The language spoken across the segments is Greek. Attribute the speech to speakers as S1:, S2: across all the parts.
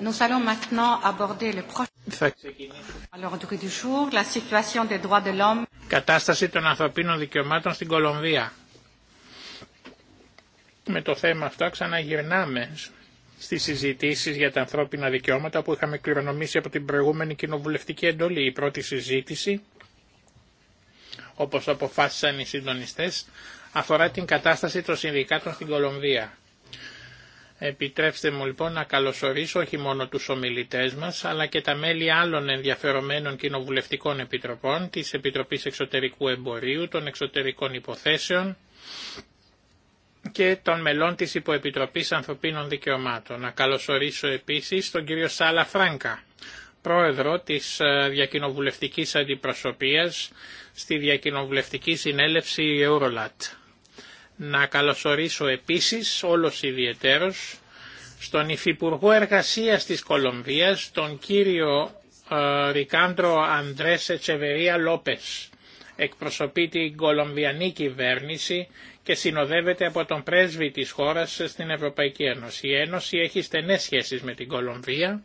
S1: Nous allons maintenant aborder
S2: Κατάσταση των ανθρωπίνων δικαιωμάτων στην Κολομβία. Με το θέμα αυτό ξαναγυρνάμε στις συζητήσεις για τα ανθρώπινα δικαιώματα που είχαμε κληρονομήσει από την προηγούμενη κοινοβουλευτική εντολή. Η πρώτη συζήτηση, όπως αποφάσισαν οι συντονιστές, αφορά την κατάσταση των συνδικάτων στην Κολομβία. Επιτρέψτε μου λοιπόν να καλωσορίσω όχι μόνο τους ομιλητές μας, αλλά και τα μέλη άλλων ενδιαφερομένων κοινοβουλευτικών επιτροπών, της Επιτροπής Εξωτερικού Εμπορίου, των Εξωτερικών Υποθέσεων και των μελών της Υποεπιτροπής Ανθρωπίνων Δικαιωμάτων. Να καλωσορίσω επίσης τον κύριο Σάλα Φράγκα, πρόεδρο της ε, διακοινοβουλευτικής αντιπροσωπείας στη διακοινοβουλευτική συνέλευση Eurolat να καλωσορίσω επίσης όλος ιδιαιτέρως στον Υφυπουργό Εργασίας της Κολομβίας, τον κύριο ε, Ρικάντρο Ανδρές Ετσεβερία Λόπες. Εκπροσωπεί την Κολομβιανή κυβέρνηση και συνοδεύεται από τον πρέσβη της χώρας στην Ευρωπαϊκή Ένωση. Η Ένωση έχει στενές σχέσεις με την Κολομβία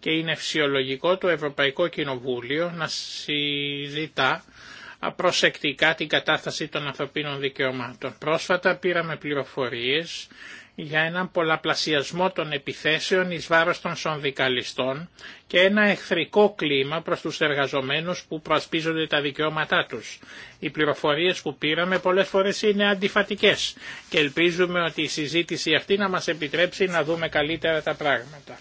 S2: και είναι φυσιολογικό το Ευρωπαϊκό Κοινοβούλιο να συζητά προσεκτικά την κατάσταση των ανθρωπίνων δικαιωμάτων. Πρόσφατα πήραμε πληροφορίες για έναν πολλαπλασιασμό των επιθέσεων εις βάρος των σονδικαλιστών και ένα εχθρικό κλίμα προς τους εργαζομένους που προασπίζονται τα δικαιώματά τους. Οι πληροφορίες που πήραμε πολλές φορές είναι αντιφατικές και ελπίζουμε ότι η συζήτηση αυτή να μας επιτρέψει να δούμε καλύτερα τα πράγματα.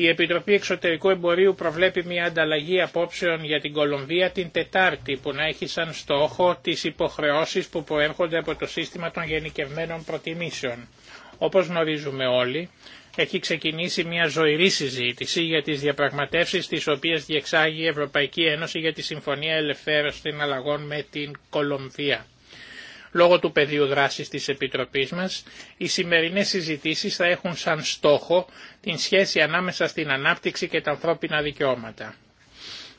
S2: Η Επιτροπή Εξωτερικού Εμπορίου προβλέπει μια ανταλλαγή απόψεων για την Κολομβία την Τετάρτη που να έχει σαν στόχο τις υποχρεώσεις που προέρχονται από το σύστημα των γενικευμένων προτιμήσεων. Όπως γνωρίζουμε όλοι, έχει ξεκινήσει μια ζωηρή συζήτηση για τις διαπραγματεύσεις τις οποίες διεξάγει η Ευρωπαϊκή Ένωση για τη Συμφωνία Ελευθέρωσης των Αλλαγών με την Κολομβία. Λόγω του πεδίου δράσης της Επιτροπής μας, οι σημερινές συζητήσεις θα έχουν σαν στόχο την σχέση ανάμεσα στην ανάπτυξη και τα ανθρώπινα δικαιώματα.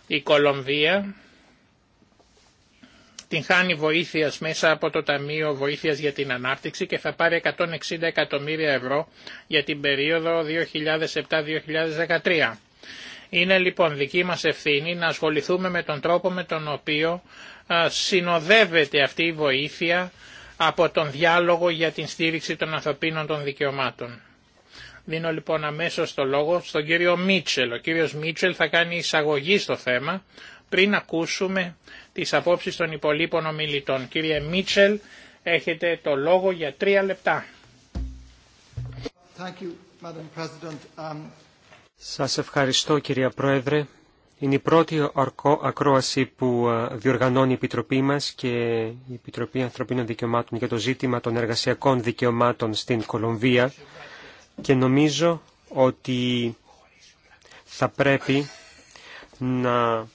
S2: Η Κολομβία την χάνει βοήθειας μέσα από το Ταμείο Βοήθειας για την Ανάπτυξη και θα πάρει 160 εκατομμύρια ευρώ για την περίοδο 2007-2013. Είναι λοιπόν δική μας ευθύνη να ασχοληθούμε με τον τρόπο με τον οποίο συνοδεύεται αυτή η βοήθεια από τον διάλογο για την στήριξη των ανθρωπίνων των δικαιωμάτων. Δίνω λοιπόν αμέσως το λόγο στον κύριο Μίτσελ. Ο κύριος Μίτσελ θα κάνει εισαγωγή στο θέμα πριν ακούσουμε τις απόψει των υπολείπων ομιλητών. Κύριε Μίτσελ, έχετε το λόγο για τρία λεπτά. Thank um,
S3: Σας ευχαριστώ κυρία Πρόεδρε. Είναι η πρώτη ακρόαση που ε, διοργανώνει η Επιτροπή μας και η Επιτροπή Ανθρωπίνων Δικαιωμάτων για το ζήτημα των εργασιακών δικαιωμάτων στην Κολομβία και νομίζω ότι θα πρέπει να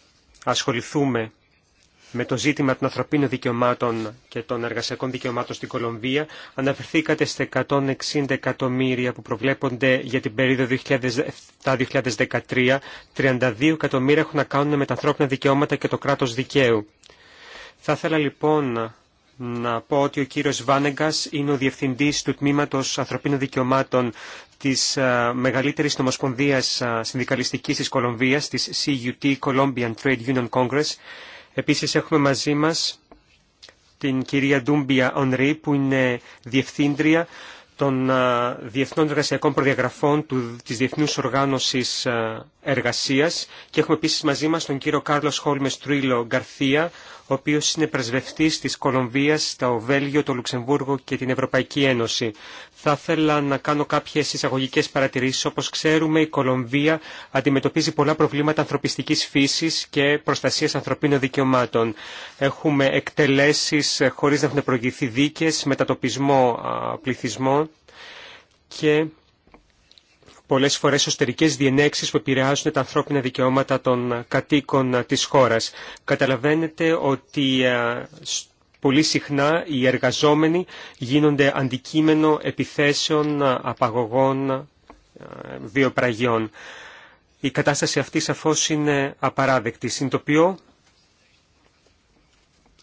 S3: ασχοληθούμε με το ζήτημα των ανθρωπίνων δικαιωμάτων και των εργασιακών δικαιωμάτων στην Κολομβία. Αναφερθήκατε στα 160 εκατομμύρια που προβλέπονται για την περίοδο 2007-2013. 32 εκατομμύρια έχουν να κάνουν με τα ανθρώπινα δικαιώματα και το κράτος δικαίου. Θα ήθελα λοιπόν να πω ότι ο κύριος Βάνεγκας είναι ο Διευθυντής του Τμήματος Ανθρωπίνων Δικαιωμάτων της ε, μεγαλύτερης νομοσπονδίας ε, συνδικαλιστικής της Κολομβίας, της CUT, Colombian Trade Union Congress, Επίσης έχουμε μαζί μας την κυρία Ντούμπια Ονρή που είναι διευθύντρια των Διεθνών Εργασιακών Προδιαγραφών του, της Διεθνούς Οργάνωσης Εργασίας και έχουμε επίσης μαζί μας τον κύριο Κάρλος Χόλμες Τρίλο Γκαρθία, ο οποίος είναι πρεσβευτής της Κολομβίας, το Βέλγιο, το Λουξεμβούργο και την Ευρωπαϊκή Ένωση. Θα ήθελα να κάνω κάποιε εισαγωγικέ παρατηρήσει. Όπω ξέρουμε, η Κολομβία αντιμετωπίζει πολλά προβλήματα ανθρωπιστική φύση και προστασία ανθρωπίνων δικαιωμάτων. Έχουμε εκτελέσει χωρί να έχουν προηγηθεί δίκε, μετατοπισμό πληθυσμών και πολλές φορές εσωτερικές διενέξεις που επηρεάζουν τα ανθρώπινα δικαιώματα των κατοίκων της χώρας. Καταλαβαίνετε ότι Πολύ συχνά οι εργαζόμενοι γίνονται αντικείμενο επιθέσεων, απαγωγών, ε, βιοπραγιών. Η κατάσταση αυτή σαφώς είναι απαράδεκτη. Συντοπιώ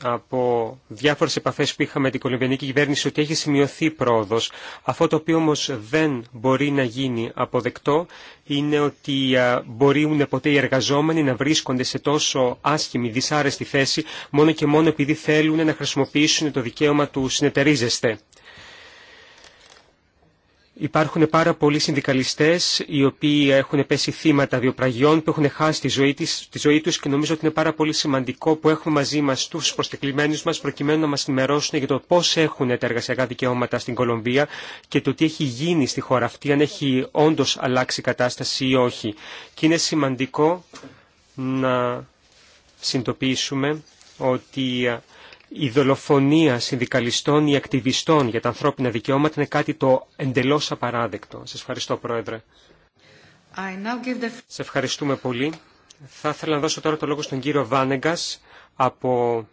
S3: από διάφορες επαφές που είχαμε με την Κολυμπιανική κυβέρνηση ότι έχει σημειωθεί πρόοδος. Αυτό το οποίο όμως δεν μπορεί να γίνει αποδεκτό είναι ότι μπορούν ποτέ οι εργαζόμενοι να βρίσκονται σε τόσο άσχημη, δυσάρεστη θέση μόνο και μόνο επειδή θέλουν να χρησιμοποιήσουν το δικαίωμα του συνεταιρίζεστε. Υπάρχουν πάρα πολλοί συνδικαλιστές οι οποίοι έχουν πέσει θύματα βιοπραγιών που έχουν χάσει τη ζωή, της, τη ζωή τους και νομίζω ότι είναι πάρα πολύ σημαντικό που έχουμε μαζί μας τους προσκεκλημένους μας προκειμένου να μας ενημερώσουν για το πώς έχουν τα εργασιακά δικαιώματα στην Κολομβία και το τι έχει γίνει στη χώρα αυτή, αν έχει όντως αλλάξει η κατάσταση ή όχι. Και είναι σημαντικό να συνειδητοποιήσουμε ότι η δολοφονία συνδικαλιστών ή ακτιβιστών για τα ανθρώπινα δικαιώματα είναι κάτι το εντελώς απαράδεκτο. Σας ευχαριστώ Πρόεδρε.
S1: The...
S3: Σε ευχαριστούμε πολύ. Θα ήθελα να δώσω τώρα το λόγο στον κύριο Βάνεγκας από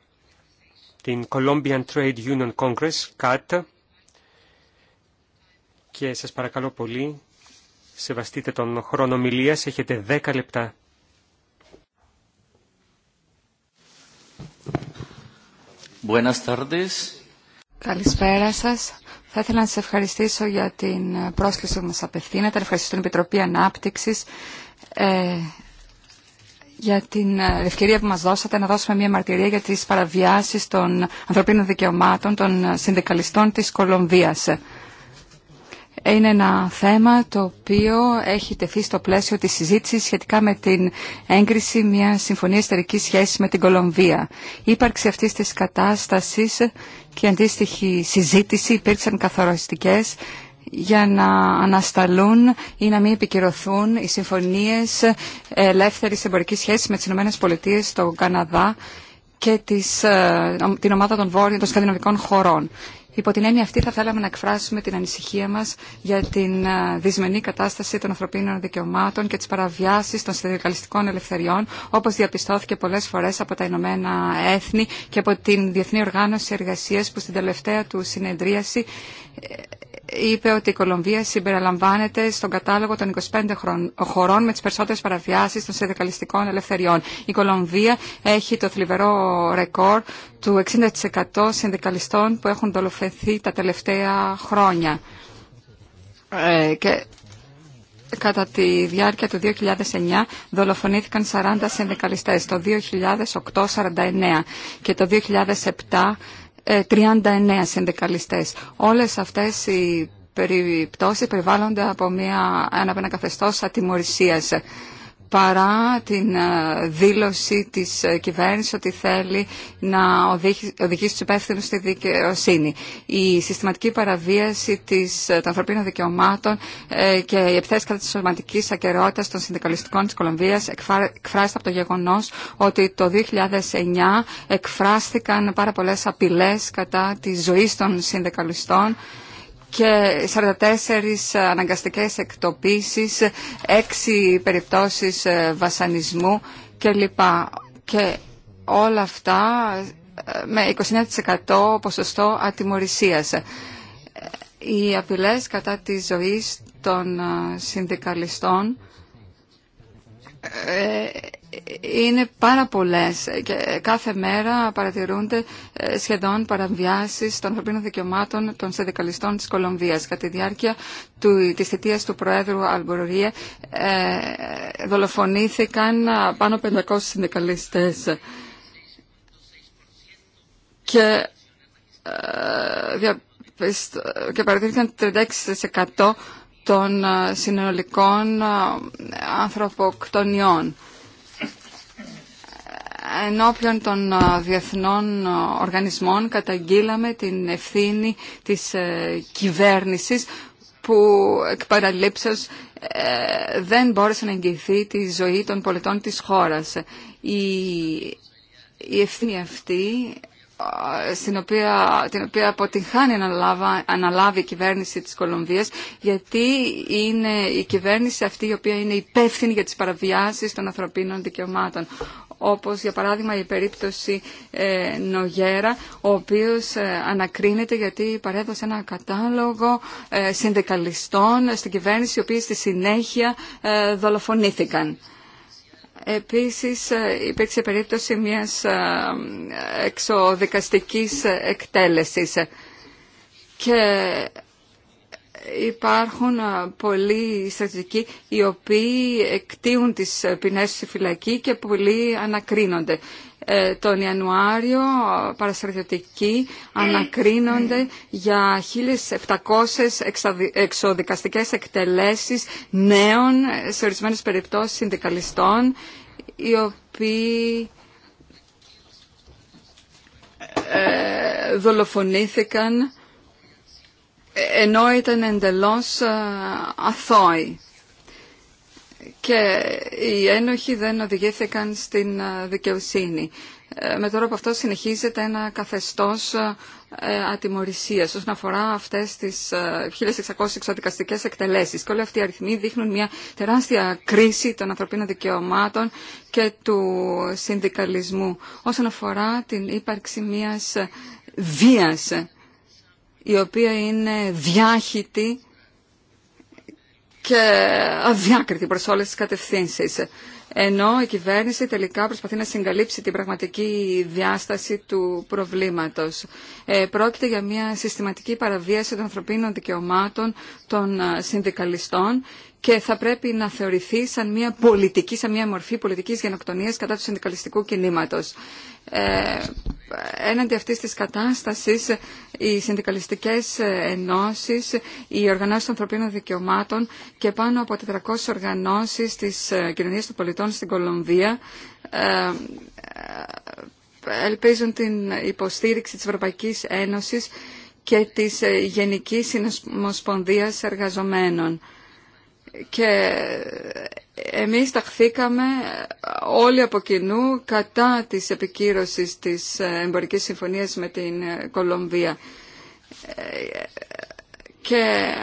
S3: την Colombian Trade Union Congress, CAT. Και σας παρακαλώ πολύ, σεβαστείτε τον χρόνο μιλίας, έχετε 10 λεπτά
S1: Καλησπέρα σας. Θα ήθελα να σας ευχαριστήσω για την πρόσκληση που μας απευθύνεται. Ευχαριστώ την Επιτροπή Ανάπτυξης ε, για την ε, ευκαιρία που μας δώσατε να δώσουμε μια μαρτυρία για τις παραβιάσεις των ανθρωπίνων δικαιωμάτων των ε, συνδικαλιστών της Κολομβίας είναι ένα θέμα το οποίο έχει τεθεί στο πλαίσιο της συζήτησης σχετικά με την έγκριση μιας συμφωνίας εταιρικής σχέσης με την Κολομβία. Η ύπαρξη αυτής της κατάστασης και αντίστοιχη συζήτηση υπήρξαν καθοριστικές για να ανασταλούν ή να μην επικυρωθούν οι συμφωνίες ελεύθερης εμπορικής σχέσης με τις ΗΠΑ, τον Καναδά και ε, την ομάδα των βόρειων των χωρών. Υπό την έννοια αυτή θα θέλαμε να εκφράσουμε την ανησυχία μας για την δυσμενή κατάσταση των ανθρωπίνων δικαιωμάτων και τις παραβιάσεις των συνδικαλιστικών ελευθεριών, όπως διαπιστώθηκε πολλές φορές από τα Ηνωμένα Έθνη και από την Διεθνή Οργάνωση Εργασίας που στην τελευταία του συνεδρίαση ε, είπε ότι η Κολομβία συμπεριλαμβάνεται στον κατάλογο των 25 χωρών με τις περισσότερες παραβιάσεις των συνδικαλιστικών ελευθεριών. Η Κολομβία έχει το θλιβερό ρεκόρ του 60% συνδικαλιστών που έχουν δολοφεθεί τα τελευταία χρόνια. Ε, και κατά τη διάρκεια του 2009 δολοφονήθηκαν 40 συνδικαλιστές, το 2008 49 και το 2007 39 ε, συνδικαλιστές. Όλες αυτές οι περιπτώσεις περιβάλλονται από μια, ένα καθεστώς ατιμορρυσία παρά την ε, δήλωση της ε, κυβέρνησης ότι θέλει να οδηγήσει τους υπεύθυνους στη δικαιοσύνη. Η συστηματική παραβίαση της, ε, των ανθρωπίνων δικαιωμάτων και η επιθέση κατά της σωματικής ακαιρεότητας των συνδικαλιστικών της Κολομβίας εκφράζεται από το γεγονός ότι το 2009 εκφράστηκαν πάρα πολλές απειλές κατά της ζωής των συνδικαλιστών και 44 αναγκαστικές εκτοπίσεις, 6 περιπτώσεις ε, βασανισμού κλπ. Και όλα αυτά ε, με 29% ποσοστό ατιμορρησίας. Ε, οι απειλές κατά τη ζωή των συνδικαλιστών είναι πάρα πολλέ και κάθε μέρα παρατηρούνται ε, σχεδόν παραβιάσει των ανθρωπίνων δικαιωμάτων των συνδικαλιστών της Κολομβία. Κατά τη διάρκεια του, της θητείας του Προέδρου Αλμπορία ε, δολοφονήθηκαν πάνω 500 συνδικαλιστέ. και, ε, και παρατηρήθηκαν 36% των συνολικών ανθρωποκτονιών ενώπιον των ε, διεθνών ε, οργανισμών καταγγείλαμε την ευθύνη της ε, κυβέρνησης που εκ παραλήψεως δεν μπόρεσε να εγγυηθεί τη ζωή των πολιτών της χώρας. Η, η ευθύνη αυτή στην οποία, την οποία αποτυγχάνει να αναλάβει η κυβέρνηση της Κολομβίας γιατί είναι η κυβέρνηση αυτή η οποία είναι υπεύθυνη για τις παραβιάσεις των ανθρωπίνων δικαιωμάτων όπως για παράδειγμα η περίπτωση ε, Νογέρα, ο οποίος ε, ανακρίνεται γιατί παρέδωσε ένα κατάλογο ε, συνδικαλιστών στην κυβέρνηση, οι οποίοι στη συνέχεια δολοφονήθηκαν. Επίσης υπήρξε περίπτωση μιας εξοδικαστικής εκτέλεσης και υπάρχουν πολλοί στρατιωτικοί οι οποίοι εκτίουν τις ε, ποινές στη φυλακή και πολλοί ανακρίνονται. Ε, τον Ιανουάριο παραστρατιωτικοί ανακρίνονται για 1.700 εξοδικαστικές εκτελέσεις νέων σε ορισμένες περιπτώσεις συνδικαλιστών οι οποίοι ε, δολοφονήθηκαν ενώ ήταν εντελώς ε, αθώοι και οι ένοχοι δεν οδηγήθηκαν στην ε, δικαιοσύνη. Ε, με τώρα από αυτό συνεχίζεται ένα καθεστώς ατιμορρησίας όσον αφορά αυτές τις 1600 εξοδικαστικές εκτελέσεις. Και όλοι αυτοί οι αριθμοί δείχνουν μια τεράστια κρίση των ανθρωπίνων δικαιωμάτων και του συνδικαλισμού όσον αφορά την ύπαρξη μιας βίας η οποία είναι διάχυτη και αδιάκριτη προς όλες τις κατευθύνσεις. Ενώ η κυβέρνηση τελικά προσπαθεί να συγκαλύψει την πραγματική διάσταση του προβλήματος. Ε, πρόκειται για μια συστηματική παραβίαση των ανθρωπίνων δικαιωμάτων των ε, συνδικαλιστών και θα πρέπει να θεωρηθεί σαν μια πολιτική, σαν μια μορφή πολιτικής γενοκτονίας κατά του συνδικαλιστικού κινήματος. Ε, έναντι αυτής της κατάστασης οι συνδικαλιστικές ενώσεις, οι οργανώσεις των ανθρωπίνων δικαιωμάτων και πάνω από 400 οργανώσεις της ε, κοινωνίας των πολιτών στην Κολομβία ε, ελπίζουν την υποστήριξη της Ευρωπαϊκής Ένωσης και της Γενικής Συνομοσπονδίας Εργαζομένων. Και εμείς ταχθήκαμε όλοι από κοινού κατά της επικύρωσης της εμπορικής συμφωνίας με την Κολομβία και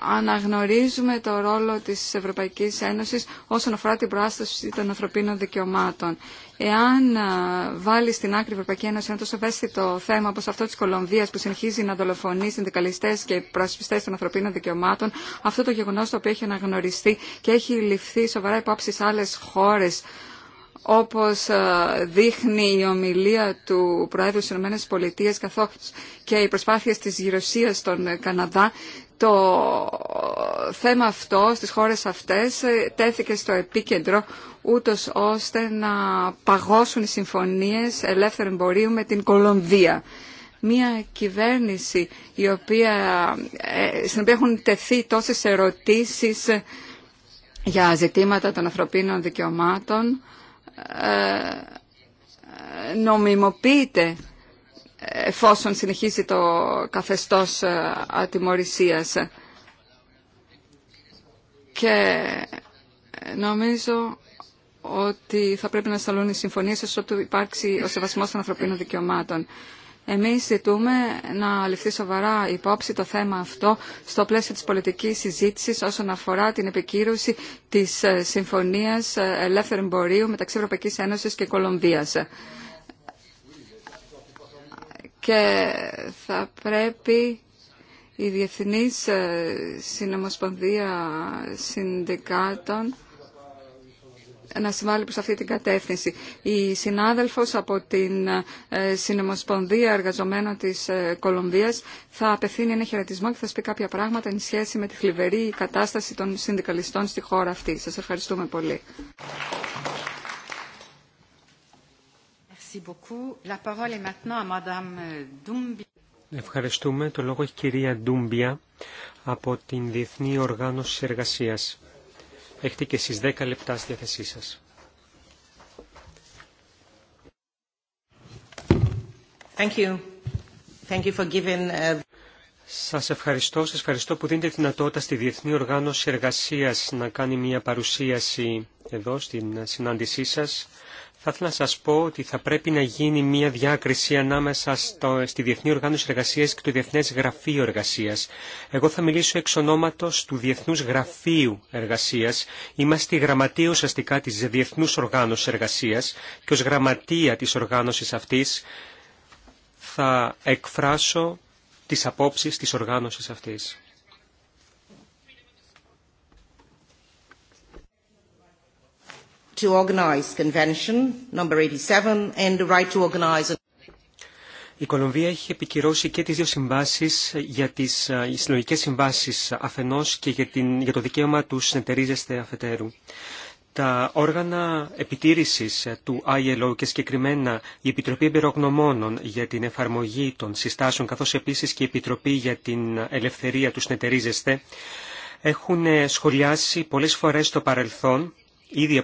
S1: αναγνωρίζουμε το ρόλο της Ευρωπαϊκής Ένωσης όσον αφορά την προάσταση των ανθρωπίνων δικαιωμάτων. Εάν βάλει στην άκρη η Ευρωπαϊκή Ένωση ένα τόσο ευαίσθητο θέμα όπω αυτό τη Κολομβία που συνεχίζει να δολοφονεί συνδικαλιστέ και προασπιστέ των ανθρωπίνων δικαιωμάτων, αυτό το γεγονό το οποίο έχει αναγνωριστεί και έχει ληφθεί σοβαρά υπόψη σε άλλε χώρε όπως δείχνει η ομιλία του Προέδρου της ΗΠΑ καθώς και οι προσπάθειες της γυρωσίας στον Καναδά το θέμα αυτό στις χώρες αυτές ε, τέθηκε στο επίκεντρο ούτως ώστε να παγώσουν οι συμφωνίες ελεύθερου εμπορίου με την Κολομβία. Μία κυβέρνηση η οποία, ε, στην οποία έχουν τεθεί τόσες ερωτήσεις ε, για ζητήματα των ανθρωπίνων δικαιωμάτων νομιμοποιείται εφόσον συνεχίσει το καθεστώς ε, ατιμορρησίας. Και νομίζω ότι θα πρέπει να σταλούν οι συμφωνίες όσο υπάρξει ο σεβασμός των ανθρωπίνων δικαιωμάτων. Εμείς ζητούμε να ληφθεί σοβαρά υπόψη το θέμα αυτό στο πλαίσιο της πολιτικής συζήτησης όσον αφορά την επικύρωση της ε, Συμφωνίας ε, Ελεύθερου Εμπορίου μεταξύ Ευρωπαϊκής Ένωσης και Κολομβίας και θα πρέπει η Διεθνής ε, Συνομοσπονδία Συνδικάτων να συμβάλλει προς αυτή την κατεύθυνση. Η συνάδελφος από την ε, Συνομοσπονδία Εργαζομένων της ε, Κολομβίας θα απευθύνει ένα χαιρετισμό και θα σπεί κάποια πράγματα εν σχέση με τη θλιβερή κατάσταση των συνδικαλιστών στη χώρα αυτή. Σας ευχαριστούμε πολύ. Euh,
S3: Ευχαριστούμε. Το λόγο έχει η κυρία Ντούμπια από την Διεθνή Οργάνωση Εργασίας. Έχετε και εσείς 10 λεπτά στη διάθεσή σας. Thank uh, ευχαριστώ. Σας ευχαριστώ που δίνετε τη δυνατότητα στη Διεθνή Οργάνωση Εργασίας να κάνει μια παρουσίαση εδώ στην συνάντησή σας. Θα ήθελα να σας πω ότι θα πρέπει να γίνει μια διάκριση ανάμεσα στο, στη Διεθνή Οργάνωση Εργασίας και το Διεθνές Γραφείο Εργασίας. Εγώ θα μιλήσω εξ ονόματος του Διεθνούς Γραφείου Εργασίας. Είμαστε η γραμματεία ουσιαστικά της Διεθνούς Οργάνωσης Εργασίας και ως γραμματεία της οργάνωσης αυτής θα εκφράσω τις απόψεις της οργάνωσης
S1: αυτής. Organize Convention 87 and the right to organize.
S3: Η Κολομβία έχει επικυρώσει και τις δύο συμβάσεις για τις ε, συλλογικές συμβάσεις αφενός και για, την, για το δικαίωμα του συνεταιρίζεστε αφετέρου. Τα όργανα επιτήρησης ε, του ILO και συγκεκριμένα η Επιτροπή Εμπειρογνωμόνων για την εφαρμογή των συστάσεων καθώς επίσης και η Επιτροπή για την Ελευθερία του Συνεταιρίζεστε έχουν ε, σχολιάσει πολλές φορές στο παρελθόν ήδη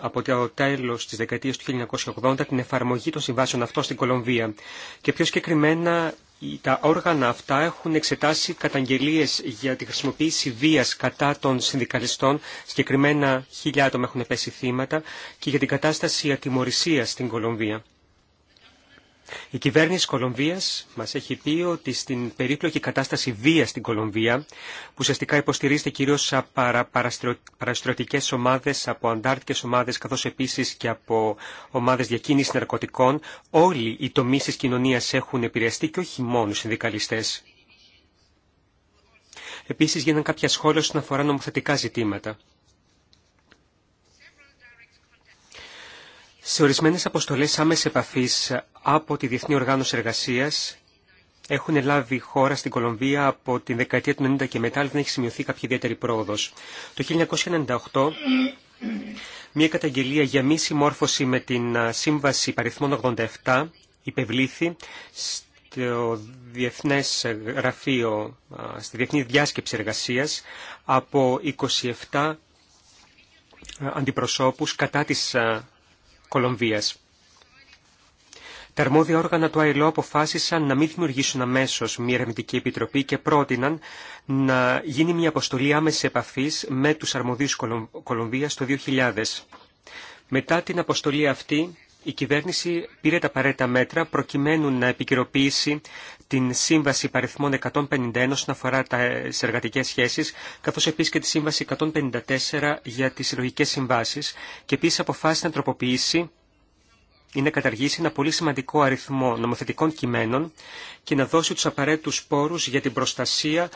S3: από, το τέλο της δεκαετίας του 1980 την εφαρμογή των συμβάσεων αυτών στην Κολομβία. Και πιο συγκεκριμένα τα όργανα αυτά έχουν εξετάσει καταγγελίες για τη χρησιμοποίηση βίας κατά των συνδικαλιστών, συγκεκριμένα χιλιά άτομα έχουν πέσει θύματα, και για την κατάσταση ατιμορρησία στην Κολομβία. Η κυβέρνηση Κολομβίας μας έχει πει ότι στην περίπλοκη κατάσταση βίας στην Κολομβία, που ουσιαστικά υποστηρίζεται κυρίως από παραστροτικές ομάδες, από αντάρτικες ομάδες, καθώς επίσης και από ομάδες διακίνησης ναρκωτικών, όλοι οι τομείς της κοινωνίας έχουν επηρεαστεί και όχι μόνο οι συνδικαλιστές. Επίσης γίνανε κάποια σχόλια όσον αφορά νομοθετικά ζητήματα. Σε ορισμένες αποστολές άμεση επαφής από τη Διεθνή Οργάνωση Εργασίας έχουν λάβει χώρα στην Κολομβία από την δεκαετία του 90 και μετά, αλλά δεν έχει σημειωθεί κάποια ιδιαίτερη πρόοδος. Το 1998 μια καταγγελία για μη συμμόρφωση με την Σύμβαση Παριθμών 87 υπευλήθη στο Διεθνές Γραφείο, στη Διεθνή Διάσκεψη Εργασίας από 27 αντιπροσώπους κατά της Κολομβίας. Τα αρμόδια όργανα του ΑΕΛΟ αποφάσισαν να μην δημιουργήσουν αμέσω μια ερευνητική επιτροπή και πρότειναν να γίνει μια αποστολή άμεση επαφή με του αρμοδίου Κολομβία το 2000. Μετά την αποστολή αυτή, η κυβέρνηση πήρε τα απαραίτητα μέτρα προκειμένου να επικυρωποιήσει την Σύμβαση Παριθμών 151 όσον αφορά τις εργατικές σχέσεις, καθώς επίσης και τη Σύμβαση 154 για τις συλλογικέ συμβάσεις και επίσης αποφάσισε να τροποποιήσει ή να καταργήσει ένα πολύ σημαντικό αριθμό νομοθετικών κειμένων και να δώσει τους απαραίτητους πόρους για την προστασία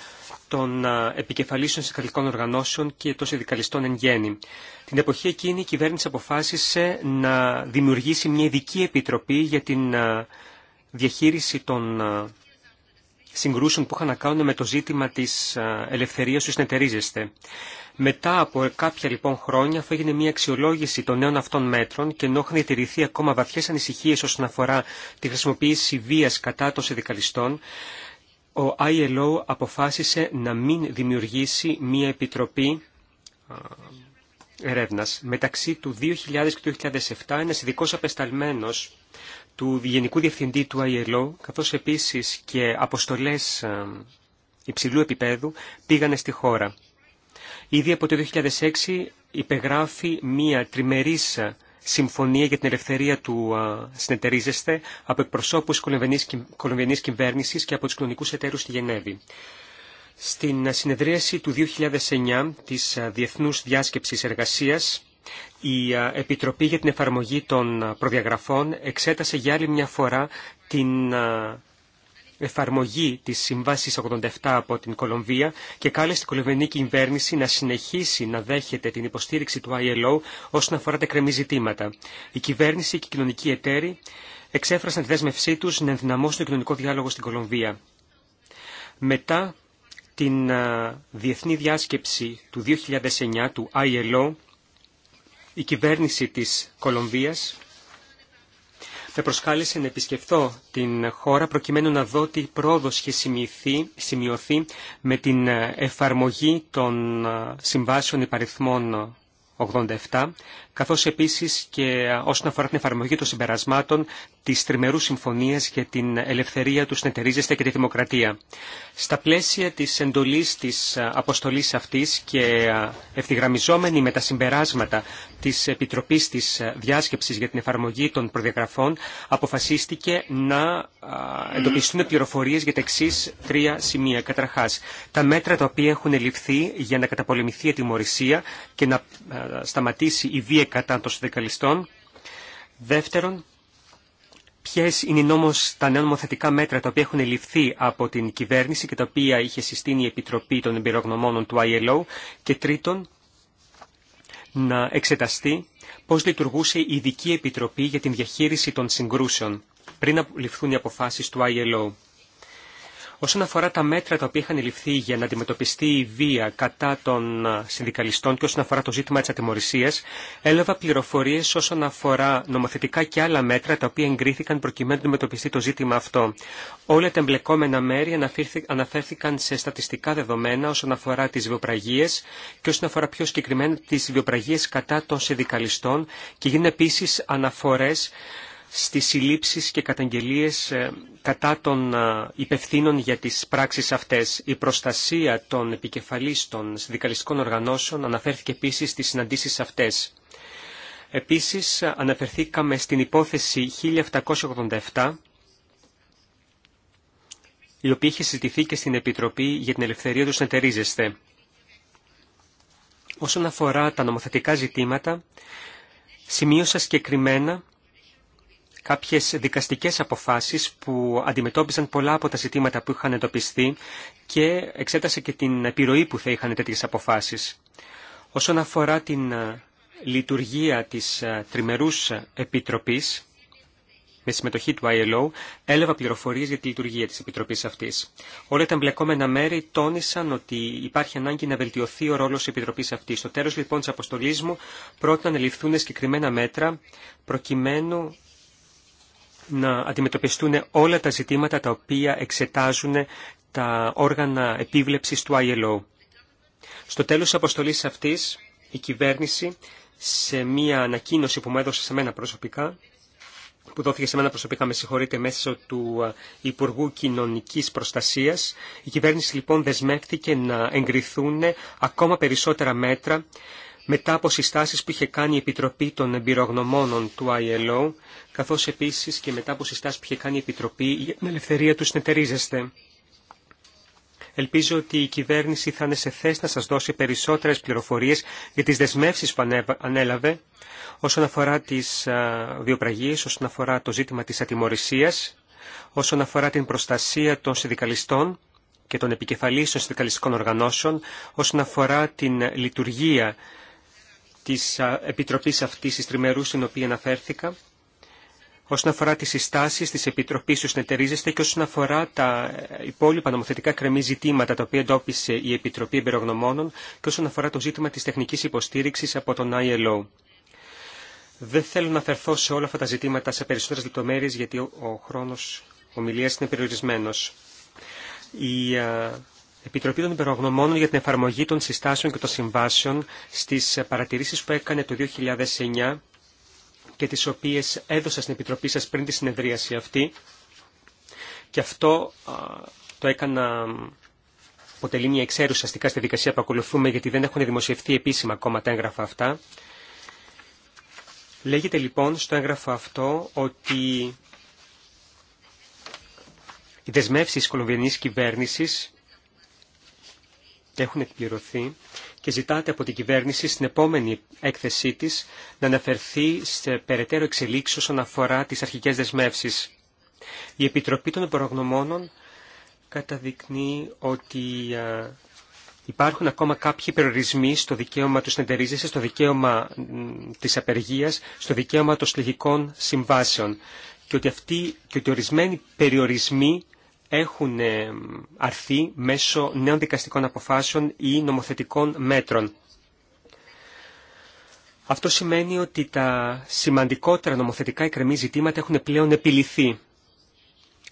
S3: των επικεφαλήσεων συγκαλικών οργανώσεων και των συνδικαλιστών εν γέννη. Την εποχή εκείνη η κυβέρνηση αποφάσισε να δημιουργήσει μια ειδική επιτροπή για την διαχείριση των συγκρούσεων που είχαν να κάνουν με το ζήτημα της ελευθερίας του συνεταιρίζεστε. Μετά από κάποια λοιπόν χρόνια αφού έγινε μια αξιολόγηση των νέων αυτών μέτρων και ενώ είχαν διατηρηθεί ακόμα βαθιές ανησυχίες όσον αφορά τη χρησιμοποίηση βίας κατά των συνδικαλιστών, ο ILO αποφάσισε να μην δημιουργήσει μια επιτροπή ερεύνας. Μεταξύ του 2000 και του 2007 ένας ειδικός απεσταλμένος του Γενικού Διευθυντή του ILO, καθώς επίσης και αποστολές ε, υψηλού επίπεδου πήγανε στη χώρα. Ήδη από το 2006 υπεγράφει μία τριμερής ε, συμφωνία για την ελευθερία του ε, συνεταιρίζεσθε από εκπροσώπους κολομβιανής κυβέρνησης και από τους κοινωνικούς εταίρους στη Γενέβη. Στην συνεδρίαση του 2009 της Διεθνούς Διάσκεψης Εργασίας η Επιτροπή για την Εφαρμογή των Προδιαγραφών εξέτασε για άλλη μια φορά την εφαρμογή της Συμβάσης 87 από την Κολομβία και κάλεσε την κολομβιανή κυβέρνηση να συνεχίσει να δέχεται την υποστήριξη του ILO όσον αφορά τα κρεμή ζητήματα. Η κυβέρνηση και οι κοινωνικοί εταίροι εξέφρασαν τη δέσμευσή τους να ενδυναμώσουν το κοινωνικό διάλογο στην Κολομβία. Μετά την Διεθνή Διάσκεψη του 2009 του ILO, η κυβέρνηση της Κολομβίας με προσκάλεσε να επισκεφθώ την χώρα προκειμένου να δω τι πρόοδος είχε σημειωθεί με την εφαρμογή των συμβάσεων υπαριθμών 87 καθώς επίσης και ε, όσον αφορά την εφαρμογή των συμπερασμάτων της τριμερού συμφωνίας για την ελευθερία του συνεταιρίζεστε και τη δημοκρατία. Στα πλαίσια της εντολής της ε, αποστολής αυτής και ε, ευθυγραμμιζόμενη με τα συμπεράσματα της Επιτροπής της Διάσκεψης για την εφαρμογή των προδιαγραφών αποφασίστηκε να εντοπιστούν πληροφορίες για τα εξή τρία σημεία. Καταρχάς, τα μέτρα τα οποία έχουν ληφθεί για να καταπολεμηθεί η τιμωρησία και να σταματήσει η βία κατά των συνδικαλιστών. Δεύτερον, ποιε είναι όμω τα νέα νομοθετικά μέτρα τα οποία έχουν ληφθεί από την κυβέρνηση και τα οποία είχε συστήνει η Επιτροπή των Εμπειρογνωμόνων του ILO. Και τρίτον, να εξεταστεί πώ λειτουργούσε η Ειδική Επιτροπή για την Διαχείριση των Συγκρούσεων πριν ληφθούν οι αποφάσει του ILO. Όσον αφορά τα μέτρα τα οποία είχαν ληφθεί για να αντιμετωπιστεί η βία κατά των ε, συνδικαλιστών και όσον αφορά το ζήτημα της ατιμορρησίας, έλαβα πληροφορίες όσον αφορά νομοθετικά και άλλα μέτρα τα οποία εγκρίθηκαν προκειμένου να αντιμετωπιστεί το ζήτημα αυτό. Όλα τα εμπλεκόμενα μέρη αναφέρθηκαν σε στατιστικά δεδομένα όσον αφορά τι βιοπραγίε και όσον αφορά πιο συγκεκριμένα τι βιοπραγίε κατά των συνδικαλιστών και γίνονται επίση αναφορές στις συλλήψεις και καταγγελίες ε, κατά των ε, υπευθύνων για τις πράξεις αυτές. Η προστασία των επικεφαλής των συνδικαλιστικών οργανώσεων αναφέρθηκε επίσης στις συναντήσεις αυτές. Επίσης ε, αναφερθήκαμε στην υπόθεση 1787 η οποία είχε συζητηθεί και στην Επιτροπή για την Ελευθερία του Συνεταιρίζεσθε. Όσον αφορά τα νομοθετικά ζητήματα, σημείωσα συγκεκριμένα κάποιες δικαστικές αποφάσεις που αντιμετώπιζαν πολλά από τα ζητήματα που είχαν εντοπιστεί και εξέτασε και την επιρροή που θα είχαν τέτοιες αποφάσεις. Όσον αφορά την ε, λειτουργία της ε, Τριμερούς Επιτροπής, με συμμετοχή του ILO, έλαβα πληροφορίες για τη λειτουργία της Επιτροπής αυτής. Όλα τα εμπλεκόμενα μέρη τόνισαν ότι υπάρχει ανάγκη να βελτιωθεί ο ρόλος της Επιτροπής αυτής. Στο τέλος λοιπόν της αποστολής μου πρότεινα να ληφθούν συγκεκριμένα μέτρα προκειμένου να αντιμετωπιστούν όλα τα ζητήματα τα οποία εξετάζουν τα όργανα επίβλεψης του ILO. Στο τέλος της αποστολής αυτής, η κυβέρνηση, σε μία ανακοίνωση που μου έδωσε σε μένα προσωπικά, που δόθηκε σε μένα προσωπικά, με συγχωρείτε, μέσω του Υπουργού Κοινωνικής Προστασίας. Η κυβέρνηση λοιπόν δεσμεύτηκε να εγκριθούν ακόμα περισσότερα μέτρα μετά από συστάσεις που είχε κάνει η Επιτροπή των Εμπειρογνωμόνων του ILO, καθώς επίσης και μετά από συστάσεις που είχε κάνει η Επιτροπή για την ελευθερία του συνεταιρίζεστε. Ελπίζω ότι η κυβέρνηση θα είναι σε θέση να σας δώσει περισσότερες πληροφορίες για τις δεσμεύσεις που ανέλαβε όσον αφορά τις βιοπραγίες, όσον αφορά το ζήτημα της ατιμορρησίας, όσον αφορά την προστασία των συνδικαλιστών και των επικεφαλής των συνδικαλιστικών οργανώσεων, όσον αφορά την λειτουργία της Επιτροπής αυτής της τριμερούς στην οποία αναφέρθηκα, όσον αφορά τις συστάσεις της Επιτροπής του συνεταιρίζεστε και όσον αφορά τα υπόλοιπα νομοθετικά κρεμή ζητήματα τα οποία εντόπισε η Επιτροπή Εμπειρογνωμόνων και όσον αφορά το ζήτημα της τεχνικής υποστήριξης από τον ILO. Δεν θέλω να αφαιρθώ σε όλα αυτά τα ζητήματα σε περισσότερες λεπτομέρειες γιατί ο χρόνος ομιλίας είναι περιορισμένος. Η Επιτροπή των Υπερογνωμόνων για την εφαρμογή των συστάσεων και των συμβάσεων στις παρατηρήσεις που έκανε το 2009 και τις οποίες έδωσα στην Επιτροπή σας πριν τη συνεδρίαση αυτή. Και αυτό το έκανα αποτελεί μια εξαίρουσα αστικά στη δικασία που ακολουθούμε γιατί δεν έχουν δημοσιευθεί επίσημα ακόμα τα έγγραφα αυτά. Λέγεται λοιπόν στο έγγραφο αυτό ότι οι δεσμεύσει της κολομβιανής κυβέρνησης έχουν εκπληρωθεί και ζητάτε από την κυβέρνηση στην επόμενη έκθεσή της να αναφερθεί σε περαιτέρω εξελίξεις όσον αφορά τις αρχικές δεσμεύσεις. Η Επιτροπή των προγνωμόνων καταδεικνύει ότι υπάρχουν ακόμα κάποιοι περιορισμοί στο δικαίωμα του συνεταιρίζεσαι, στο δικαίωμα της απεργίας, στο δικαίωμα των συλλογικών συμβάσεων και ότι, αυτοί, και ότι ορισμένοι περιορισμοί έχουν ε, αρθεί μέσω νέων δικαστικών αποφάσεων ή νομοθετικών μέτρων. Αυτό σημαίνει ότι τα σημαντικότερα νομοθετικά εκκρεμή ζητήματα έχουν πλέον επιληθεί.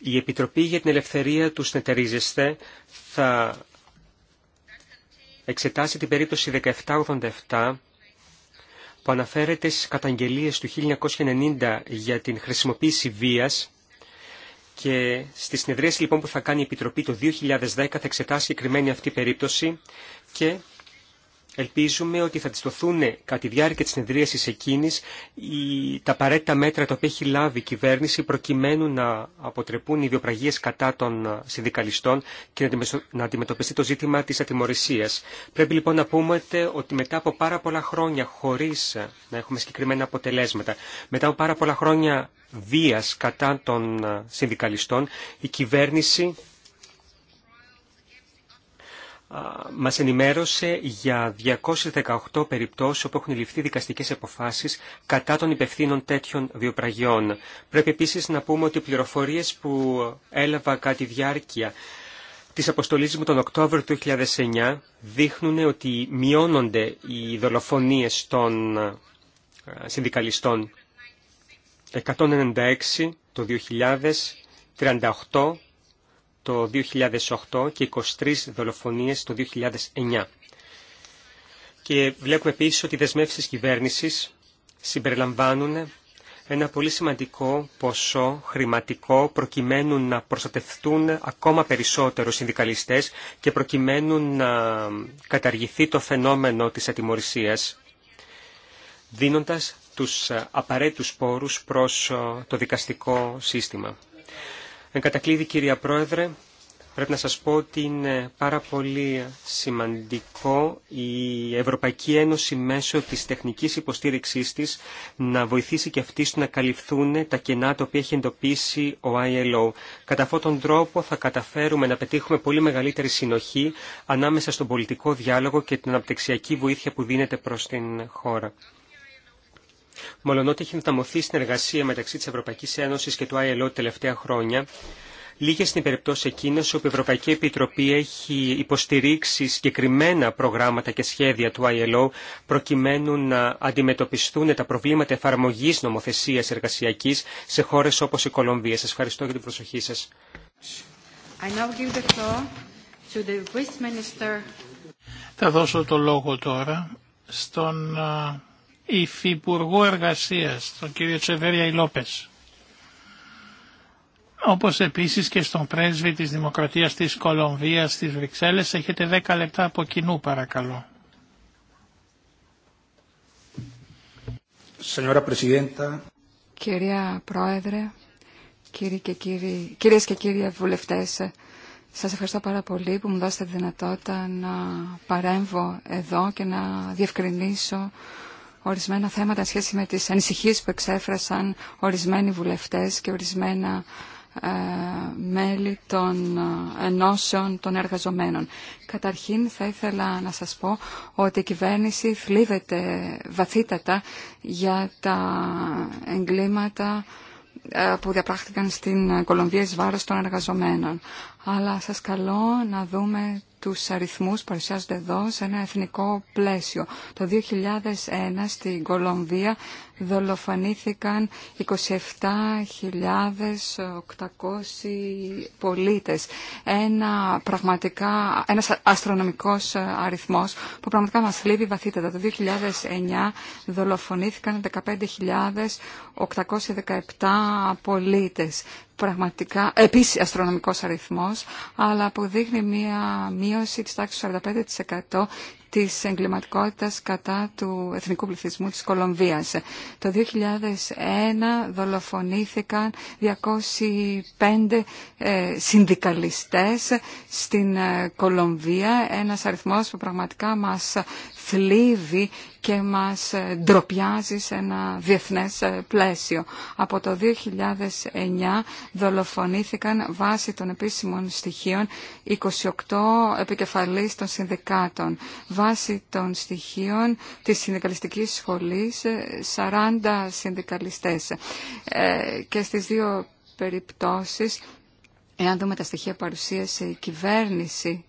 S3: Η Επιτροπή για την Ελευθερία του Συνεταιρίζεστε θα εξετάσει την περίπτωση 1787 που αναφέρεται στις καταγγελίες του 1990 για την χρησιμοποίηση βίας και στη συνεδρίαση λοιπόν που θα κάνει η Επιτροπή το 2010 θα εξετάσει συγκεκριμένη αυτή περίπτωση και Ελπίζουμε ότι θα δοθούν κατά τη διάρκεια της συνεδρίασης εκείνης οι, τα απαραίτητα μέτρα τα οποία έχει λάβει η κυβέρνηση προκειμένου να αποτρεπούν οι βιοπραγίες κατά των ε, συνδικαλιστών και να αντιμετωπιστεί το ζήτημα της ατιμορρησίας. Πρέπει λοιπόν να πούμε ότι μετά από πάρα πολλά χρόνια χωρίς ε, να έχουμε συγκεκριμένα αποτελέσματα, μετά από πάρα πολλά χρόνια βίας κατά των ε, συνδικαλιστών, η κυβέρνηση μας ενημέρωσε για 218 περιπτώσεις όπου έχουν ληφθεί δικαστικές αποφάσει κατά των υπευθύνων τέτοιων βιοπραγιών. Πρέπει επίσης να πούμε ότι οι πληροφορίες που έλαβα κατά τη διάρκεια της αποστολής μου τον Οκτώβριο του 2009 δείχνουν ότι μειώνονται οι δολοφονίες των συνδικαλιστών. 196 το 2000, το 2008 και 23 δολοφονίες το 2009. Και βλέπουμε επίσης ότι οι δεσμεύσεις κυβέρνησης συμπεριλαμβάνουν ένα πολύ σημαντικό ποσό χρηματικό προκειμένου να προστατευτούν ακόμα περισσότερο συνδικαλιστές και προκειμένου να καταργηθεί το φαινόμενο της ατιμορρησίας, δίνοντας τους απαραίτητους πόρους προς το δικαστικό σύστημα. Εν κατακλείδη κυρία Πρόεδρε, πρέπει να σας πω ότι είναι πάρα πολύ σημαντικό η Ευρωπαϊκή Ένωση μέσω της τεχνικής υποστήριξής της να βοηθήσει και αυτή να καλυφθούν τα κενά τα οποία έχει εντοπίσει ο ILO. Κατά αυτόν τον τρόπο θα καταφέρουμε να πετύχουμε πολύ μεγαλύτερη συνοχή ανάμεσα στον πολιτικό διάλογο και την αναπτυξιακή βοήθεια που δίνεται προς την χώρα. Μολονότι έχει στην συνεργασία μεταξύ τη Ευρωπαϊκή Ένωση και του ILO τελευταία χρόνια, λίγε είναι οι περιπτώσει εκείνε όπου η Ευρωπαϊκή Επιτροπή έχει υποστηρίξει συγκεκριμένα προγράμματα και σχέδια του ILO προκειμένου να αντιμετωπιστούν τα προβλήματα εφαρμογή νομοθεσία εργασιακή σε χώρε όπω η Κολομβία. Σα ευχαριστώ για την προσοχή σα.
S2: Θα δώσω το λόγο τώρα στον Υφυπουργού Εργασίας, τον κύριο Τσεβέρια Ιλόπες. Όπως επίσης και στον πρέσβη της Δημοκρατίας της Κολομβίας της Βρυξέλλες έχετε 10 λεπτά από κοινού παρακαλώ.
S1: Κυρία Πρόεδρε, κύριε και κύριοι, κυρίες και κύριοι βουλευτές, σας ευχαριστώ πάρα πολύ που μου δώσετε τη δυνατότητα να παρέμβω εδώ και να διευκρινίσω ορισμένα θέματα σχέση με τις ανησυχίες που εξέφρασαν ορισμένοι βουλευτές και ορισμένα ε, μέλη των ε, ενώσεων των εργαζομένων. Καταρχήν θα ήθελα να σας πω ότι η κυβέρνηση θλίβεται βαθύτατα για τα εγκλήματα ε, που διαπράχθηκαν στην Κολομβία εις βάρος των εργαζομένων. Αλλά σας καλώ να δούμε τους αριθμούς παρουσιάζονται εδώ σε ένα εθνικό πλαίσιο. Το 2001 στην Κολομβία δολοφανήθηκαν 27.800 πολίτες. Ένα πραγματικά, ένας αστρονομικός αριθμός που πραγματικά μας λείπει βαθύτερα. Το 2009 δολοφονήθηκαν 15.817 πολίτες πραγματικά, επίσης αστρονομικός αριθμός, αλλά που δείχνει μία μείωση της τάξης 45% της εγκληματικότητας κατά του εθνικού πληθυσμού της Κολομβίας. Το 2001 δολοφονήθηκαν 205 ε, συνδικαλιστές στην ε, Κολομβία, ένας αριθμός που πραγματικά μας θλίβει και μας ε, ντροπιάζει σε ένα διεθνές ε, πλαίσιο. Από το 2009 δολοφονήθηκαν βάσει των επίσημων στοιχείων 28 επικεφαλής των συνδικάτων. Βάσει των στοιχείων της συνδικαλιστικής σχολής 40 ε, συνδικαλιστές. Και στις δύο περιπτώσεις Εάν δούμε τα στοιχεία παρουσίασε η κυβέρνηση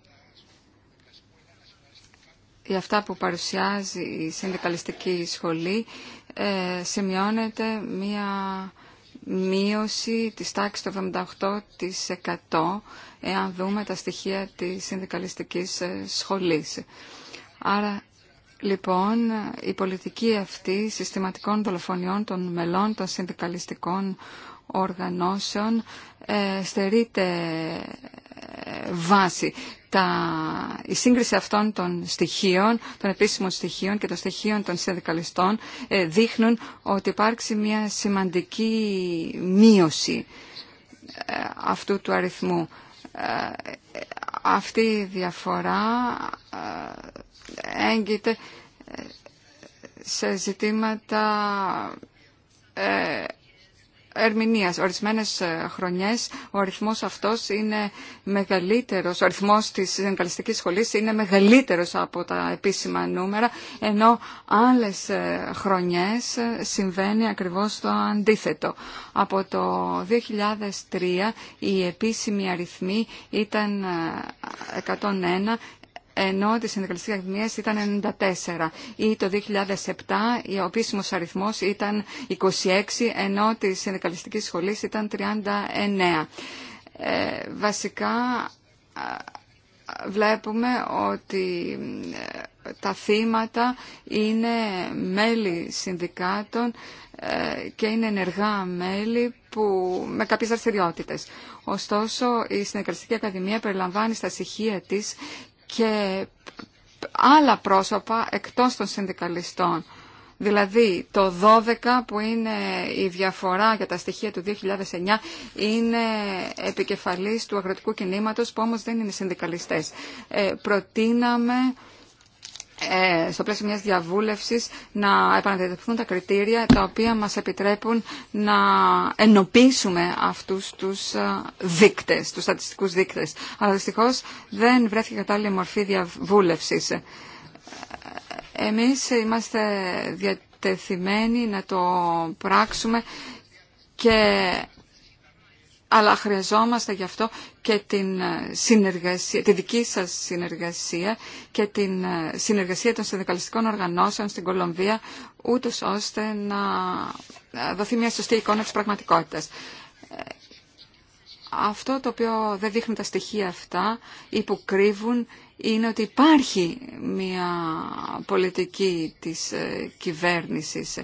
S1: για αυτά που παρουσιάζει η συνδικαλιστική σχολή ε, σημειώνεται μία μείωση της τάξης του 78% εάν δούμε τα στοιχεία της συνδικαλιστικής ε, σχολής. Άρα λοιπόν η πολιτική αυτή συστηματικών δολοφονιών των μελών των συνδικαλιστικών οργανώσεων ε, στερείται ε, βάση τα, η σύγκριση αυτών των στοιχείων, των επίσημων στοιχείων και των στοιχείων των συνδικαλιστών ε, δείχνουν ότι υπάρξει μια σημαντική μείωση ε, αυτού του αριθμού. Ε, αυτή η διαφορά έγκυται σε ζητήματα ερμηνείας. Ορισμένες ε, χρονιές ο αριθμός αυτός είναι μεγαλύτερος, ο αριθμός της συνδικαλιστικής σχολής είναι μεγαλύτερος από τα επίσημα νούμερα, ενώ άλλες ε, χρονιές ε, συμβαίνει ακριβώς το αντίθετο. Από το 2003 η επίσημη αριθμοί ήταν 101 ενώ τη συνδικαλιστική Ακαδημίας ήταν 94 ή το 2007 ο επίσημο αριθμό ήταν 26 ενώ τη συνδικαλιστική σχολή ήταν 39. Ε, βασικά βλέπουμε ότι ε, τα θύματα είναι μέλη συνδικάτων ε, και είναι ενεργά μέλη που, με κάποιες δραστηριότητε. Ωστόσο, η Συνεργαστική Ακαδημία περιλαμβάνει στα στοιχεία της και άλλα πρόσωπα εκτός των συνδικαλιστών. Δηλαδή το 12 που είναι η διαφορά για τα στοιχεία του 2009 είναι επικεφαλής του αγροτικού κινήματος που όμως δεν είναι συνδικαλιστές. Ε, προτείναμε ε, στο πλαίσιο μιας διαβούλευσης να επαναδιατεθούν τα κριτήρια τα οποία μας επιτρέπουν να ενοποιήσουμε αυτούς τους ε, δείκτες, τους στατιστικούς δείκτες. Αλλά δυστυχώς δεν βρέθηκε κατάλληλη μορφή διαβούλευσης. Ε, εμείς είμαστε διατεθειμένοι να το πράξουμε και αλλά χρειαζόμαστε γι' αυτό και την ε, συνεργασία, τη δική σας συνεργασία και την ε, συνεργασία των συνδικαλιστικών οργανώσεων στην Κολομβία, ούτως ώστε να ε, δοθεί μια σωστή εικόνα της πραγματικότητας. Αυτό το οποίο δεν δείχνουν τα στοιχεία αυτά ή που κρύβουν είναι ότι υπάρχει μια πολιτική της κυβέρνησης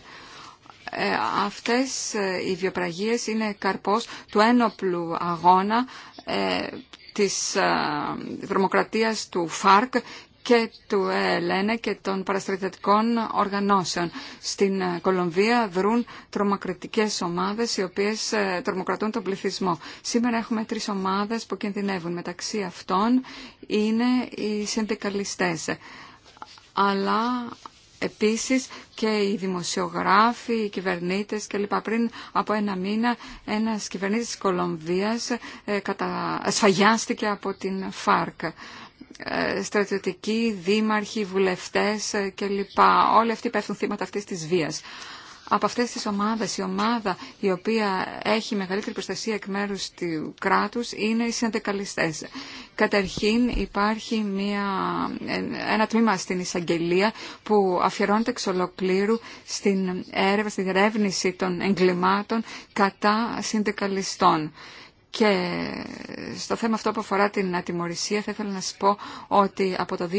S1: ε, αυτές ε, οι βιοπραγίες είναι καρπός του ένοπλου αγώνα ε, της δρομοκρατίας του ΦΑΡΚ και του ΕΛΕΝΕ και των παραστρατιωτικών οργανώσεων. Στην Κολομβία δρούν τρομοκρατικές ομάδες οι οποίες τρομοκρατούν τον πληθυσμό. Σήμερα έχουμε τρεις ομάδες που κινδυνεύουν. Μεταξύ αυτών είναι οι συνδικαλιστές. Αλλά Επίσης και οι δημοσιογράφοι, οι κυβερνήτες κλπ. Πριν από ένα μήνα ένας κυβερνήτης της Κολομβίας ε, κατα... σφαγιάστηκε από την ΦΑΡΚ ε, στρατιωτικοί, δήμαρχοι, βουλευτές ε, κλπ. Όλοι αυτοί πέφτουν θύματα αυτής της βίας από αυτές τις ομάδες, η ομάδα η οποία έχει μεγαλύτερη προστασία εκ μέρους του κράτους είναι οι συνδεκαλιστές. Καταρχήν υπάρχει μια, ένα τμήμα στην εισαγγελία που αφιερώνεται εξ ολοκλήρου στην έρευνα, στην διερεύνηση των εγκλημάτων κατά συνδεκαλιστών. Και στο θέμα αυτό που αφορά την ατιμορρησία θα ήθελα να σας πω ότι από το 2000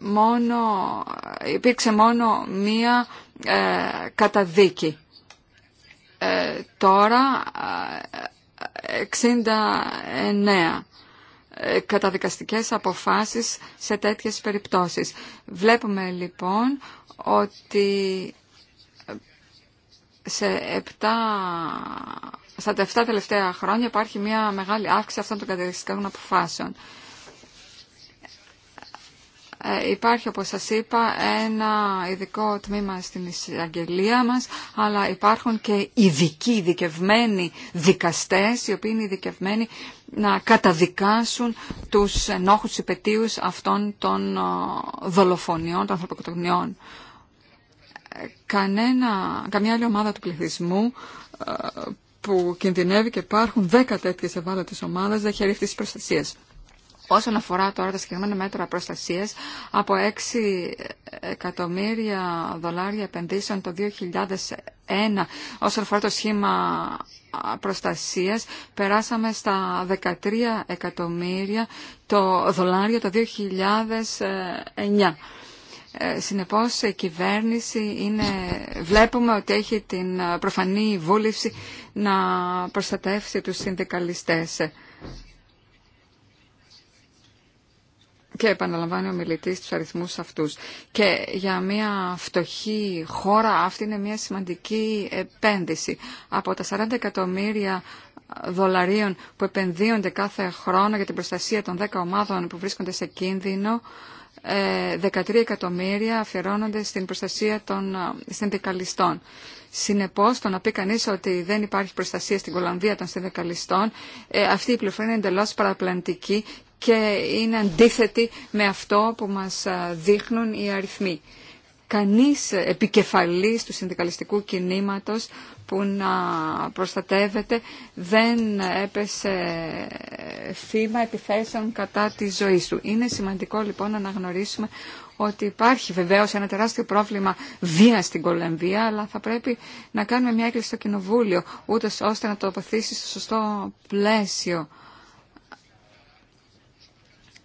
S1: μόνο, υπήρξε μόνο μία ε, καταδίκη. Ε, τώρα 69 ε, ε, καταδικαστικές αποφάσεις σε τέτοιες περιπτώσεις. Βλέπουμε λοιπόν ότι σε 7, στα 7 τελευταία χρόνια υπάρχει μια μεγάλη αύξηση αυτών των καταδικαστικών αποφάσεων. Ε, υπάρχει όπως σας είπα ένα ειδικό τμήμα στην εισαγγελία μας αλλά υπάρχουν και ειδικοί, ειδικευμένοι δικαστές οι οποίοι είναι ειδικευμένοι να καταδικάσουν τους ενόχους υπετίους αυτών των ε, δολοφονιών, των ανθρωποκτονιών. Ε, κανένα, καμιά άλλη ομάδα του πληθυσμού που κινδυνεύει και υπάρχουν δέκα τέτοιες ευάλωτες ομάδες δεν έχει αυτής Όσον αφορά τώρα τα συγκεκριμένα μέτρα προστασίας, από 6 εκατομμύρια δολάρια επενδύσεων το 2001 όσον αφορά το σχήμα προστασίας, περάσαμε στα 13 εκατομμύρια το δολάριο το 2009. Ε, συνεπώς η κυβέρνηση είναι, βλέπουμε ότι έχει την προφανή βούληση να προστατεύσει τους συνδικαλιστές. και επαναλαμβάνει ο μιλητή του αριθμού αυτού. Και για μια φτωχή χώρα αυτή είναι μια σημαντική επένδυση. Από τα 40 εκατομμύρια δολαρίων που επενδύονται κάθε χρόνο για την προστασία των 10 ομάδων που βρίσκονται σε κίνδυνο, 13 ε, εκατομμύρια αφιερώνονται στην προστασία των ε, συνδικαλιστών. Συνεπώ, το να πει κανεί ότι δεν υπάρχει προστασία στην Κολομβία των συνδικαλιστών, ε, αυτή η πληροφορία είναι εντελώ παραπλανητική και είναι αντίθετη με αυτό που μας δείχνουν οι αριθμοί. Κανείς επικεφαλής του συνδικαλιστικού κινήματος που να προστατεύεται δεν έπεσε θύμα επιθέσεων κατά τη ζωή του. Είναι σημαντικό λοιπόν να αναγνωρίσουμε ότι υπάρχει βεβαίως ένα τεράστιο πρόβλημα βία στην Κολομβία, αλλά θα πρέπει να κάνουμε μια έκκληση στο Κοινοβούλιο, ούτε ώστε να το αποθήσει στο σωστό πλαίσιο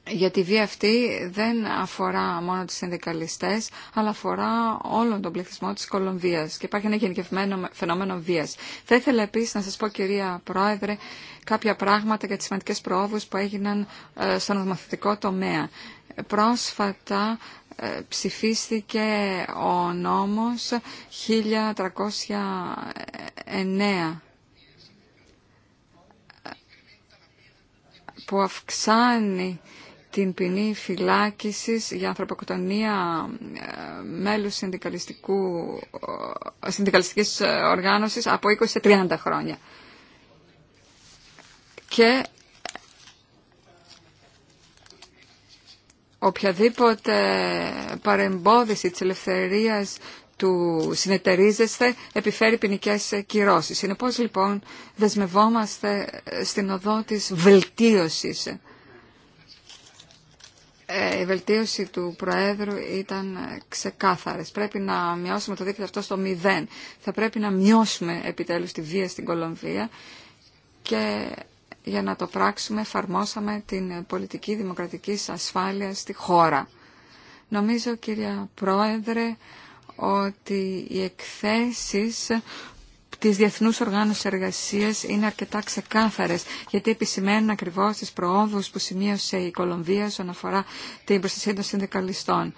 S1: γιατί η βία αυτή δεν αφορά μόνο τους συνδικαλιστές, αλλά αφορά όλον τον πληθυσμό της Κολομβίας και υπάρχει ένα γενικευμένο φαινόμενο βίας. Θα ήθελα επίσης να σας πω, κυρία Πρόεδρε, κάποια πράγματα για τις σημαντικές προόδους που έγιναν ε, στον νομοθετικό τομέα. Πρόσφατα ε, ψηφίστηκε ο νόμος 1309 ε, που αυξάνει την ποινή φυλάκισης για ανθρωποκτονία ε, μέλους συνδικαλιστικού, ε, συνδικαλιστικής ε, οργάνωσης από 20 σε 30 χρόνια. Και οποιαδήποτε παρεμπόδιση τη ελευθερίας του συνεταιρίζεσθε επιφέρει ποινικέ κυρώσεις. Συνεπώς λοιπόν δεσμευόμαστε στην οδό της βελτίωσης ε, η βελτίωση του Προέδρου ήταν ξεκάθαρες. Πρέπει να μειώσουμε το δίκτυο αυτό στο μηδέν. Θα πρέπει να μειώσουμε επιτέλους τη βία στην Κολομβία και για να το πράξουμε εφαρμόσαμε την πολιτική δημοκρατική ασφάλεια στη χώρα. Νομίζω, κυρία Πρόεδρε, ότι οι εκθέσεις της Διεθνούς Οργάνωσης Εργασίας είναι αρκετά ξεκάθαρες, γιατί επισημαίνουν ακριβώς τις προόδους που σημείωσε η Κολομβία όσον αφορά την προστασία των συνδικαλιστών.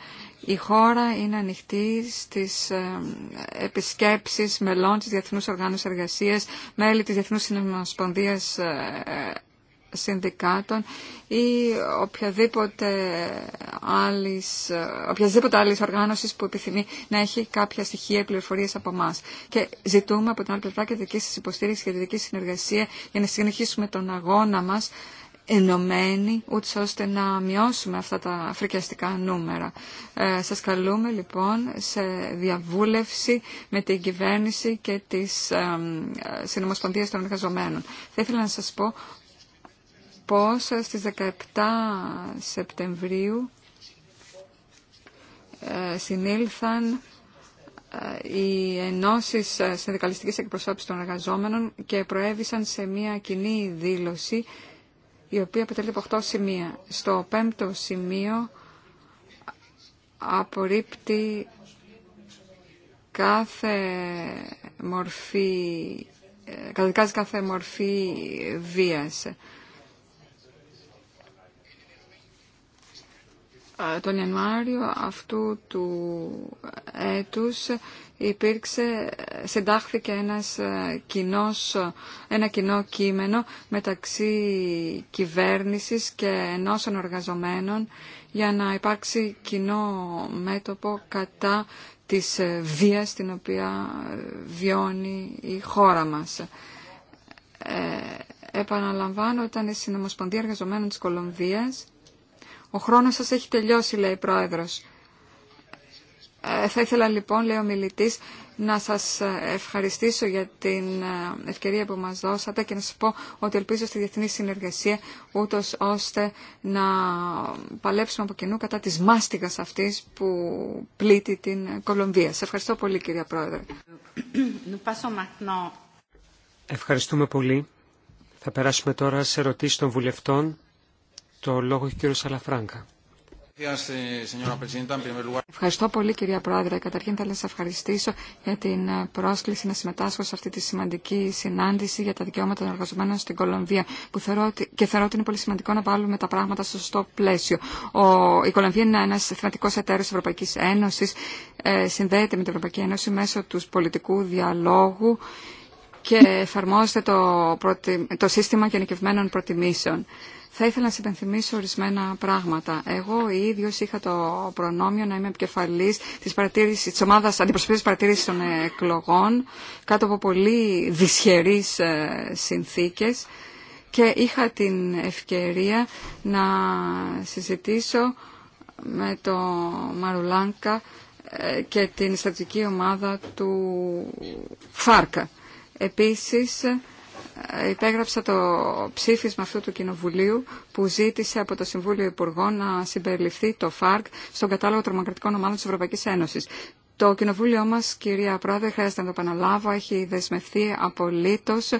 S1: Η χώρα είναι ανοιχτή στις ε, επισκέψεις μελών της Διεθνούς Οργάνωσης Εργασίας, μέλη της Διεθνούς Συνομοσπονδίας ε, ε, συνδικάτων ή οποιαδήποτε άλλης, οποιασδήποτε άλλης οργάνωσης που επιθυμεί να έχει κάποια στοιχεία ή πληροφορίες από εμά. Και ζητούμε από την άλλη πλευρά και δική σας υποστήριξη και δική συνεργασία για να συνεχίσουμε τον αγώνα μας ενωμένοι, ούτως ώστε να μειώσουμε αυτά τα φρικιαστικά νούμερα. Ε, σας καλούμε λοιπόν σε διαβούλευση με την κυβέρνηση και τις ε, ε συνομοσπονδίες των εργαζομένων. Θα ήθελα να σας πω πως λοιπόν, στις 17 Σεπτεμβρίου ε, συνήλθαν ε, οι ενώσεις ε, συνδικαλιστικής εκπροσώπησης των εργαζόμενων και προέβησαν σε μια κοινή δήλωση η οποία αποτελεί από 8 σημεία. Στο πέμπτο σημείο απορρίπτει κάθε μορφή, καταδικάζει κάθε μορφή βίας. τον Ιανουάριο αυτού του έτους υπήρξε, συντάχθηκε ένας ε, κοινός, ένα κοινό κείμενο μεταξύ κυβέρνησης και ενώσεων εργαζομένων για να υπάρξει κοινό μέτωπο κατά της ε, βίας την οποία ε, βιώνει η χώρα μας. Ε, επαναλαμβάνω, ήταν η Συνομοσπονδία Εργαζομένων της Κολομβίας ο χρόνος σας έχει τελειώσει, λέει η Πρόεδρος. Ε, θα ήθελα λοιπόν, λέει ο μιλητής, να σας ε, ευχαριστήσω για την ε, ευκαιρία που μας δώσατε και να σας πω ότι ελπίζω στη διεθνή συνεργασία ούτως ώστε να παλέψουμε από κοινού κατά της μάστιγας αυτής που πλήττει την Κολομβία. Σε ευχαριστώ πολύ κυρία Πρόεδρε.
S3: Ευχαριστούμε πολύ. Θα περάσουμε τώρα σε ερωτήσεις των βουλευτών. Το λόγο έχει ο κύριος Αλαφράγκα.
S1: Ευχαριστώ πολύ κυρία Πρόεδρε. Καταρχήν θέλω να σας ευχαριστήσω για την ε, πρόσκληση να συμμετάσχω σε αυτή τη σημαντική συνάντηση για τα δικαιώματα των εργαζομένων στην Κολομβία που θεωρώ ότι, και θεωρώ ότι είναι πολύ σημαντικό να βάλουμε τα πράγματα στο σωστό πλαίσιο. Ο, η Κολομβία είναι ένας θεματικός εταίρος της Ευρωπαϊκής Ένωσης, ε, συνδέεται με την Ευρωπαϊκή Ένωση μέσω του πολιτικού διαλόγου και εφαρμόζεται το, το σύστημα γενικευμένων προτιμήσεων. Θα ήθελα να σας υπενθυμίσω ορισμένα πράγματα. Εγώ ίδιο είχα το προνόμιο να είμαι επικεφαλής της, παρατήρησης, της ομάδας αντιπροσωπής παρατήρησης των εκλογών κάτω από πολύ δυσχερείς ε, συνθήκες και είχα την ευκαιρία να συζητήσω με το Μαρουλάνκα ε, και την στατική ομάδα του Φάρκα. Επίσης, υπέγραψα το ψήφισμα αυτού του Κοινοβουλίου που ζήτησε από το Συμβούλιο Υπουργών να συμπεριληφθεί το ΦΑΡΚ στον κατάλογο τρομοκρατικών ομάδων της Ευρωπαϊκής Ένωσης. Το Κοινοβούλιο μας, κυρία Πρόεδρε, χρειάζεται να το επαναλάβω, έχει δεσμευθεί απολύτως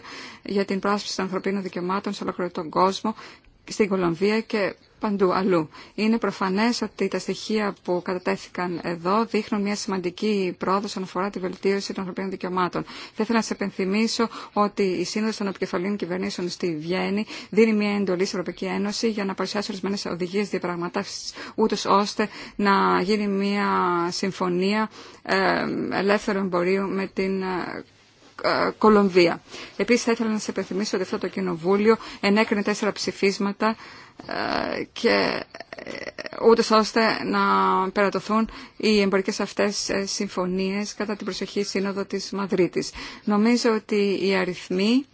S1: για την πράσπιση των ανθρωπίνων δικαιωμάτων σε ολόκληρο τον κόσμο, στην Κολομβία και παντού αλλού. Είναι προφανέ ότι τα στοιχεία που κατατέθηκαν εδώ δείχνουν μια σημαντική πρόοδο όσον αφορά τη βελτίωση των ανθρωπίνων δικαιωμάτων. Θα ήθελα να σα επενθυμίσω ότι η Σύνοδο των Επικεφαλήν Κυβερνήσεων στη Βιέννη δίνει μια εντολή στην Ευρωπαϊκή Ένωση για να παρουσιάσει ορισμένε οδηγίε διαπραγματεύσει, ούτω ώστε να γίνει μια συμφωνία ε, ελεύθερου εμπορίου με την ε, ε, Κολομβία. Επίσης θα ήθελα να σα υπενθυμίσω ότι αυτό το Κοινοβούλιο ενέκρινε τέσσερα ψηφίσματα και ε, ούτε ώστε να περατωθούν οι εμπορικές αυτές ε, συμφωνίες κατά την προσεχή σύνοδο της Μαδρίτης. Νομίζω ότι οι αριθμοί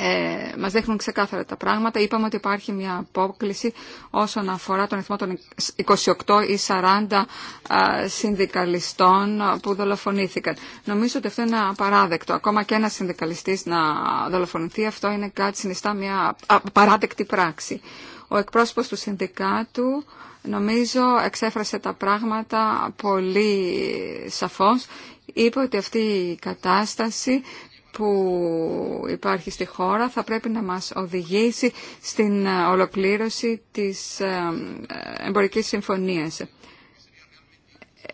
S1: ε, μας δείχνουν ξεκάθαρα τα πράγματα. Είπαμε ότι υπάρχει μια απόκληση όσον αφορά τον αριθμό των 28 ή 40 συνδικαλιστών που δολοφονήθηκαν. Νομίζω ότι αυτό είναι απαράδεκτο. Ακόμα και ένας συνδικαλιστής να δολοφονηθεί, αυτό είναι κάτι συνιστά μια απαράδεκτη πράξη. Ο εκπρόσωπος του συνδικάτου νομίζω εξέφρασε τα πράγματα πολύ σαφώς είπε ότι αυτή η κατάσταση που υπάρχει στη χώρα θα πρέπει να μας οδηγήσει στην ε, ολοκλήρωση της ε, εμπορικής συμφωνίας.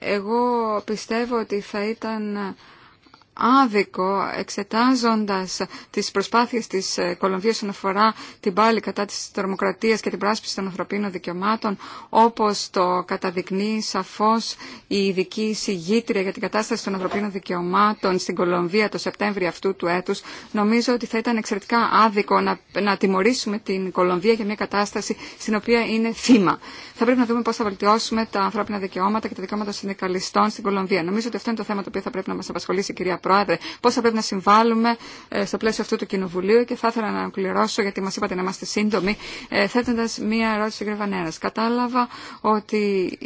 S1: Εγώ πιστεύω ότι θα ήταν άδικο εξετάζοντας τις προσπάθειες της ε, Κολομβίας όσον αφορά την πάλη κατά της τρομοκρατίας και την πράσπιση των ανθρωπίνων δικαιωμάτων όπως το καταδεικνύει σαφώς η ειδική συγγήτρια για την κατάσταση των ανθρωπίνων δικαιωμάτων στην Κολομβία το Σεπτέμβριο αυτού του έτους νομίζω ότι θα ήταν εξαιρετικά άδικο να, να τιμωρήσουμε την Κολομβία για μια κατάσταση στην οποία είναι θύμα. Θα πρέπει να δούμε πώς θα βελτιώσουμε τα ανθρώπινα δικαιώματα και τα δικαιώματα των συνδικαλιστών στην Κολομβία. Νομίζω ότι αυτό είναι το θέμα το οποίο θα πρέπει να μας απασχολήσει κυρία Πρόεδρε, πώ θα πρέπει να συμβάλλουμε ε, στο πλαίσιο αυτού του Κοινοβουλίου και θα ήθελα να ολοκληρώσω, γιατί μα είπατε να είμαστε σύντομοι, ε, θέτοντα μία ερώτηση στον κ. Βανέρα. Κατάλαβα ότι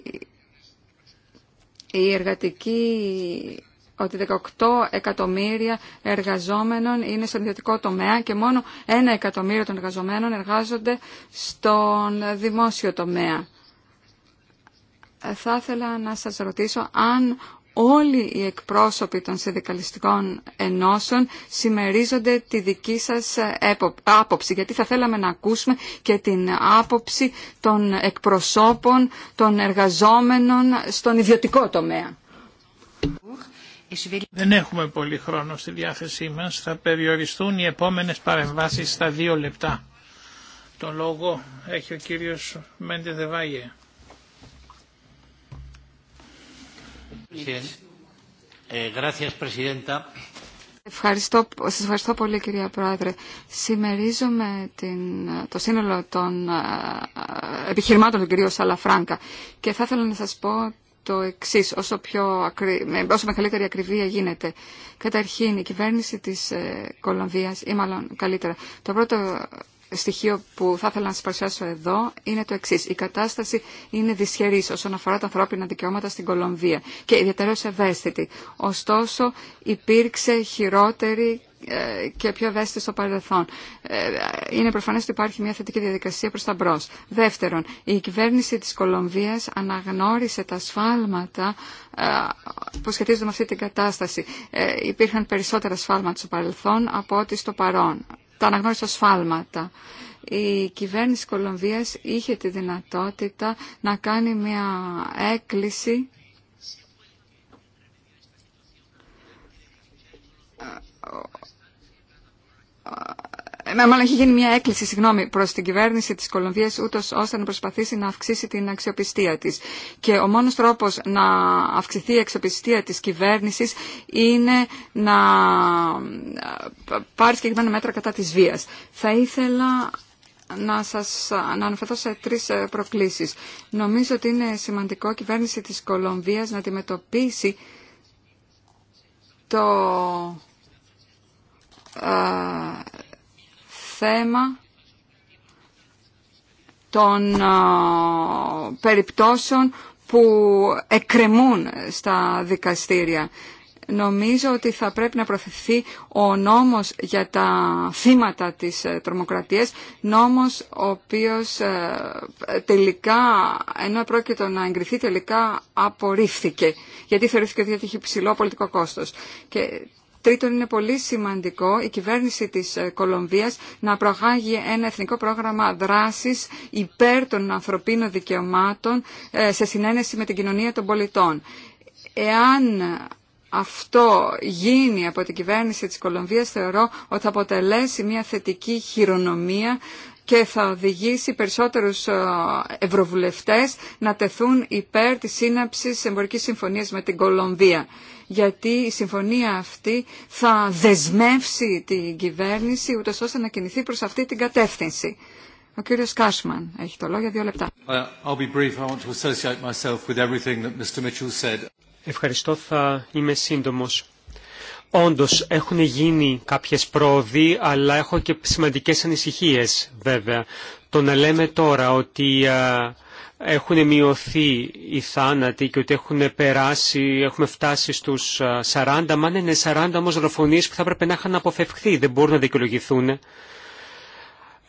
S1: η εργατική ότι 18 εκατομμύρια εργαζόμενων είναι στον ιδιωτικό τομέα και μόνο ένα εκατομμύριο των εργαζομένων εργάζονται στον δημόσιο τομέα. Ε, θα ήθελα να σας ρωτήσω αν όλοι οι εκπρόσωποι των συνδικαλιστικών ενώσεων συμμερίζονται τη δική σας άποψη, γιατί θα θέλαμε να ακούσουμε και την άποψη των εκπροσώπων, των εργαζόμενων στον ιδιωτικό τομέα.
S2: Δεν έχουμε πολύ χρόνο στη διάθεσή μας. Θα περιοριστούν οι επόμενες παρεμβάσεις στα δύο λεπτά. Τον λόγο έχει ο κύριος Μέντε Δεβάγε.
S1: Ευχαριστώ, σας ευχαριστώ πολύ κυρία Πρόεδρε. Συμμερίζομαι το σύνολο των ε, επιχειρημάτων του κυρίου Σαλαφράγκα και θα ήθελα να σας πω το εξή, όσο, όσο μεγαλύτερη ακριβία γίνεται. Καταρχήν, η κυβέρνηση της ε, Κολομβίας, ή μάλλον καλύτερα, το πρώτο στοιχείο που θα ήθελα να σα παρουσιάσω εδώ είναι το εξή. Η κατάσταση είναι δυσχερή όσον αφορά τα ανθρώπινα δικαιώματα στην Κολομβία και ιδιαίτερω ευαίσθητη. Ωστόσο υπήρξε χειρότερη ε, και πιο ευαίσθητη στο παρελθόν. Ε, είναι προφανές ότι υπάρχει μια θετική διαδικασία προς τα μπρος. Δεύτερον, η κυβέρνηση της Κολομβίας αναγνώρισε τα σφάλματα ε, που σχετίζονται με αυτή την κατάσταση. Υπήρχαν περισσότερα σφάλματα στο παρελθόν από ό,τι στο παρόν τα αναγνώρισα σφάλματα. Η κυβέρνηση Κολομβίας είχε τη δυνατότητα να κάνει μια έκκληση μάλλον έχει γίνει μια έκκληση, συγγνώμη, προ την κυβέρνηση τη Κολομβία, ούτω ώστε να προσπαθήσει να αυξήσει την αξιοπιστία τη. Και ο μόνο τρόπο να αυξηθεί η αξιοπιστία τη κυβέρνηση είναι να ε, πάρει συγκεκριμένα μέτρα κατά τη βία. Θα ήθελα να σας να αναφερθώ σε τρεις ε, προκλήσεις. Νομίζω ότι είναι σημαντικό η κυβέρνηση της Κολομβίας να αντιμετωπίσει το, ε, θέμα των περιπτώσεων που εκκρεμούν στα δικαστήρια. Νομίζω ότι θα πρέπει να προθεθεί ο νόμος για τα θύματα της ε, τρομοκρατίας, νόμος ο οποίος ε, τελικά, ενώ πρόκειτο να εγκριθεί, τελικά απορρίφθηκε, γιατί θεωρήθηκε ότι είχε υψηλό πολιτικό κόστος. Και Τρίτον, είναι πολύ σημαντικό η κυβέρνηση της ε, Κολομβίας να προχάγει ένα εθνικό πρόγραμμα δράσης υπέρ των ανθρωπίνων δικαιωμάτων ε, σε συνένεση με την κοινωνία των πολιτών. Εάν αυτό γίνει από την κυβέρνηση της Κολομβίας θεωρώ ότι θα αποτελέσει μια θετική χειρονομία και θα οδηγήσει περισσότερους ε, ευρωβουλευτές να τεθούν υπέρ της σύναψης εμπορικής συμφωνίας με την Κολομβία. Γιατί η συμφωνία αυτή θα δεσμεύσει την κυβέρνηση ούτως ώστε να κινηθεί προς αυτή την κατεύθυνση. Ο κύριος Κάσμαν έχει το λόγο για δύο λεπτά.
S3: Ευχαριστώ, θα είμαι σύντομος. Όντως έχουν γίνει κάποιες πρόοδοι, αλλά έχω και σημαντικές ανησυχίες βέβαια. Το να λέμε τώρα ότι έχουν μειωθεί οι θάνατοι και ότι έχουν περάσει, έχουμε φτάσει στους 40, μα ναι, είναι 40 όμως δολοφονίες που θα έπρεπε να είχαν αποφευχθεί, δεν μπορούν να δικαιολογηθούν.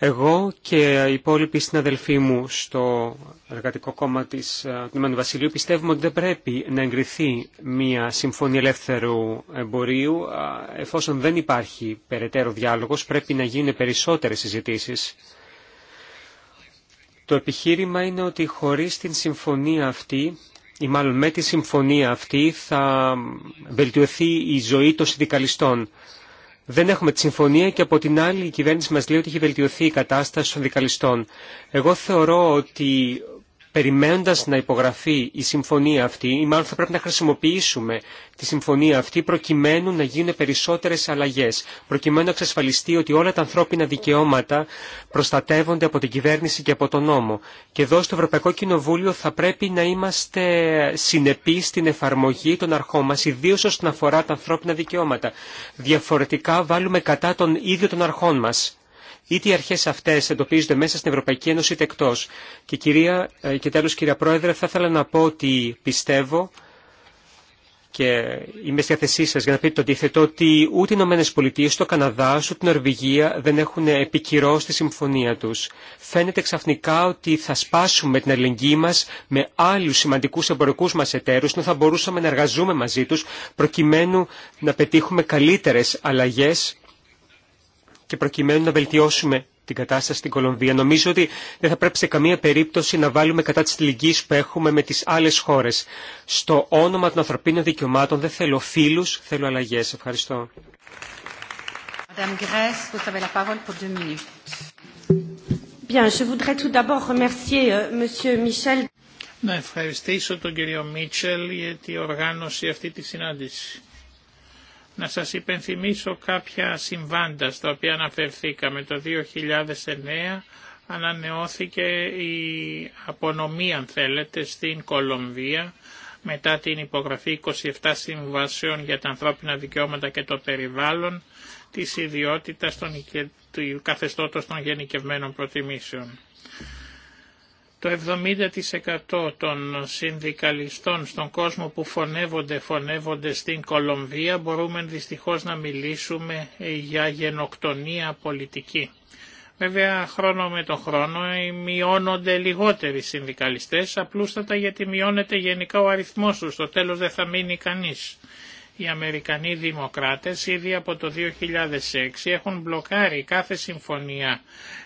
S3: Εγώ και οι υπόλοιποι συναδελφοί μου στο εργατικό κόμμα της Τμήματου ε, Βασιλείου πιστεύουμε ότι δεν πρέπει να εγκριθεί μια συμφωνία ελεύθερου εμπορίου εφόσον δεν υπάρχει περαιτέρω διάλογος πρέπει να γίνουν περισσότερες συζητήσεις. Το επιχείρημα είναι ότι χωρίς την συμφωνία αυτή ή μάλλον με τη συμφωνία αυτή θα βελτιωθεί η ζωή των συνδικαλιστών δεν έχουμε τη συμφωνία και από την άλλη η κυβέρνηση μας λέει ότι έχει βελτιωθεί η κατάσταση των δικαλιστών. Εγώ θεωρώ ότι περιμένοντας να υπογραφεί η συμφωνία αυτή ή μάλλον θα πρέπει να χρησιμοποιήσουμε τη συμφωνία αυτή προκειμένου να γίνουν περισσότερες αλλαγές, προκειμένου να εξασφαλιστεί ότι όλα τα ανθρώπινα δικαιώματα προστατεύονται από την κυβέρνηση και από τον νόμο. Και εδώ στο Ευρωπαϊκό Κοινοβούλιο θα πρέπει να είμαστε συνεπείς στην εφαρμογή των αρχών μας, ιδίω όσον αφορά τα ανθρώπινα δικαιώματα. Διαφορετικά βάλουμε κατά τον ίδιο των αρχών μας. Είτε οι αρχέ αυτέ εντοπίζονται μέσα στην Ευρωπαϊκή Ένωση είτε εκτό. Και, κυρία, ε, και τέλο, κυρία Πρόεδρε, θα ήθελα να πω ότι πιστεύω και είμαι στη διάθεσή σα για να πείτε το αντίθετο ότι ούτε οι Ηνωμένε Πολιτείε, ούτε ο Καναδά, ούτε η Νορβηγία δεν έχουν επικυρώσει τη συμφωνία του. Φαίνεται ξαφνικά ότι θα σπάσουμε την αλληλεγγύη μα με άλλου σημαντικού εμπορικού μα εταίρου, ενώ θα μπορούσαμε να εργαζούμε μαζί του προκειμένου να πετύχουμε καλύτερε αλλαγέ και προκειμένου να βελτιώσουμε την κατάσταση στην Κολομβία. Νομίζω ότι δεν θα πρέπει σε καμία περίπτωση να βάλουμε κατά τη λυγή που έχουμε με τι άλλε χώρε. Στο όνομα των ανθρωπίνων δικαιωμάτων δεν θέλω φίλου, θέλω αλλαγέ. Ευχαριστώ.
S2: Να ευχαριστήσω τον κύριο Μίτσελ για την οργάνωση αυτή τη συνάντηση. Να σας υπενθυμίσω κάποια συμβάντα στα οποία αναφερθήκαμε. Το 2009 ανανεώθηκε η απονομή, αν θέλετε, στην Κολομβία μετά την υπογραφή 27 συμβάσεων για τα ανθρώπινα δικαιώματα και το περιβάλλον της ιδιότητας των, του καθεστώτος των γενικευμένων προτιμήσεων. Το 70% των συνδικαλιστών στον κόσμο που φωνεύονται, φωνεύονται στην Κολομβία, μπορούμε δυστυχώς να μιλήσουμε για γενοκτονία πολιτική. Βέβαια χρόνο με τον χρόνο ε, μειώνονται λιγότεροι συνδικαλιστές, απλούστατα γιατί μειώνεται γενικά ο αριθμός τους, στο τέλος δεν θα μείνει κανείς οι Αμερικανοί Δημοκράτες ήδη από το 2006 έχουν μπλοκάρει κάθε συμφωνία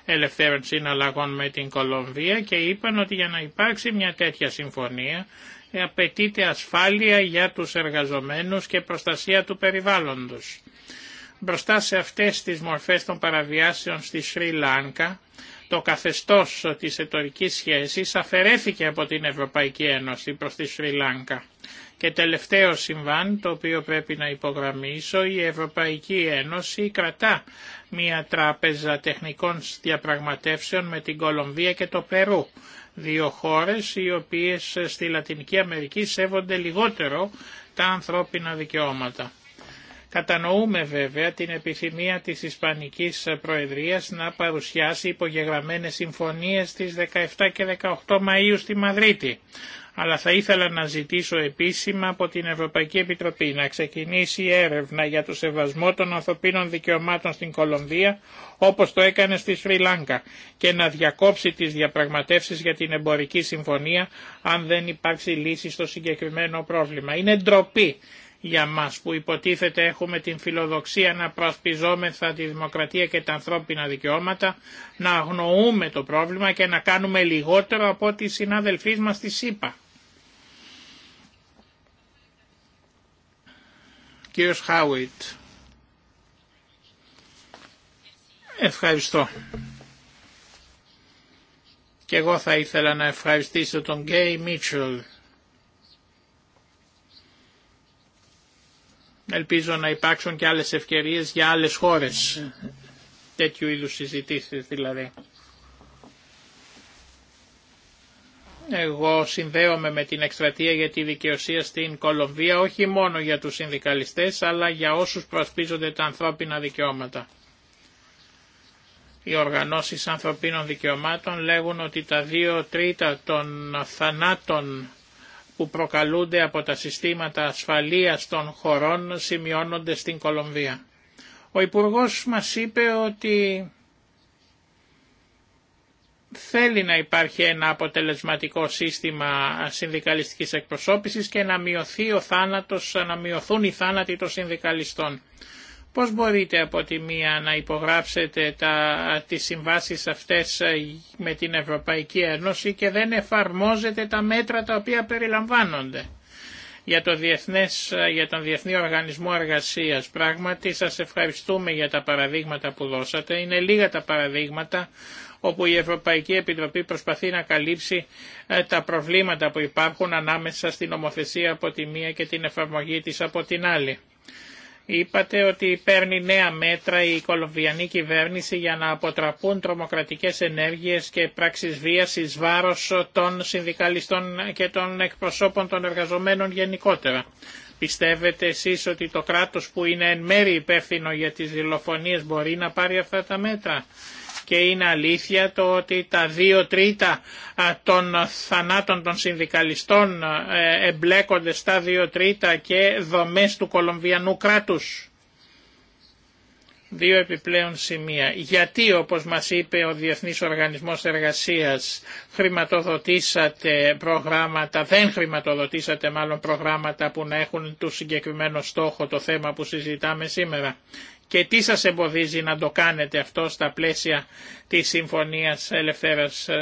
S2: ελευθέρων συναλλαγών με την Κολομβία και είπαν ότι για να υπάρξει μια τέτοια συμφωνία ε, απαιτείται ασφάλεια για τους εργαζομένους και προστασία του περιβάλλοντος. Μπροστά σε αυτές τις μορφές των παραβιάσεων στη Σρι Λάνκα, το καθεστώς της ετορικής σχέσης αφαιρέθηκε από την Ευρωπαϊκή Ένωση προς τη Σρι Λάνκα. Και τελευταίο συμβάν το οποίο πρέπει να υπογραμμίσω, η Ευρωπαϊκή Ένωση κρατά μια τράπεζα τεχνικών διαπραγματεύσεων με την Κολομβία και το Περού. Δύο χώρες οι οποίες στη Λατινική Αμερική σέβονται λιγότερο τα ανθρώπινα δικαιώματα. Κατανοούμε βέβαια την επιθυμία της Ισπανικής Προεδρίας να παρουσιάσει υπογεγραμμένες συμφωνίες στις 17 και 18 Μαΐου στη Μαδρίτη αλλά θα ήθελα να ζητήσω επίσημα από την Ευρωπαϊκή Επιτροπή να ξεκινήσει έρευνα για το σεβασμό των ανθρωπίνων δικαιωμάτων στην Κολομβία όπως το έκανε στη Σρι και να διακόψει τις διαπραγματεύσεις για την εμπορική συμφωνία αν δεν υπάρξει λύση στο συγκεκριμένο πρόβλημα. Είναι ντροπή για μας που υποτίθεται έχουμε την φιλοδοξία να προασπιζόμεθα τη δημοκρατία και τα ανθρώπινα δικαιώματα, να αγνοούμε το πρόβλημα και να κάνουμε λιγότερο από ό,τι οι συνάδελφοί μας τη ΣΥΠΑ. Κύριος Χάουιτ. Ευχαριστώ. Και εγώ θα ήθελα να ευχαριστήσω τον Γκέι Μίτσελ. Ελπίζω να υπάρξουν και άλλες ευκαιρίες για άλλες χώρες τέτοιου είδους συζητήσεις δηλαδή. Εγώ συνδέομαι με την εκστρατεία για τη δικαιοσία στην Κολομβία όχι μόνο για τους συνδικαλιστές αλλά για όσους προσπίζονται τα ανθρώπινα δικαιώματα. Οι οργανώσεις ανθρωπίνων δικαιωμάτων λέγουν ότι τα δύο τρίτα των θανάτων που προκαλούνται από τα συστήματα ασφαλείας των χωρών σημειώνονται στην Κολομβία. Ο Υπουργός μας είπε ότι θέλει να υπάρχει ένα αποτελεσματικό σύστημα συνδικαλιστικής εκπροσώπησης και να μειωθεί ο θάνατος, να μειωθούν οι θάνατοι των συνδικαλιστών. Πώς μπορείτε από τη μία να υπογράψετε τα, τις συμβάσεις αυτές με την Ευρωπαϊκή Ένωση και δεν εφαρμόζετε τα μέτρα τα οποία περιλαμβάνονται. Για, το διεθνές, τον Διεθνή Οργανισμό Εργασίας πράγματι σας ευχαριστούμε για τα παραδείγματα που δώσατε. Είναι λίγα τα παραδείγματα όπου η Ευρωπαϊκή Επιτροπή προσπαθεί να καλύψει ε, τα προβλήματα που υπάρχουν ανάμεσα στην νομοθεσία από τη μία και την εφαρμογή της από την άλλη. Είπατε ότι παίρνει νέα μέτρα η κολομβιανή κυβέρνηση για να αποτραπούν τρομοκρατικές ενέργειες και πράξεις βίας εις βάρος των συνδικαλιστών και των εκπροσώπων των εργαζομένων γενικότερα. Πιστεύετε εσείς ότι το κράτος που είναι εν μέρη υπεύθυνο για τις δηλοφονίες μπορεί να πάρει αυτά τα μέτρα και είναι αλήθεια το ότι τα δύο τρίτα των θανάτων των συνδικαλιστών ε, εμπλέκονται στα δύο τρίτα και δομές του Κολομβιανού κράτους. Δύο επιπλέον σημεία. Γιατί όπως μας είπε ο Διεθνής Οργανισμός Εργασίας χρηματοδοτήσατε προγράμματα, δεν χρηματοδοτήσατε μάλλον προγράμματα που να έχουν του συγκεκριμένο στόχο το θέμα που συζητάμε σήμερα και τι σας εμποδίζει να το κάνετε αυτό στα πλαίσια της Συμφωνίας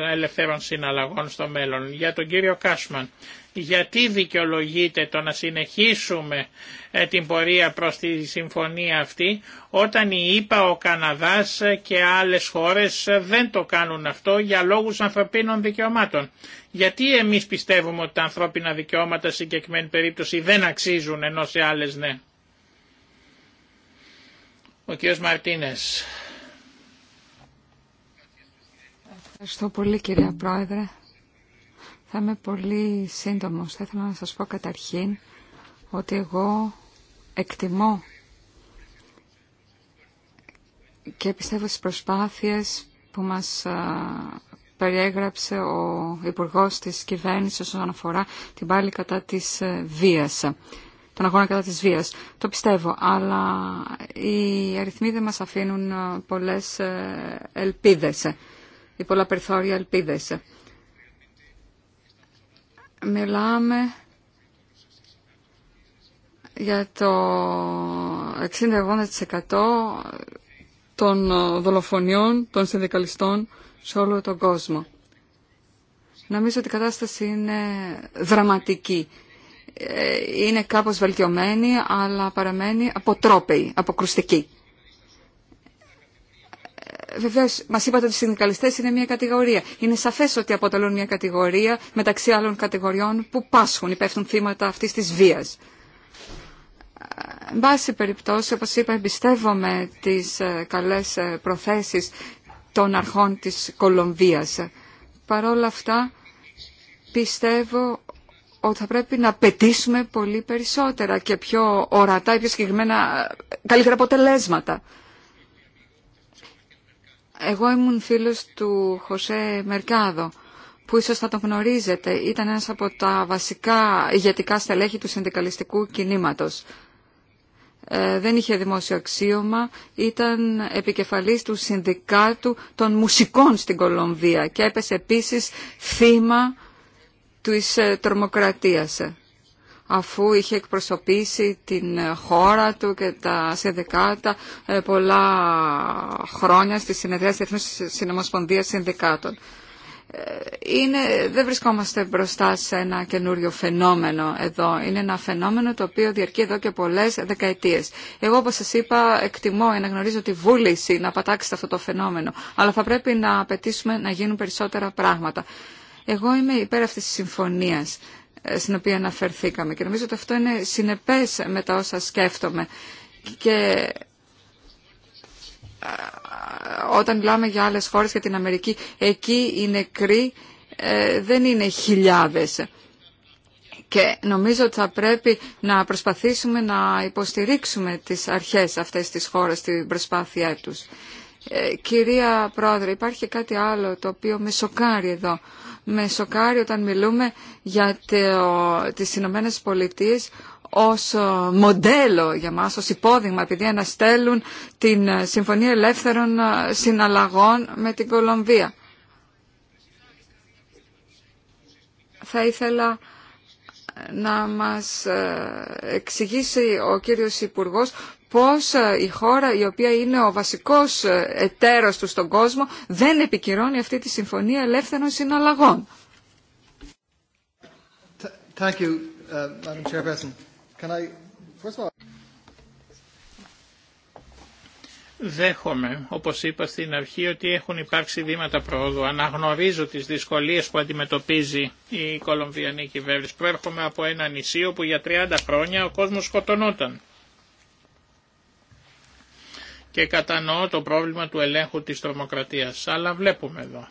S2: Ελευθέρων Συναλλαγών στο μέλλον. Για τον κύριο Κάσμαν, γιατί δικαιολογείται το να συνεχίσουμε ε, την πορεία προς τη συμφωνία αυτή όταν η ΙΠΑ, ο Καναδάς και άλλες χώρες δεν το κάνουν αυτό για λόγους ανθρωπίνων δικαιωμάτων. Γιατί εμείς πιστεύουμε ότι τα ανθρώπινα δικαιώματα σε συγκεκριμένη περίπτωση δεν αξίζουν ενώ σε άλλες ναι. Ο
S1: Ευχαριστώ πολύ κυρία Πρόεδρε. Θα είμαι πολύ σύντομος. Θα ήθελα να σας πω καταρχήν ότι εγώ εκτιμώ και πιστεύω στις προσπάθειες που μας περιέγραψε ο Υπουργός της Κυβέρνησης όσον αφορά την πάλη κατά της ε, βίας τον αγώνα κατά της βίας. Το πιστεύω, αλλά οι αριθμοί δεν μας αφήνουν ε, πολλές ε, ελπίδες ε, ή πολλά περιθώρια ελπίδες. Μιλάμε για το 60 των δολοφονιών των συνδικαλιστών σε όλο τον κόσμο. Νομίζω ότι η κατάσταση είναι δραματική ε, είναι κάπως βελτιωμένη, αλλά παραμένει αποτρόπαιη, αποκρουστική. Ε, Βεβαίω, μα είπατε ότι οι συνδικαλιστέ είναι μια κατηγορία. Είναι σαφέ ότι αποτελούν μια κατηγορία μεταξύ άλλων κατηγοριών που πάσχουν, υπέφτουν θύματα αυτή τη βία. Ε, εν πάση περιπτώσει, όπω είπα, εμπιστεύομαι τι καλέ προθέσει των αρχών της Κολομβίας. Παρ' αυτά πιστεύω ότι θα πρέπει να πετύσουμε πολύ περισσότερα και πιο ορατά ή πιο συγκεκριμένα καλύτερα αποτελέσματα. Εγώ ήμουν φίλος του Χωσέ Μερκάδο, που ίσως θα τον γνωρίζετε. Ήταν ένας από τα βασικά ηγετικά στελέχη του συνδικαλιστικού κινήματος. Ε, δεν είχε δημόσιο αξίωμα, ήταν επικεφαλής του Συνδικάτου των Μουσικών στην Κολομβία και έπεσε επίσης θύμα του της ε, τρομοκρατίας ε, αφού είχε εκπροσωπήσει την ε, χώρα του και τα συνδικάτα πολλά χρόνια στη συνεδρία της Συνομοσπονδίας Συνδικάτων. Είναι, δεν βρισκόμαστε μπροστά σε ένα καινούριο φαινόμενο εδώ. Είναι ένα φαινόμενο το οποίο διαρκεί εδώ και πολλές δεκαετίες. Εγώ όπως σας είπα εκτιμώ να γνωρίζω τη βούληση να πατάξετε αυτό το φαινόμενο. Αλλά θα πρέπει να απαιτήσουμε να γίνουν περισσότερα πράγματα. Εγώ είμαι υπέρ αυτής της συμφωνίας ε, στην οποία αναφερθήκαμε και νομίζω ότι αυτό είναι συνεπές με τα όσα σκέφτομαι. Και ε, όταν μιλάμε για άλλες χώρες, για την Αμερική, εκεί οι νεκροί ε, δεν είναι χιλιάδες. Και νομίζω ότι θα πρέπει να προσπαθήσουμε να υποστηρίξουμε τις αρχές αυτές της χώρας στην προσπάθειά τους. Κυρία Πρόεδρε, υπάρχει κάτι άλλο το οποίο με σοκάρει εδώ με σοκάρει όταν μιλούμε για τις Ηνωμένε Πολιτείε ως ε, μοντέλο για μας, ως υπόδειγμα, επειδή αναστέλουν την ε, Συμφωνία Ελεύθερων ε, Συναλλαγών με την Κολομβία. Θα ήθελα να μας εξηγήσει ο κύριος Υπουργός πώς ε, η χώρα η οποία είναι ο βασικός ε, εταίρος του στον κόσμο δεν επικυρώνει αυτή τη συμφωνία ελεύθερων συναλλαγών.
S2: Δέχομαι, όπως είπα στην αρχή, ότι έχουν υπάρξει βήματα προόδου. Αναγνωρίζω τις δυσκολίες που αντιμετωπίζει η Κολομβιανή κυβέρνηση. Προέρχομαι από ένα νησί όπου για 30 χρόνια ο κόσμος σκοτωνόταν και κατανοώ το πρόβλημα του ελέγχου της τρομοκρατίας, αλλά βλέπουμε εδώ.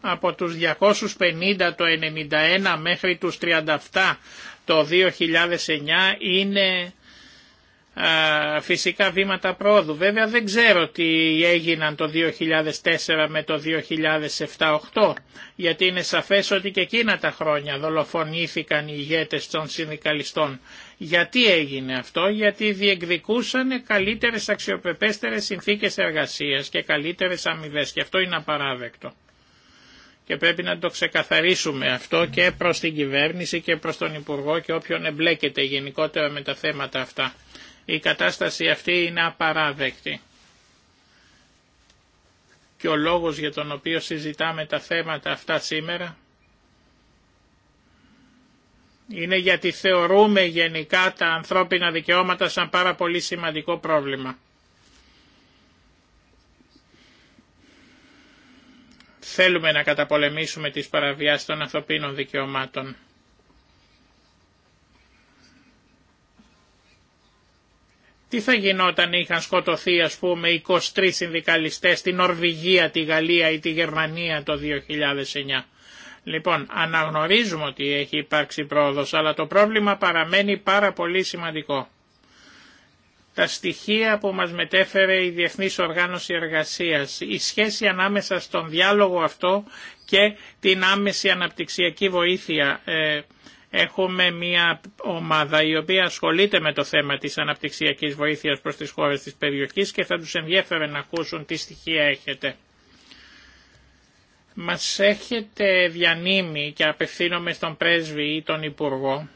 S2: Από τους 250 το 91 μέχρι τους 37 το 2009 είναι φυσικά βήματα πρόοδου. Βέβαια δεν ξέρω τι έγιναν το 2004 με το 2007-2008 γιατί είναι σαφές ότι και εκείνα τα χρόνια δολοφονήθηκαν οι ηγέτες των συνδικαλιστών. Γιατί έγινε αυτό, γιατί διεκδικούσαν καλύτερες αξιοπεπέστερες συνθήκες εργασίας και καλύτερες αμοιβέ και αυτό είναι απαράδεκτο. Και πρέπει να το ξεκαθαρίσουμε αυτό και προς την κυβέρνηση και προς τον Υπουργό και όποιον εμπλέκεται γενικότερα με τα θέματα αυτά. Η κατάσταση αυτή είναι απαράδεκτη. Και ο λόγος για τον οποίο συζητάμε τα θέματα αυτά σήμερα είναι γιατί θεωρούμε γενικά τα ανθρώπινα δικαιώματα σαν πάρα πολύ σημαντικό πρόβλημα. Θέλουμε να καταπολεμήσουμε τις παραβιάσεις των ανθρωπίνων δικαιωμάτων. Τι θα γινόταν είχαν σκοτωθεί ας πούμε 23 συνδικαλιστές στην Νορβηγία, τη Γαλλία ή τη Γερμανία το 2009. Λοιπόν, αναγνωρίζουμε ότι έχει υπάρξει πρόοδος, αλλά το πρόβλημα παραμένει πάρα πολύ σημαντικό. Τα στοιχεία που μας μετέφερε η Διεθνής Οργάνωση Εργασίας, η σχέση ανάμεσα στον διάλογο αυτό και την άμεση αναπτυξιακή βοήθεια ε, Έχουμε μια ομάδα η οποία ασχολείται με το θέμα της αναπτυξιακής βοήθειας προς τις χώρες της περιοχής και θα τους ενδιέφερε να ακούσουν τι στοιχεία έχετε. Μας έχετε διανύμει και απευθύνομαι στον πρέσβη ή τον Υπουργό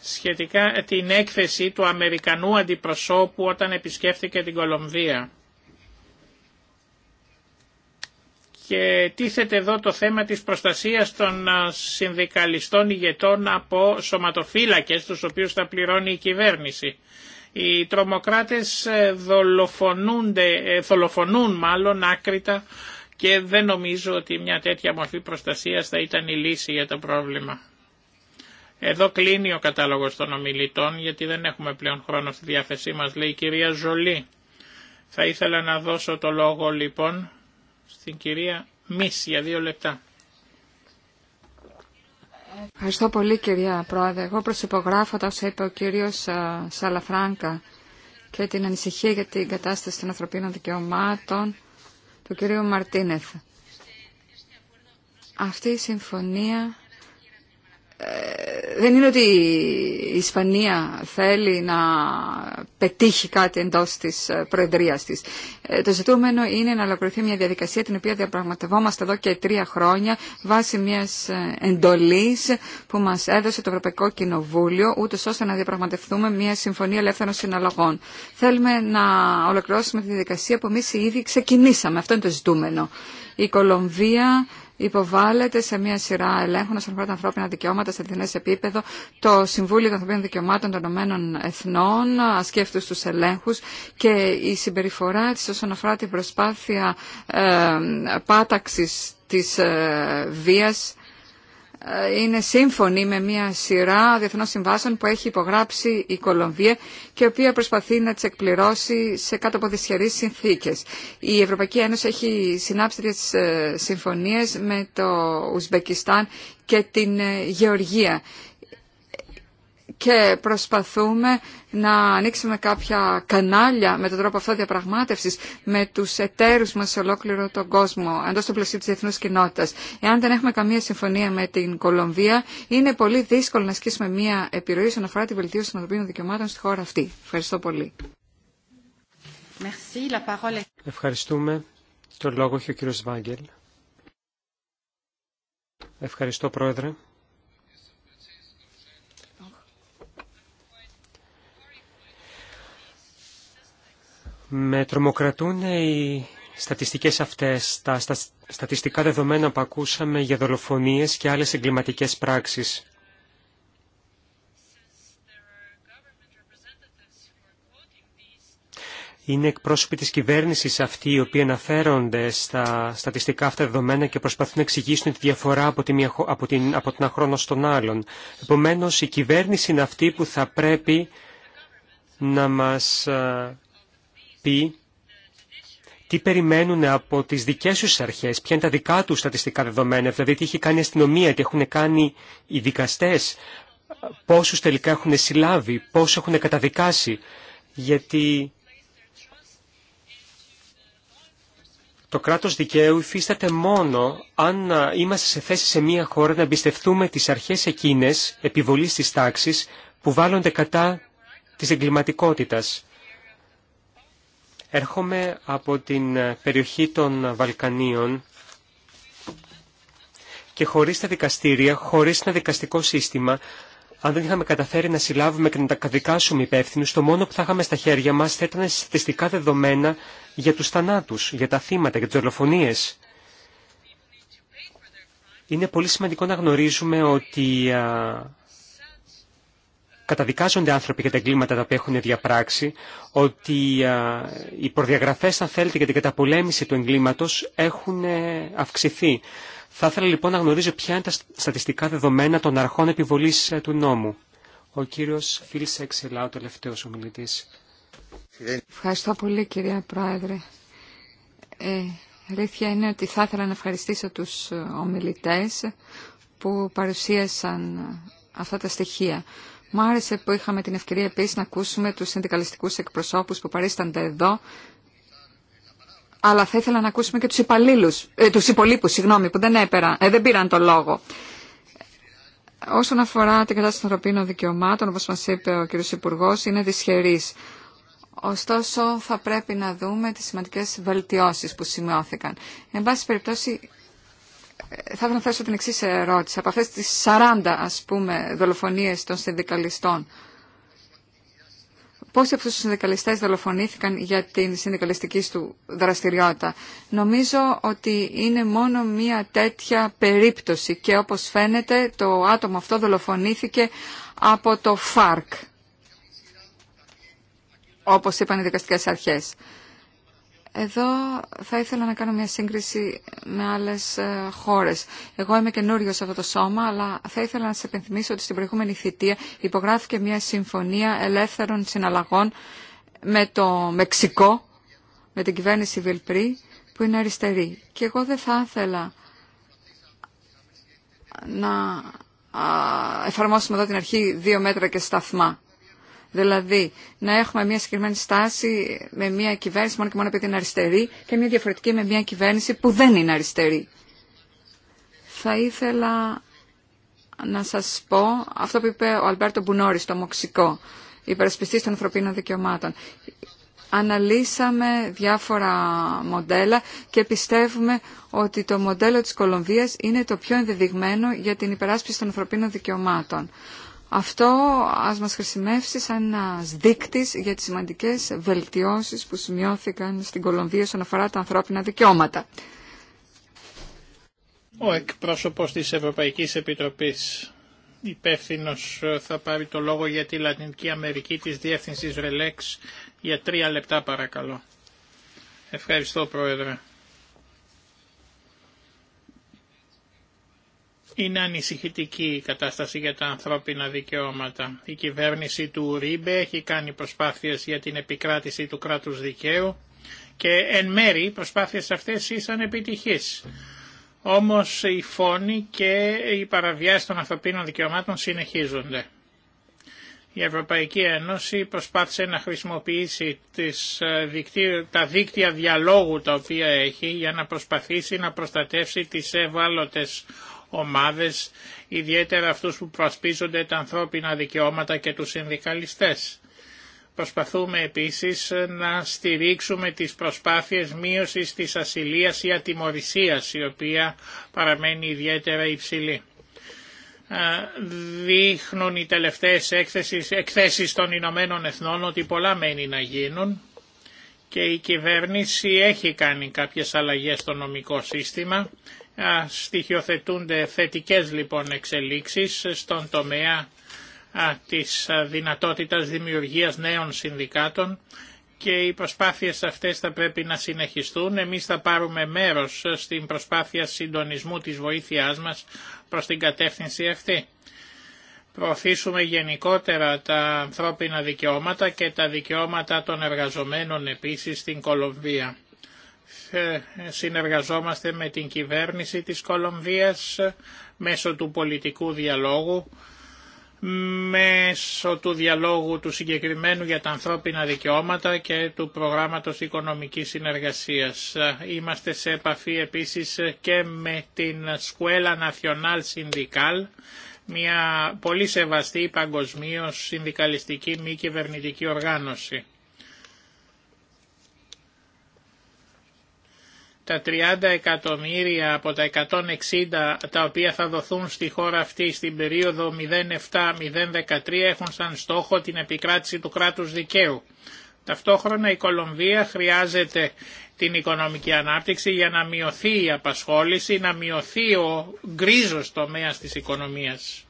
S2: σχετικά την έκθεση του Αμερικανού αντιπροσώπου όταν επισκέφθηκε την Κολομβία. Και τίθεται εδώ το θέμα της προστασίας των συνδικαλιστών ηγετών από σωματοφύλακες, τους οποίους θα πληρώνει η κυβέρνηση. Οι τρομοκράτες ε, δολοφονούνται, ε, δολοφονούν μάλλον άκρητα και δεν νομίζω ότι μια τέτοια μορφή προστασίας θα ήταν η λύση για το πρόβλημα. Εδώ κλείνει ο κατάλογος των ομιλητών γιατί δεν έχουμε πλέον χρόνο στη διάθεσή μας, λέει η κυρία Ζολή. Θα ήθελα να δώσω το λόγο λοιπόν στην κυρία Μίση, για δύο λεπτά.
S1: Ευχαριστώ πολύ κυρία Πρόεδρε. Εγώ προσυπογράφω τα όσα είπε ο κύριος Σαλαφράνκα και την ανησυχία για την κατάσταση των ανθρωπίνων δικαιωμάτων του κυρίου Μαρτίνεθ. Αυτή η συμφωνία ε, δεν είναι ότι η Ισπανία θέλει να πετύχει κάτι εντός της ε, προεδρίας της. Ε, το ζητούμενο είναι να ολοκληρωθεί μια διαδικασία την οποία διαπραγματευόμαστε εδώ και τρία χρόνια βάσει μιας εντολής που μας έδωσε το Ευρωπαϊκό Κοινοβούλιο ούτως ώστε να διαπραγματευτούμε μια συμφωνία ελεύθερων συναλλαγών. Θέλουμε να ολοκληρώσουμε τη διαδικασία που εμεί ήδη ξεκινήσαμε. Αυτό είναι το ζητούμενο. Η Κολομβία υποβάλλεται σε μια σειρά ελέγχων όσον αφορά τα ανθρώπινα δικαιώματα σε διεθνέ επίπεδο. Το Συμβούλιο των Ανθρωπίνων Δικαιωμάτων των Ηνωμένων Εθνών ασκεί αυτού του ελέγχου και η συμπεριφορά τη όσον αφορά την προσπάθεια ε, πάταξη της ε, βίας είναι σύμφωνη με μια σειρά διεθνών συμβάσεων που έχει υπογράψει η Κολομβία και η οποία προσπαθεί να τι εκπληρώσει σε κάτω από δυσχερεί συνθήκε. Η Ευρωπαϊκή Ένωση έχει συνάψει τι ε, συμφωνίε με το Ουσμπεκιστάν και την ε, Γεωργία και προσπαθούμε να ανοίξουμε κάποια κανάλια με τον τρόπο αυτό διαπραγμάτευσης με τους εταίρους μας σε ολόκληρο τον κόσμο, εντό του πλαισίου της διεθνούς κοινότητας. Εάν δεν έχουμε καμία συμφωνία με την Κολομβία, είναι πολύ δύσκολο να ασκήσουμε μια επιρροή όσον αφορά τη βελτίωση των ανθρωπίνων δικαιωμάτων στη χώρα αυτή. Ευχαριστώ πολύ.
S3: Ευχαριστούμε. Το λόγο έχει ο κύριος Βάγκελ. Ευχαριστώ, Πρόεδρε. Με τρομοκρατούν οι στατιστικές αυτές, τα στατιστικά δεδομένα που ακούσαμε για δολοφονίες και άλλες εγκληματικές πράξεις. Είναι εκπρόσωποι της κυβέρνησης αυτοί οι οποίοι αναφέρονται στα στατιστικά αυτά δεδομένα και προσπαθούν να εξηγήσουν τη διαφορά από, τη μια, από, την, από τον αχρόνο στον άλλον. Επομένως, η κυβέρνηση είναι αυτή που θα πρέπει να μας ε, πει τι περιμένουν από τις δικέ του αρχέ, ποια είναι τα δικά του στατιστικά δεδομένα, δηλαδή τι έχει κάνει η αστυνομία, τι έχουν κάνει οι δικαστέ, πόσους τελικά έχουν συλλάβει, πόσου έχουν καταδικάσει, γιατί Το κράτος δικαίου υφίσταται μόνο αν είμαστε σε θέση σε μία χώρα να εμπιστευτούμε τις αρχές εκείνες επιβολής της τάξης που βάλλονται κατά της εγκληματικότητας. Έρχομαι από την ε, περιοχή των Βαλκανίων και χωρίς τα δικαστήρια, χωρίς ένα δικαστικό σύστημα, αν δεν είχαμε καταφέρει να συλλάβουμε και να τα καδικάσουμε υπεύθυνου, το μόνο που θα είχαμε στα χέρια μας θα ήταν στατιστικά δεδομένα για τους θανάτους, για τα θύματα, για τις δολοφονίες. Είναι πολύ σημαντικό να γνωρίζουμε ότι καταδικάζονται άνθρωποι για τα εγκλήματα τα οποία έχουν διαπράξει, ότι οι προδιαγραφές, αν θέλετε, για την καταπολέμηση του εγκλήματος έχουν ε, αυξηθεί. Θα ήθελα λοιπόν να γνωρίζω ποια είναι τα στατιστικά δεδομένα των αρχών επιβολής ε, του νόμου. Ο κύριος Φίλς Εξελά, ο τελευταίος ομιλητής.
S1: Ευχαριστώ πολύ κυρία Πρόεδρε. Ε, αλήθεια είναι ότι θα ήθελα να ευχαριστήσω τους ε, ομιλητές που παρουσίασαν αυτά τα στοιχεία. Μου άρεσε που είχαμε την ευκαιρία επίσης να ακούσουμε τους συνδικαλιστικούς εκπροσώπους που παρίστανται εδώ, αλλά θα ήθελα να ακούσουμε και τους, υπαλλήλους, ε, τους υπολείπους συγγνώμη, που δεν, έπερα, ε, δεν πήραν το λόγο. Όσον αφορά την κατάσταση των ανθρωπίνων δικαιωμάτων, όπως μας είπε ο κ. Υπουργό, είναι δυσχερής. Ωστόσο, θα πρέπει να δούμε τις σημαντικές βελτιώσεις που σημειώθηκαν. Εν πάση περιπτώσει, θα ήθελα να θέσω την εξή ερώτηση. Από αυτέ τις 40 ας πούμε δολοφονίε των συνδικαλιστών, πόσοι από του συνδικαλιστέ δολοφονήθηκαν για την συνδικαλιστική του δραστηριότητα. Νομίζω ότι είναι μόνο μία τέτοια περίπτωση και όπως φαίνεται το άτομο αυτό δολοφονήθηκε από το ΦΑΡΚ, όπως είπαν οι δικαστικές αρχές. Εδώ θα ήθελα να κάνω μια σύγκριση με άλλες ε, χώρες. Εγώ είμαι καινούριο σε αυτό το σώμα, αλλά θα ήθελα να σε επενθυμίσω ότι στην προηγούμενη θητεία υπογράφηκε μια συμφωνία ελεύθερων συναλλαγών με το Μεξικό, με την κυβέρνηση Βιλπρί, που είναι αριστερή. Και εγώ δεν θα ήθελα να εφαρμόσουμε εδώ την αρχή δύο μέτρα και σταθμά. Δηλαδή, να έχουμε μια συγκεκριμένη στάση με μια κυβέρνηση μόνο και μόνο επειδή είναι αριστερή και μια διαφορετική με μια κυβέρνηση που δεν είναι αριστερή. Θα ήθελα να σας πω αυτό που είπε ο Αλμπέρτο Μπουνόρη το Μοξικό, υπερασπιστής των ανθρωπίνων δικαιωμάτων. Αναλύσαμε διάφορα μοντέλα και πιστεύουμε ότι το μοντέλο της Κολομβίας είναι το πιο ενδεδειγμένο για την υπεράσπιση των ανθρωπίνων δικαιωμάτων. Αυτό ας μας χρησιμεύσει σαν ένα δείκτης για τις σημαντικές βελτιώσεις που σημειώθηκαν στην Κολομβία όσον αφορά τα ανθρώπινα δικαιώματα.
S2: Ο εκπρόσωπος της Ευρωπαϊκής Επιτροπής υπεύθυνο ε, θα πάρει το λόγο για τη Λατινική Αμερική της Διεύθυνσης Ρελέξ για τρία λεπτά παρακαλώ. Ευχαριστώ Πρόεδρε. Είναι ανησυχητική η κατάσταση για τα ανθρώπινα δικαιώματα. Η κυβέρνηση του Ρίμπε έχει κάνει προσπάθειες για την επικράτηση του κράτους δικαίου και εν μέρη οι προσπάθειες αυτές ήσαν επιτυχείς. Όμως οι φόνοι και οι παραβιάσεις των ανθρωπίνων δικαιωμάτων συνεχίζονται. Η Ευρωπαϊκή Ένωση προσπάθησε να χρησιμοποιήσει τις ε, τα δίκτυα διαλόγου τα οποία έχει για να προσπαθήσει να προστατεύσει τις ευάλωτες ομάδες, ιδιαίτερα αυτούς που προσπίζονται τα ανθρώπινα δικαιώματα και τους συνδικαλιστές. Προσπαθούμε επίσης να στηρίξουμε τις προσπάθειες μείωσης της ασυλίας ή ατιμορρησίας, η οποία παραμένει ιδιαίτερα υψηλή. Δείχνουν οι τελευταίες έκθεσεις, εκθέσεις των Ηνωμένων Εθνών ότι πολλά μένει να γίνουν και η κυβέρνηση έχει κάνει κάποιες αλλαγές στο νομικό σύστημα στοιχειοθετούνται θετικές λοιπόν εξελίξεις στον τομέα της δυνατότητας δημιουργίας νέων συνδικάτων και οι προσπάθειες αυτές θα πρέπει να συνεχιστούν. Εμείς θα πάρουμε μέρος στην προσπάθεια συντονισμού της βοήθειάς μας προς την κατεύθυνση αυτή. Προωθήσουμε γενικότερα τα ανθρώπινα δικαιώματα και τα δικαιώματα των εργαζομένων επίσης στην Κολομβία. Ε, συνεργαζόμαστε με την κυβέρνηση της Κολομβίας μέσω του πολιτικού διαλόγου, μέσω του διαλόγου του συγκεκριμένου για τα ανθρώπινα δικαιώματα και του προγράμματος οικονομικής συνεργασίας. Είμαστε σε επαφή επίσης και με την Σκουέλα Nacional Συνδικάλ, μια πολύ σεβαστή παγκοσμίως συνδικαλιστική μη κυβερνητική οργάνωση. τα 30 εκατομμύρια από τα 160 τα οποία θα δοθούν στη χώρα αυτή στην περίοδο 07-013 έχουν σαν στόχο την επικράτηση του κράτους δικαίου. Ταυτόχρονα η Κολομβία χρειάζεται την οικονομική ανάπτυξη για να μειωθεί η απασχόληση, να μειωθεί ο γκρίζος τομέας της οικονομίας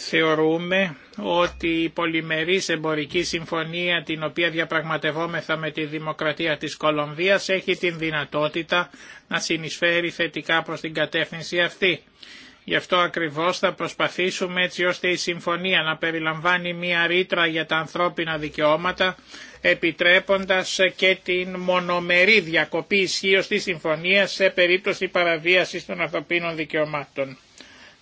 S2: θεωρούμε ότι η πολυμερής εμπορική συμφωνία την οποία διαπραγματευόμεθα με τη Δημοκρατία της Κολομβίας έχει την δυνατότητα να συνεισφέρει θετικά προς την κατεύθυνση αυτή. Γι' αυτό ακριβώς θα προσπαθήσουμε έτσι ώστε η συμφωνία να περιλαμβάνει μία ρήτρα για τα ανθρώπινα δικαιώματα επιτρέποντας και την μονομερή διακοπή ισχύω της συμφωνίας σε περίπτωση παραβίασης των ανθρωπίνων δικαιωμάτων.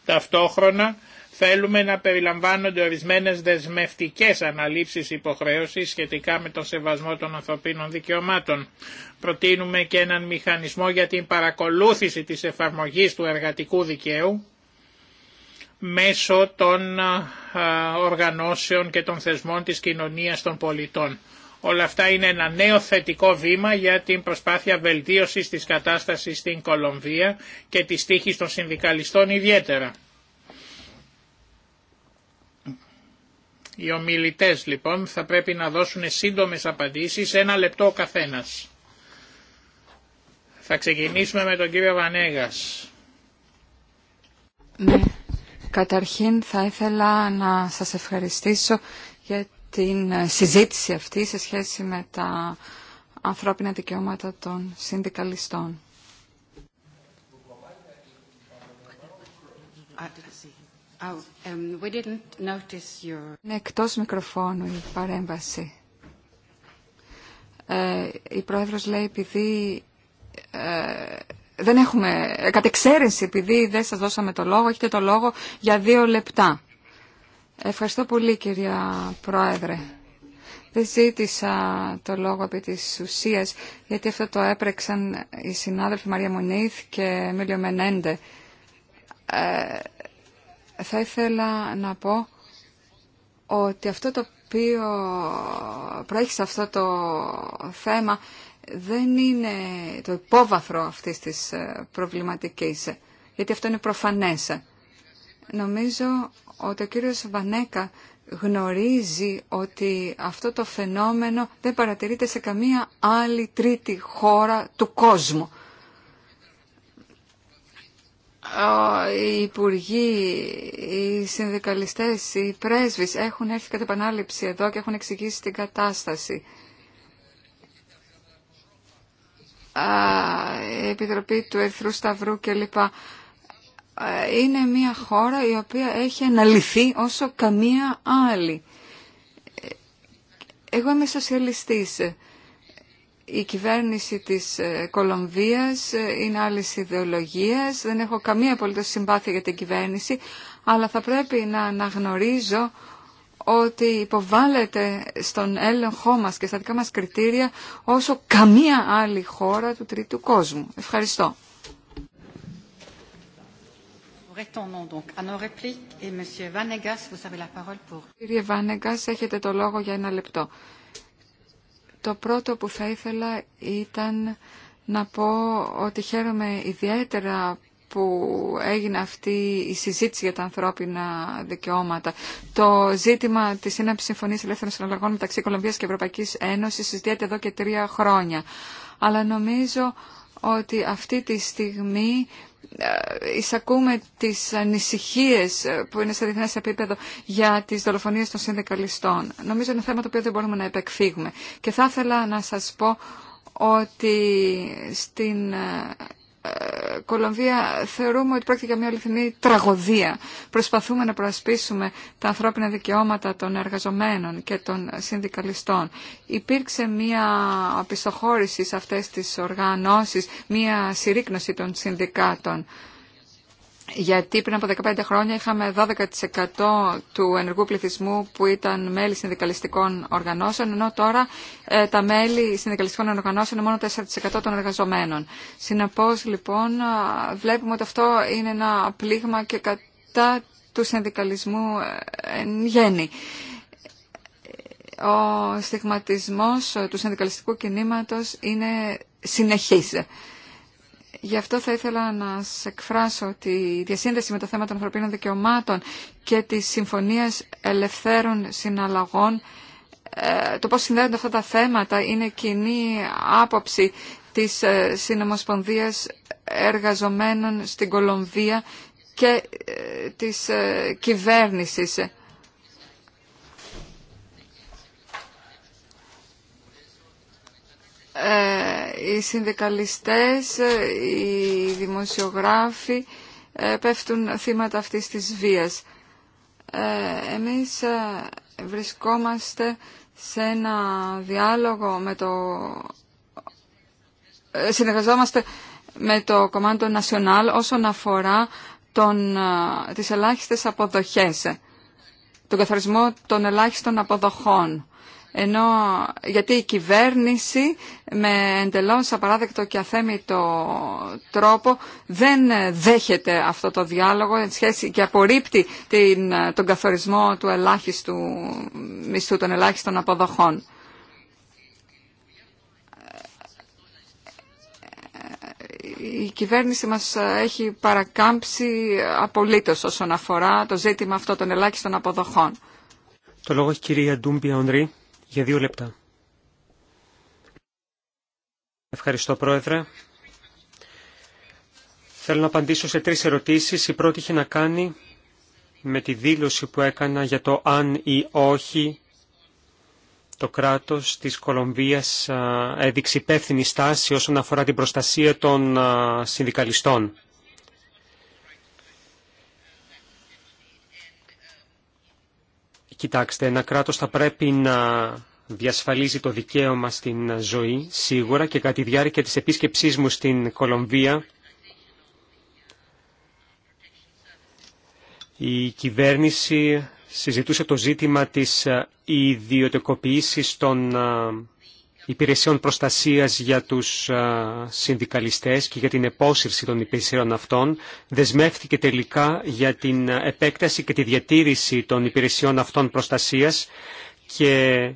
S2: Ταυτόχρονα Θέλουμε να περιλαμβάνονται ορισμένε δεσμευτικές αναλήψεις υποχρέωσης σχετικά με τον σεβασμό των ανθρωπίνων δικαιωμάτων. Προτείνουμε και έναν μηχανισμό για την παρακολούθηση της εφαρμογή του εργατικού δικαίου μέσω των οργανώσεων και των θεσμών της κοινωνίας των πολιτών. Όλα αυτά είναι ένα νέο θετικό βήμα για την προσπάθεια βελτίωσης της κατάστασης στην Κολομβία και της τύχης των συνδικαλιστών ιδιαίτερα. Οι ομιλητές λοιπόν θα πρέπει να δώσουν σύντομες απαντήσεις, ένα λεπτό ο καθένας. Θα ξεκινήσουμε με τον κύριο Βανέγας.
S1: Ναι. Καταρχήν θα ήθελα να σας ευχαριστήσω για την συζήτηση αυτή σε σχέση με τα ανθρώπινα δικαιώματα των συνδικαλιστών. Oh, um, Είναι εκτός μικροφώνου η παρέμβαση. Ε, η πρόεδρος λέει επειδή ε, δεν έχουμε ε, κατεξαίρεση, επειδή δεν σας δώσαμε το λόγο, έχετε το λόγο για δύο λεπτά. Ευχαριστώ πολύ κυρία Πρόεδρε. Δεν ζήτησα το λόγο επί τη ουσία γιατί αυτό το έπρεξαν οι συνάδελφοι Μαρία Μονίθ και Μίλιο Μενέντε. Ε, θα ήθελα να πω ότι αυτό το οποίο προέχει σε αυτό το θέμα δεν είναι το υπόβαθρο αυτής της ε, προβληματικής, γιατί αυτό είναι προφανές. Νομίζω ότι ο κύριος Βανέκα γνωρίζει ότι αυτό το φαινόμενο δεν παρατηρείται σε καμία άλλη τρίτη χώρα του κόσμου οι υπουργοί, οι συνδικαλιστές, οι πρέσβεις έχουν έρθει κατά επανάληψη εδώ και έχουν εξηγήσει την κατάσταση. Η Επιτροπή του Ερθρού Σταυρού κλπ. Είναι μια χώρα η οποία έχει αναλυθεί όσο καμία άλλη. Ε, εγώ είμαι σοσιαλιστής η κυβέρνηση της ε, Κολομβίας ε, είναι άλλη ιδεολογία. δεν έχω καμία απολύτω συμπάθεια για την κυβέρνηση, αλλά θα πρέπει να αναγνωρίζω ότι υποβάλλεται στον έλεγχό μας και στα δικά μας κριτήρια όσο καμία άλλη χώρα του τρίτου κόσμου. Ευχαριστώ. Κύριε Βάνεγκας, έχετε το λόγο για ένα λεπτό. Το πρώτο που θα ήθελα ήταν να πω ότι χαίρομαι ιδιαίτερα που έγινε αυτή η συζήτηση για τα ανθρώπινα δικαιώματα. Το ζήτημα της σύναψης συμφωνίας ελεύθερων συναλλαγών μεταξύ Κολομβίας και Ευρωπαϊκής Ένωσης συζητιέται εδώ και τρία χρόνια. Αλλά νομίζω ότι αυτή τη στιγμή ε, εισακούμε τις ανησυχίες ε, που είναι σε διεθνές επίπεδο για τις δολοφονίες των συνδικαλιστών. Νομίζω είναι θέμα το οποίο δεν μπορούμε να επεκφύγουμε. Και θα ήθελα να σας πω ότι στην ε, Κολομβία θεωρούμε ότι πρόκειται για μια αληθινή τραγωδία. Προσπαθούμε να προασπίσουμε τα ανθρώπινα δικαιώματα των εργαζομένων και των συνδικαλιστών. Υπήρξε μια απιστοχώρηση σε αυτές τις οργανώσεις, μια συρρήκνωση των συνδικάτων γιατί πριν από 15 χρόνια είχαμε 12% του ενεργού πληθυσμού που ήταν μέλη συνδικαλιστικών οργανώσεων, ενώ τώρα ε, τα μέλη συνδικαλιστικών οργανώσεων είναι μόνο 4% των εργαζομένων. Συνεπώς, λοιπόν, βλέπουμε ότι αυτό είναι ένα πλήγμα και κατά του συνδικαλισμού ε, εν γέννη. Ο στιγματισμός του συνδικαλιστικού κινήματος είναι συνεχής. Γι' αυτό θα ήθελα να σας εκφράσω τη διασύνδεση με το θέμα των ανθρωπίνων δικαιωμάτων και τη Συμφωνίας Ελευθέρων Συναλλαγών. Ε, το πώς συνδέονται αυτά τα θέματα είναι κοινή άποψη της ε, Συνομοσπονδίας Εργαζομένων στην Κολομβία και ε, της κυβέρνησης. Ε, οι συνδικαλιστές, ε, οι δημοσιογράφοι ε, πέφτουν θύματα αυτής της βίας. Εμείς βρισκόμαστε σε ένα διάλογο με το... Συνεργαζόμαστε με το Κομμάντο Νασιονάλ όσον αφορά τον, τις ελάχιστες αποδοχές, τον καθορισμό των ελάχιστων αποδοχών ενώ γιατί η κυβέρνηση με εντελώς απαράδεκτο και αθέμητο τρόπο δεν δέχεται αυτό το διάλογο εν σχέση και απορρίπτει την, τον καθορισμό του ελάχιστου μισθού των ελάχιστων αποδοχών. η κυβέρνηση μας έχει παρακάμψει απολύτως όσον αφορά το ζήτημα αυτό των ελάχιστων αποδοχών.
S3: Το λόγο έχει κυρία Ντούμπια Ονδρή για δύο λεπτά. Ευχαριστώ Πρόεδρε. Θέλω να απαντήσω σε τρεις ερωτήσεις. Η πρώτη είχε να κάνει με τη δήλωση που έκανα για το αν ή όχι το κράτος της Κολομβίας ε, έδειξε υπεύθυνη στάση όσον αφορά την προστασία των ε, συνδικαλιστών. Κοιτάξτε, ένα κράτος θα πρέπει να διασφαλίζει το δικαίωμα στην ζωή, σίγουρα, και κατά τη διάρκεια της επίσκεψής μου στην Κολομβία, η κυβέρνηση συζητούσε το ζήτημα της ιδιωτικοποίησης των υπηρεσιών προστασίας για τους συνδικαλιστές και για την επόσυρση των υπηρεσιών αυτών δεσμεύτηκε τελικά για την επέκταση και τη διατήρηση των υπηρεσιών αυτών προστασίας και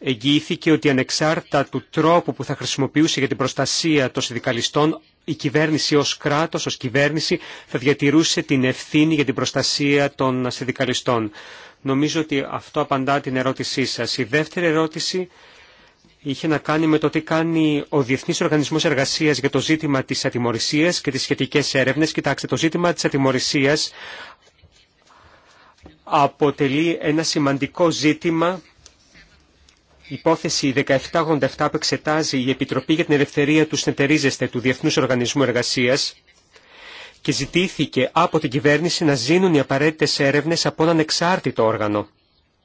S3: εγγυήθηκε ότι ανεξάρτητα του τρόπου που θα χρησιμοποιούσε για την προστασία των συνδικαλιστών η κυβέρνηση ως κράτος, ως κυβέρνηση θα διατηρούσε την ευθύνη για την προστασία των συνδικαλιστών. Νομίζω ότι αυτό απαντά την ερώτησή σας. Η δεύτερη ερώτηση είχε να κάνει με το τι κάνει ο Διεθνής Οργανισμός Εργασίας για το ζήτημα της ατιμορρησίας και τις σχετικές έρευνες. Κοιτάξτε, το ζήτημα της ατιμορρησίας αποτελεί ένα σημαντικό ζήτημα. Η υπόθεση 1787 που εξετάζει η Επιτροπή για την Ελευθερία του Συνεταιρίζεστε του Διεθνούς Οργανισμού Εργασίας και ζητήθηκε από την κυβέρνηση να ζήνουν οι απαραίτητες έρευνες από έναν εξάρτητο όργανο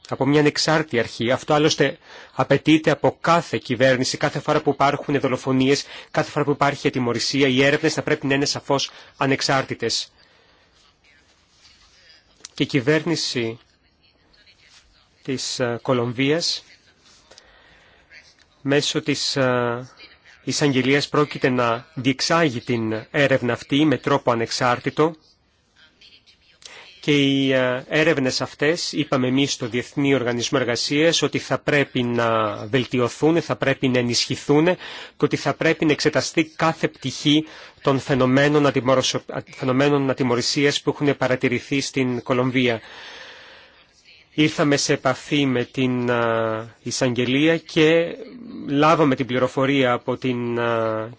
S3: από μια ανεξάρτητη αρχή. Αυτό άλλωστε απαιτείται από κάθε κυβέρνηση, κάθε φορά που υπάρχουν δολοφονίες, κάθε φορά που υπάρχει ατιμορρησία, οι έρευνες θα πρέπει να είναι σαφώς ανεξάρτητες. Και η κυβέρνηση της ε, Κολομβίας μέσω της ε, εισαγγελίας πρόκειται να διεξάγει την έρευνα αυτή με τρόπο ανεξάρτητο και οι ε, έρευνες αυτές, είπαμε εμείς στο Διεθνή Οργανισμό Εργασίας, ότι θα πρέπει να βελτιωθούν, θα πρέπει να ενισχυθούν και ότι θα πρέπει να εξεταστεί κάθε πτυχή των φαινομένων ατιμορρησίας που έχουν παρατηρηθεί στην Κολομβία. Ήρθαμε σε επαφή με την εισαγγελία και λάβαμε την πληροφορία από την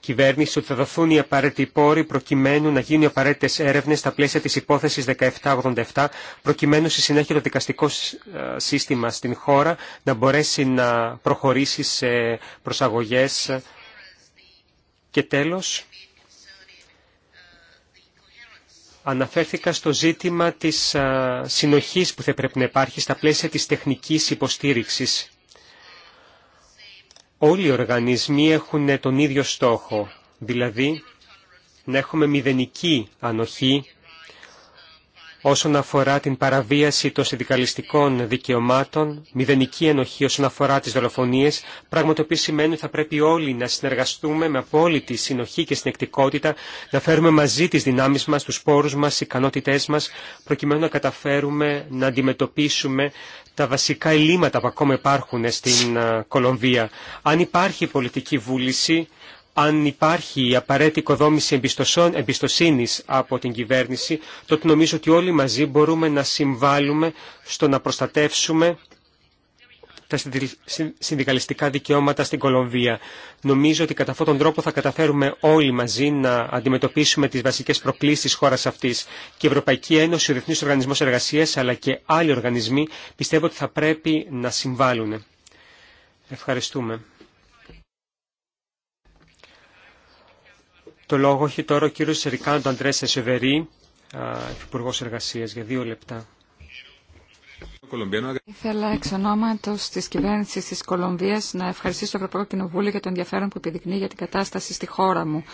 S3: κυβέρνηση ότι θα δοθούν οι απαραίτητοι πόροι προκειμένου να γίνουν οι απαραίτητε έρευνε στα πλαίσια τη υπόθεση 1787, προκειμένου στη συνέχεια το δικαστικό σύστημα στην χώρα να μπορέσει να προχωρήσει σε προσαγωγέ. Και τέλος, αναφέρθηκα στο ζήτημα της συνοχής που θα πρέπει να υπάρχει στα πλαίσια της τεχνικής υποστήριξης. Όλοι οι οργανισμοί έχουν τον ίδιο στόχο, δηλαδή να έχουμε μηδενική ανοχή όσον αφορά την παραβίαση των συνδικαλιστικών δικαιωμάτων, μηδενική ενοχή όσον αφορά τις δολοφονίες, πράγμα το οποίο σημαίνει ότι θα πρέπει όλοι να συνεργαστούμε με απόλυτη συνοχή και συνεκτικότητα, να φέρουμε μαζί τις δυνάμεις μας, τους πόρους μας, τις ικανότητές μας, προκειμένου να καταφέρουμε να αντιμετωπίσουμε τα βασικά ελλείμματα που ακόμα υπάρχουν στην ε, Κολομβία. Αν υπάρχει πολιτική βούληση, αν υπάρχει η απαραίτητη οικοδόμηση εμπιστοσύνης από την κυβέρνηση, τότε νομίζω ότι όλοι μαζί μπορούμε να συμβάλλουμε στο να προστατεύσουμε τα συνδικαλιστικά δικαιώματα στην Κολομβία. Νομίζω ότι κατά αυτόν τον τρόπο θα καταφέρουμε όλοι μαζί να αντιμετωπίσουμε τις βασικές προκλήσεις της χώρας αυτής. Και η Ευρωπαϊκή Ένωση, ο Διεθνής Οργανισμός Εργασία, αλλά και άλλοι οργανισμοί πιστεύω ότι θα πρέπει να συμβάλλουν. Ευχαριστούμε. Το λόγο έχει τώρα ο κύριος Σερικάντο Αντρέσε Σεβερή, Υπουργό Εργασίας, για δύο λεπτά.
S1: Ήθελα εξ ονόματο τη κυβέρνηση τη Κολομβία να ευχαριστήσω το Ευρωπαϊκό Κοινοβούλιο για το ενδιαφέρον που επιδεικνύει για την κατάσταση στη χώρα μου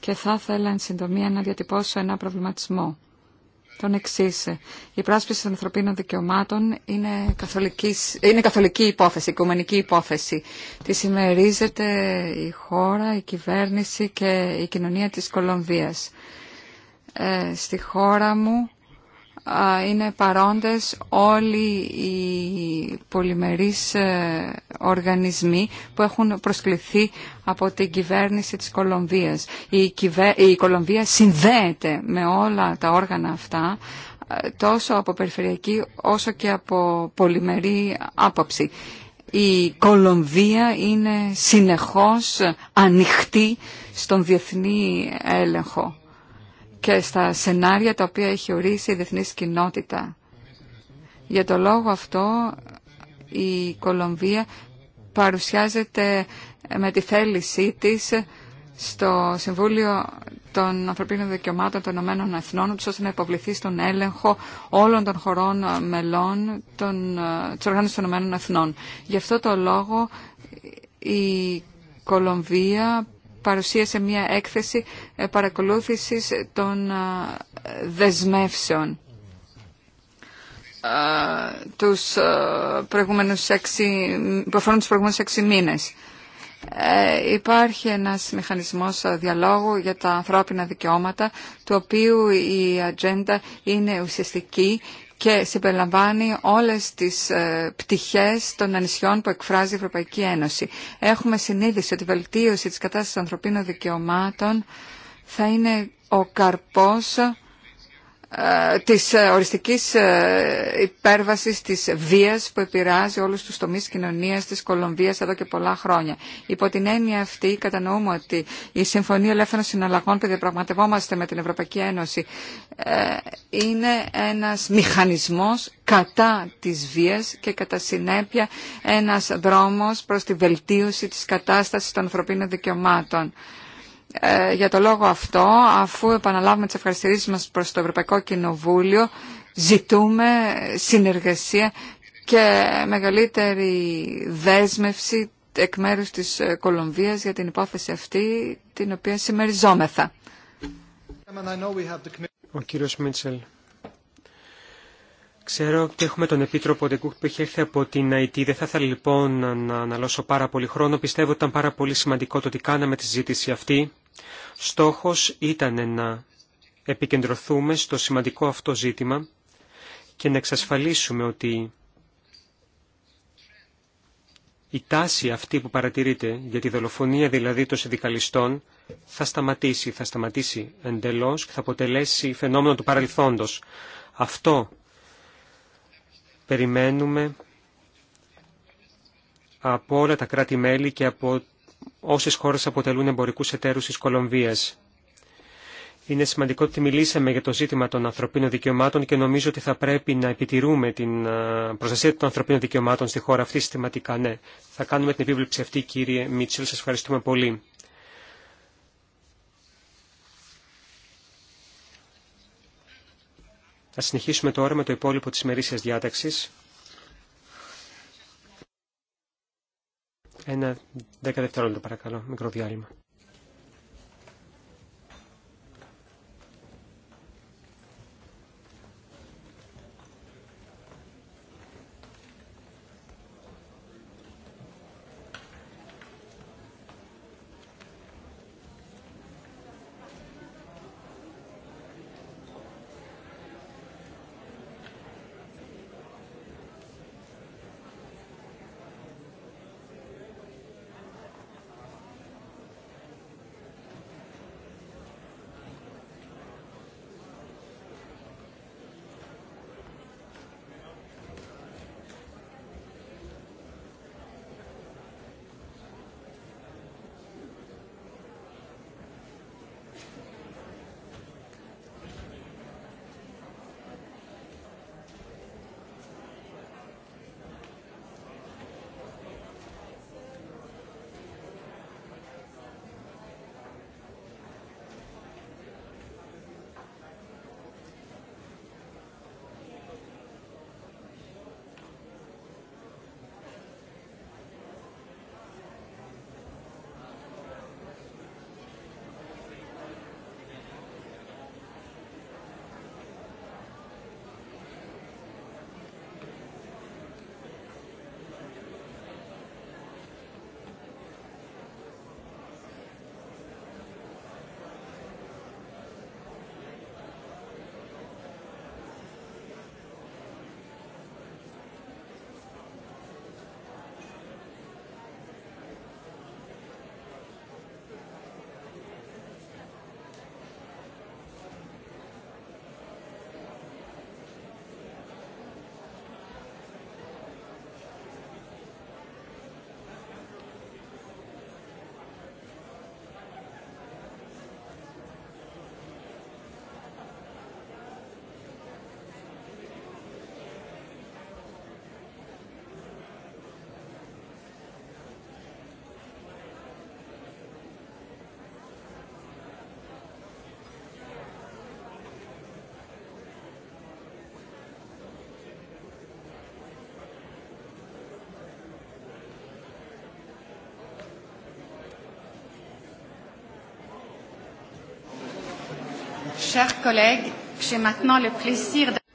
S1: και θα ήθελα εν συντομία να διατυπώσω ένα προβληματισμό τον εξή. Η πράσπιση των ανθρωπίνων δικαιωμάτων είναι, είναι καθολική υπόθεση, οικουμενική υπόθεση. Τη συμμερίζεται η χώρα, η κυβέρνηση και η κοινωνία της Κολομβίας. Ε, στη χώρα μου είναι παρόντες όλοι οι πολυμερείς ε, οργανισμοί που έχουν προσκληθεί από την κυβέρνηση της Κολομβίας. Η, Κολομβία συνδέεται με όλα τα όργανα αυτά ε, τόσο από περιφερειακή όσο και από πολυμερή άποψη. Η Κολομβία είναι συνεχώς ανοιχτή στον διεθνή έλεγχο και στα σενάρια τα οποία έχει ορίσει η διεθνή κοινότητα. Για το λόγο αυτό η Κολομβία παρουσιάζεται με τη θέλησή της στο Συμβούλιο των Ανθρωπίνων Δικαιωμάτων των Ηνωμένων Εθνών, ώστε να υποβληθεί στον έλεγχο όλων των χωρών μελών των, της Οργάνωσης των Ηνωμένων Εθνών. Γι' αυτό το λόγο η Κολομβία παρουσίασε μια έκθεση ε, παρακολούθησης των ε, δεσμεύσεων ε, τους προηγούμενους έξι, που αφορούν τους προηγούμενους έξι μήνες. υπάρχει ένας μηχανισμός διαλόγου για τα ανθρώπινα δικαιώματα, του οποίου η ατζέντα είναι ουσιαστική και συμπεριλαμβάνει όλες τις ε, πτυχές των ανησιών που εκφράζει η Ευρωπαϊκή Ένωση. Έχουμε συνείδηση ότι η βελτίωση της κατάστασης ανθρωπίνων δικαιωμάτων θα είναι ο καρπός ε, της ε, οριστικής ε, υπέρβασης της βίας που επηρεάζει όλους τους τομείς κοινωνίας της Κολομβίας εδώ και πολλά χρόνια. Υπό την έννοια αυτή κατανοούμε ότι η Συμφωνία Ελεύθερων Συναλλαγών που διαπραγματευόμαστε με την Ευρωπαϊκή Ένωση είναι ένας μηχανισμός κατά της βίας και κατά συνέπεια ένας δρόμος προς τη βελτίωση της κατάστασης των ανθρωπίνων δικαιωμάτων. Ε, για το λόγο αυτό, αφού επαναλάβουμε τις ευχαριστηρίες μας προς το Ευρωπαϊκό Κοινοβούλιο, ζητούμε συνεργασία και μεγαλύτερη δέσμευση εκ μέρους της Κολομβίας για την υπόθεση αυτή, την οποία σημεριζόμεθα.
S3: Ο Ξέρω ότι έχουμε τον Επίτροπο που έχει έρθει από την ΑΕΤ. Δεν θα ήθελα λοιπόν να αναλώσω πάρα πολύ χρόνο. Πιστεύω ότι ήταν πάρα πολύ σημαντικό το ότι κάναμε τη ζήτηση αυτή. Στόχος ήταν να επικεντρωθούμε στο σημαντικό αυτό ζήτημα και να εξασφαλίσουμε ότι η τάση αυτή που παρατηρείται για τη δολοφονία δηλαδή των συνδικαλιστών θα σταματήσει, θα σταματήσει εντελώς και θα αποτελέσει φαινόμενο του παρελθόντος. Αυτό περιμένουμε από όλα τα κράτη-μέλη και από όσες χώρες αποτελούν εμπορικούς εταίρους της Κολομβίας. Είναι σημαντικό ότι μιλήσαμε για το ζήτημα των ανθρωπίνων δικαιωμάτων και νομίζω ότι θα πρέπει να επιτηρούμε την προστασία των ανθρωπίνων δικαιωμάτων στη χώρα αυτή συστηματικά. Ναι, θα κάνουμε την επίβλεψη αυτή κύριε Μίτσελ. Σας ευχαριστούμε πολύ. Θα συνεχίσουμε τώρα με το υπόλοιπο της ημερήσιας διάταξης. Ένα δέκα δευτερόλεπτα παρακαλώ, μικρό διάλειμμα.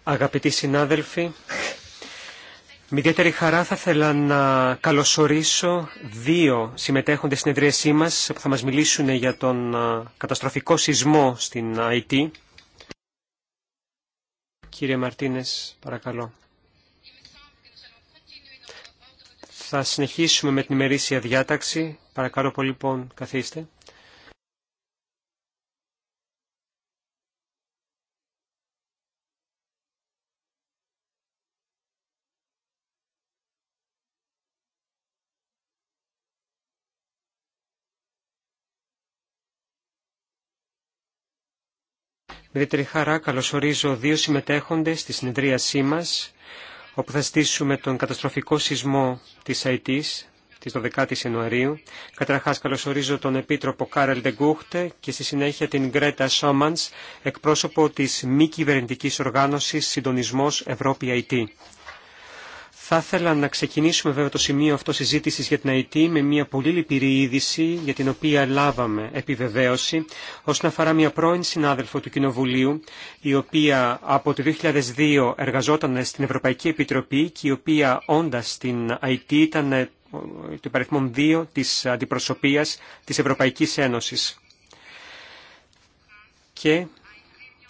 S3: Αγαπητοί συνάδελφοι, με ιδιαίτερη χαρά θα ήθελα να καλωσορίσω δύο συμμετέχοντες στην εδρίασή μας που θα μας μιλήσουν για τον καταστροφικό σεισμό στην ΑΕΤ. Κύριε Μαρτίνες, παρακαλώ. Θα συνεχίσουμε με την ημερήσια διάταξη. Παρακαλώ πολύ, λοιπόν, καθίστε. Με ιδιαίτερη χαρά καλωσορίζω δύο συμμετέχοντες στη συνεδρίασή μας, όπου θα στήσουμε τον καταστροφικό σεισμό της ΑΕΤΙΣ, της 12ης Ιανουαρίου. Καταρχάς καλωσορίζω τον Επίτροπο Κάρελ Ντεγκούχτε και στη συνέχεια την Γκρέτα Σόμαντς, εκπρόσωπο της μη κυβερνητική οργάνωσης Συντονισμός Ευρώπη ΑΕΤ. Θα ήθελα να ξεκινήσουμε βέβαια το σημείο αυτό συζήτηση για την ΑΕΤ με μια πολύ λυπηρή είδηση για την οποία λάβαμε επιβεβαίωση όσον αφορά μια πρώην συνάδελφο του Κοινοβουλίου η οποία από το 2002 εργαζόταν στην Ευρωπαϊκή Επιτροπή και η οποία όντας στην ΑΕΤ ήταν ε, το υπαριθμό 2 της αντιπροσωπείας της Ευρωπαϊκής Ένωσης. Και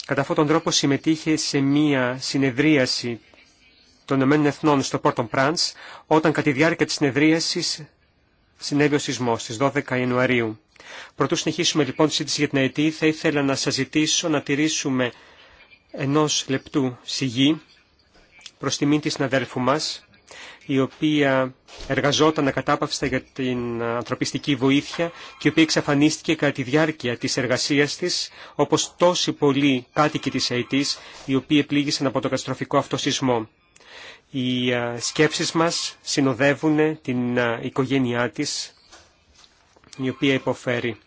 S3: κατά αυτόν τον τρόπο συμμετείχε σε μία συνεδρίαση των Ηνωμένων Εθνών στο Πόρτον Πραντς, όταν κατά τη διάρκεια της συνεδρίασης συνέβη ο σεισμός στις 12 Ιανουαρίου. Πρωτού συνεχίσουμε λοιπόν τη σύντηση για την Αιτή, θα ήθελα να σας ζητήσω να τηρήσουμε ενός λεπτού σιγή προς τιμήν της συναδέλφου μας, η οποία εργαζόταν ακατάπαυστα για την ανθρωπιστική βοήθεια και η οποία εξαφανίστηκε κατά τη διάρκεια της εργασίας της, όπως τόσοι πολλοί κάτοικοι της ΑΕΤ, οι οποίοι πλήγησαν από το καταστροφικό αυτό σεισμό. Οι σκέψεις μας συνοδεύουν την οικογένειά της, η οποία υποφέρει.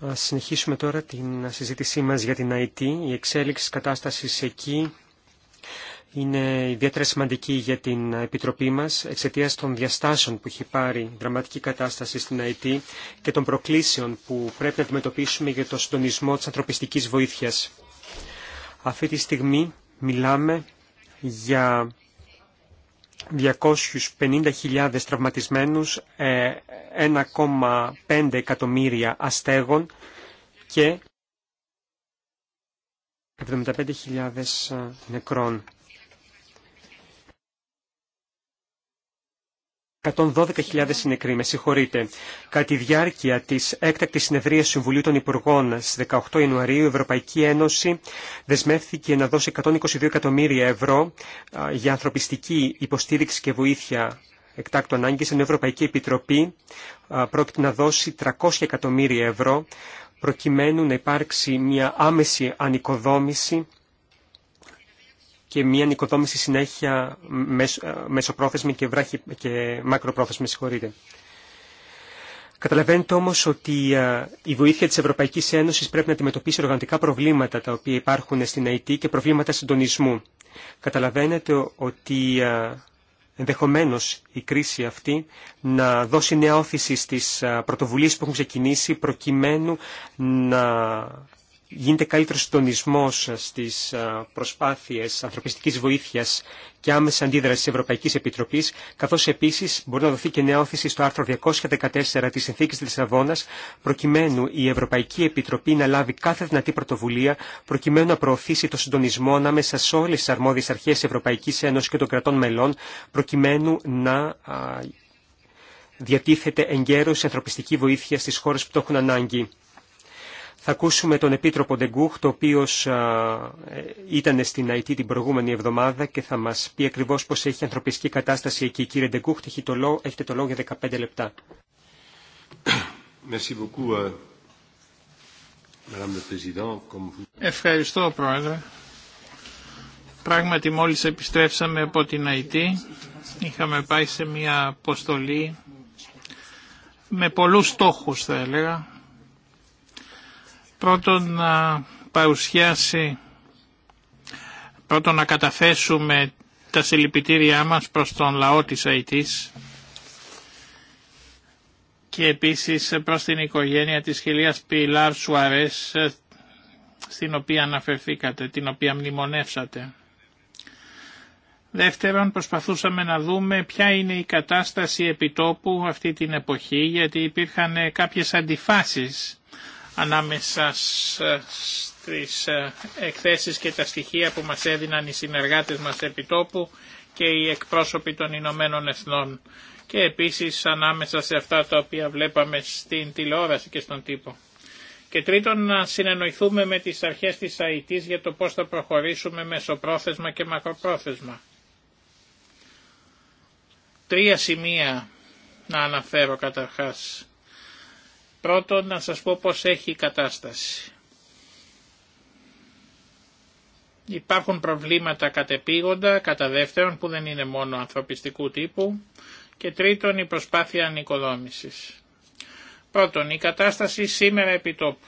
S3: Ας συνεχίσουμε τώρα την συζήτησή μας για την ΑΕΤ. Η εξέλιξη κατάστασης εκεί είναι ιδιαίτερα σημαντική για την Επιτροπή μας εξαιτία των διαστάσεων που έχει πάρει η δραματική κατάσταση στην ΑΕΤ και των προκλήσεων που πρέπει να αντιμετωπίσουμε για το συντονισμό της ανθρωπιστικής βοήθειας. Αυτή τη στιγμή μιλάμε για 250.000 τραυματισμένους, 1,5 ε, εκατομμύρια αστέγων και 75.000 νεκρών. 112.000 νεκροί, με συγχωρείτε. Κατά τη διάρκεια τη έκτακτη συνεδρία Συμβουλίου των Υπουργών στι 18 Ιανουαρίου, η Ευρωπαϊκή Ένωση δεσμεύθηκε να δώσει 122 εκατομμύρια ευρώ για ανθρωπιστική υποστήριξη και βοήθεια εκτάκτου ανάγκη, ενώ η Ευρωπαϊκή Επιτροπή πρόκειται να δώσει 300 εκατομμύρια ευρώ προκειμένου να υπάρξει μια άμεση ανοικοδόμηση και μια νοικοδόμηση συνέχεια ε, μεσοπρόθεσμη και, βράχη, και μακροπρόθεσμη, συγχωρείτε. Καταλαβαίνετε όμω ότι ε, η βοήθεια τη Ευρωπαϊκή Ένωση πρέπει να αντιμετωπίσει οργανωτικά προβλήματα τα οποία υπάρχουν στην ΑΕΤ και προβλήματα συντονισμού. Καταλαβαίνετε ότι ε, ενδεχομένω η κρίση αυτή να δώσει νέα όθηση στι πρωτοβουλίε που έχουν ξεκινήσει προκειμένου να γίνεται καλύτερος συντονισμό στις προσπάθειες ανθρωπιστικής βοήθειας και άμεσα αντίδραση της Ευρωπαϊκής Επιτροπής, καθώς επίσης μπορεί να δοθεί και νέα όθηση στο άρθρο 214 της Συνθήκης της Λισαβόνας, προκειμένου η Ευρωπαϊκή Επιτροπή να λάβει κάθε δυνατή πρωτοβουλία, προκειμένου να προωθήσει το συντονισμό ανάμεσα σε όλες τις αρμόδιες αρχές της Ευρωπαϊκής Ένωσης και των κρατών μελών, προκειμένου να διατίθεται εγκαίρως ανθρωπιστική βοήθεια στις χώρες που το έχουν ανάγκη. Θα ακούσουμε τον Επίτροπο Ντεγκούχ, το οποίο ε, ήταν στην Αιτή την προηγούμενη εβδομάδα και θα μας πει ακριβώς πώς έχει η ανθρωπιστική κατάσταση εκεί. Κύριε Ντεγκούχ, έχετε το λόγο για 15 λεπτά. Euh,
S2: Ευχαριστώ, Πρόεδρε. Πράγματι, μόλις επιστρέψαμε από την Αιτή, είχαμε πάει σε μια αποστολή με πολλούς στόχους, θα έλεγα, Πρώτον να παρουσιάσει, πρώτον να καταθέσουμε τα συλληπιτήριά μας προς τον λαό της Αιτής και επίσης προς την οικογένεια της χιλίας Πιλάρ Σουαρές στην οποία αναφερθήκατε, την οποία μνημονεύσατε. Δεύτερον, προσπαθούσαμε να δούμε ποια είναι η κατάσταση επιτόπου αυτή την εποχή, γιατί υπήρχαν κάποιες αντιφάσεις ανάμεσα στις ε, εκθέσεις και τα στοιχεία που μας έδιναν οι συνεργάτες μας επιτόπου και οι εκπρόσωποι των Ηνωμένων Εθνών και επίσης ανάμεσα σε αυτά τα οποία βλέπαμε στην τηλεόραση και στον τύπο. Και τρίτον να συνεννοηθούμε με τις αρχές της ΑΕΤΙΣ για το πώς θα προχωρήσουμε μεσοπρόθεσμα και μακροπρόθεσμα. Τρία σημεία να αναφέρω καταρχάς. Πρώτον να σας πω πως έχει η κατάσταση. Υπάρχουν προβλήματα κατεπήγοντα, κατά δεύτερον που δεν είναι μόνο ανθρωπιστικού τύπου και τρίτον η προσπάθεια ανοικοδόμησης. Πρώτον, η κατάσταση σήμερα επιτόπου.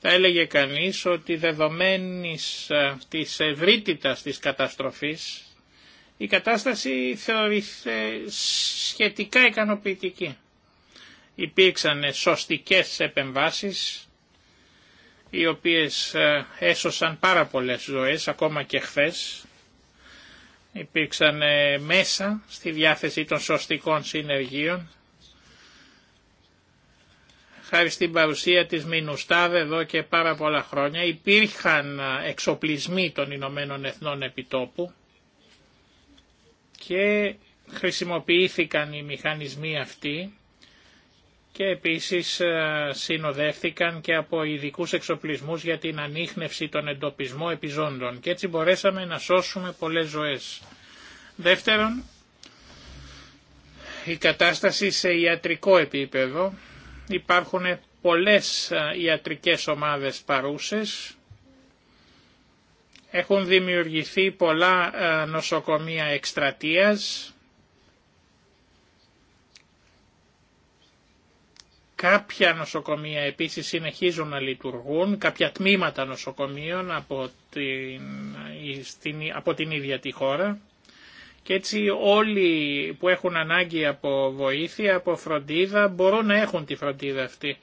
S2: Θα έλεγε κανείς ότι δεδομένης της ευρύτητας της καταστροφής η κατάσταση θεωρείται σχετικά ικανοποιητική υπήρξαν σωστικές επεμβάσεις οι οποίες ε, έσωσαν πάρα πολλές ζωές ακόμα και χθες. Υπήρξαν ε, μέσα στη διάθεση των σωστικών συνεργείων. Χάρη στην παρουσία της Μινουστάδε εδώ και πάρα πολλά χρόνια υπήρχαν ε, εξοπλισμοί των Ηνωμένων Εθνών επιτόπου και χρησιμοποιήθηκαν οι μηχανισμοί αυτοί και επίσης ε, συνοδεύτηκαν και από ειδικού εξοπλισμούς για την ανείχνευση των εντοπισμών επιζώντων και έτσι μπορέσαμε να σώσουμε πολλές ζωές. Δεύτερον, η κατάσταση σε ιατρικό επίπεδο. Υπάρχουν πολλές ε, ιατρικές ομάδες παρούσες. Έχουν δημιουργηθεί πολλά ε, νοσοκομεία εκστρατείας Κάποια νοσοκομεία επίσης συνεχίζουν να λειτουργούν, κάποια τμήματα νοσοκομείων από την, από την ίδια τη χώρα και έτσι όλοι που έχουν ανάγκη από βοήθεια, από φροντίδα μπορούν να έχουν τη φροντίδα αυτή.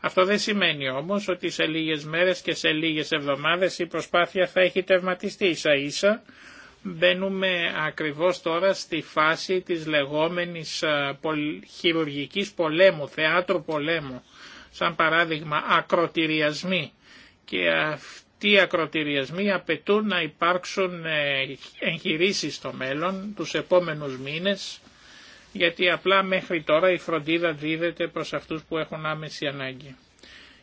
S2: Αυτό δεν σημαίνει όμως ότι σε λίγες μέρες και σε λίγες εβδομάδες η προσπάθεια θα έχει τευματιστεί ίσα ίσα μπαίνουμε ακριβώς τώρα στη φάση της λεγόμενης ε, χειρουργικής πολέμου, θεάτρου πολέμου, σαν παράδειγμα ακροτηριασμοί και αυτοί οι ακροτηριασμοί απαιτούν να υπάρξουν ε, εγχειρήσεις στο μέλλον τους επόμενους μήνες γιατί απλά μέχρι τώρα η φροντίδα δίδεται προς αυτούς που έχουν άμεση ανάγκη.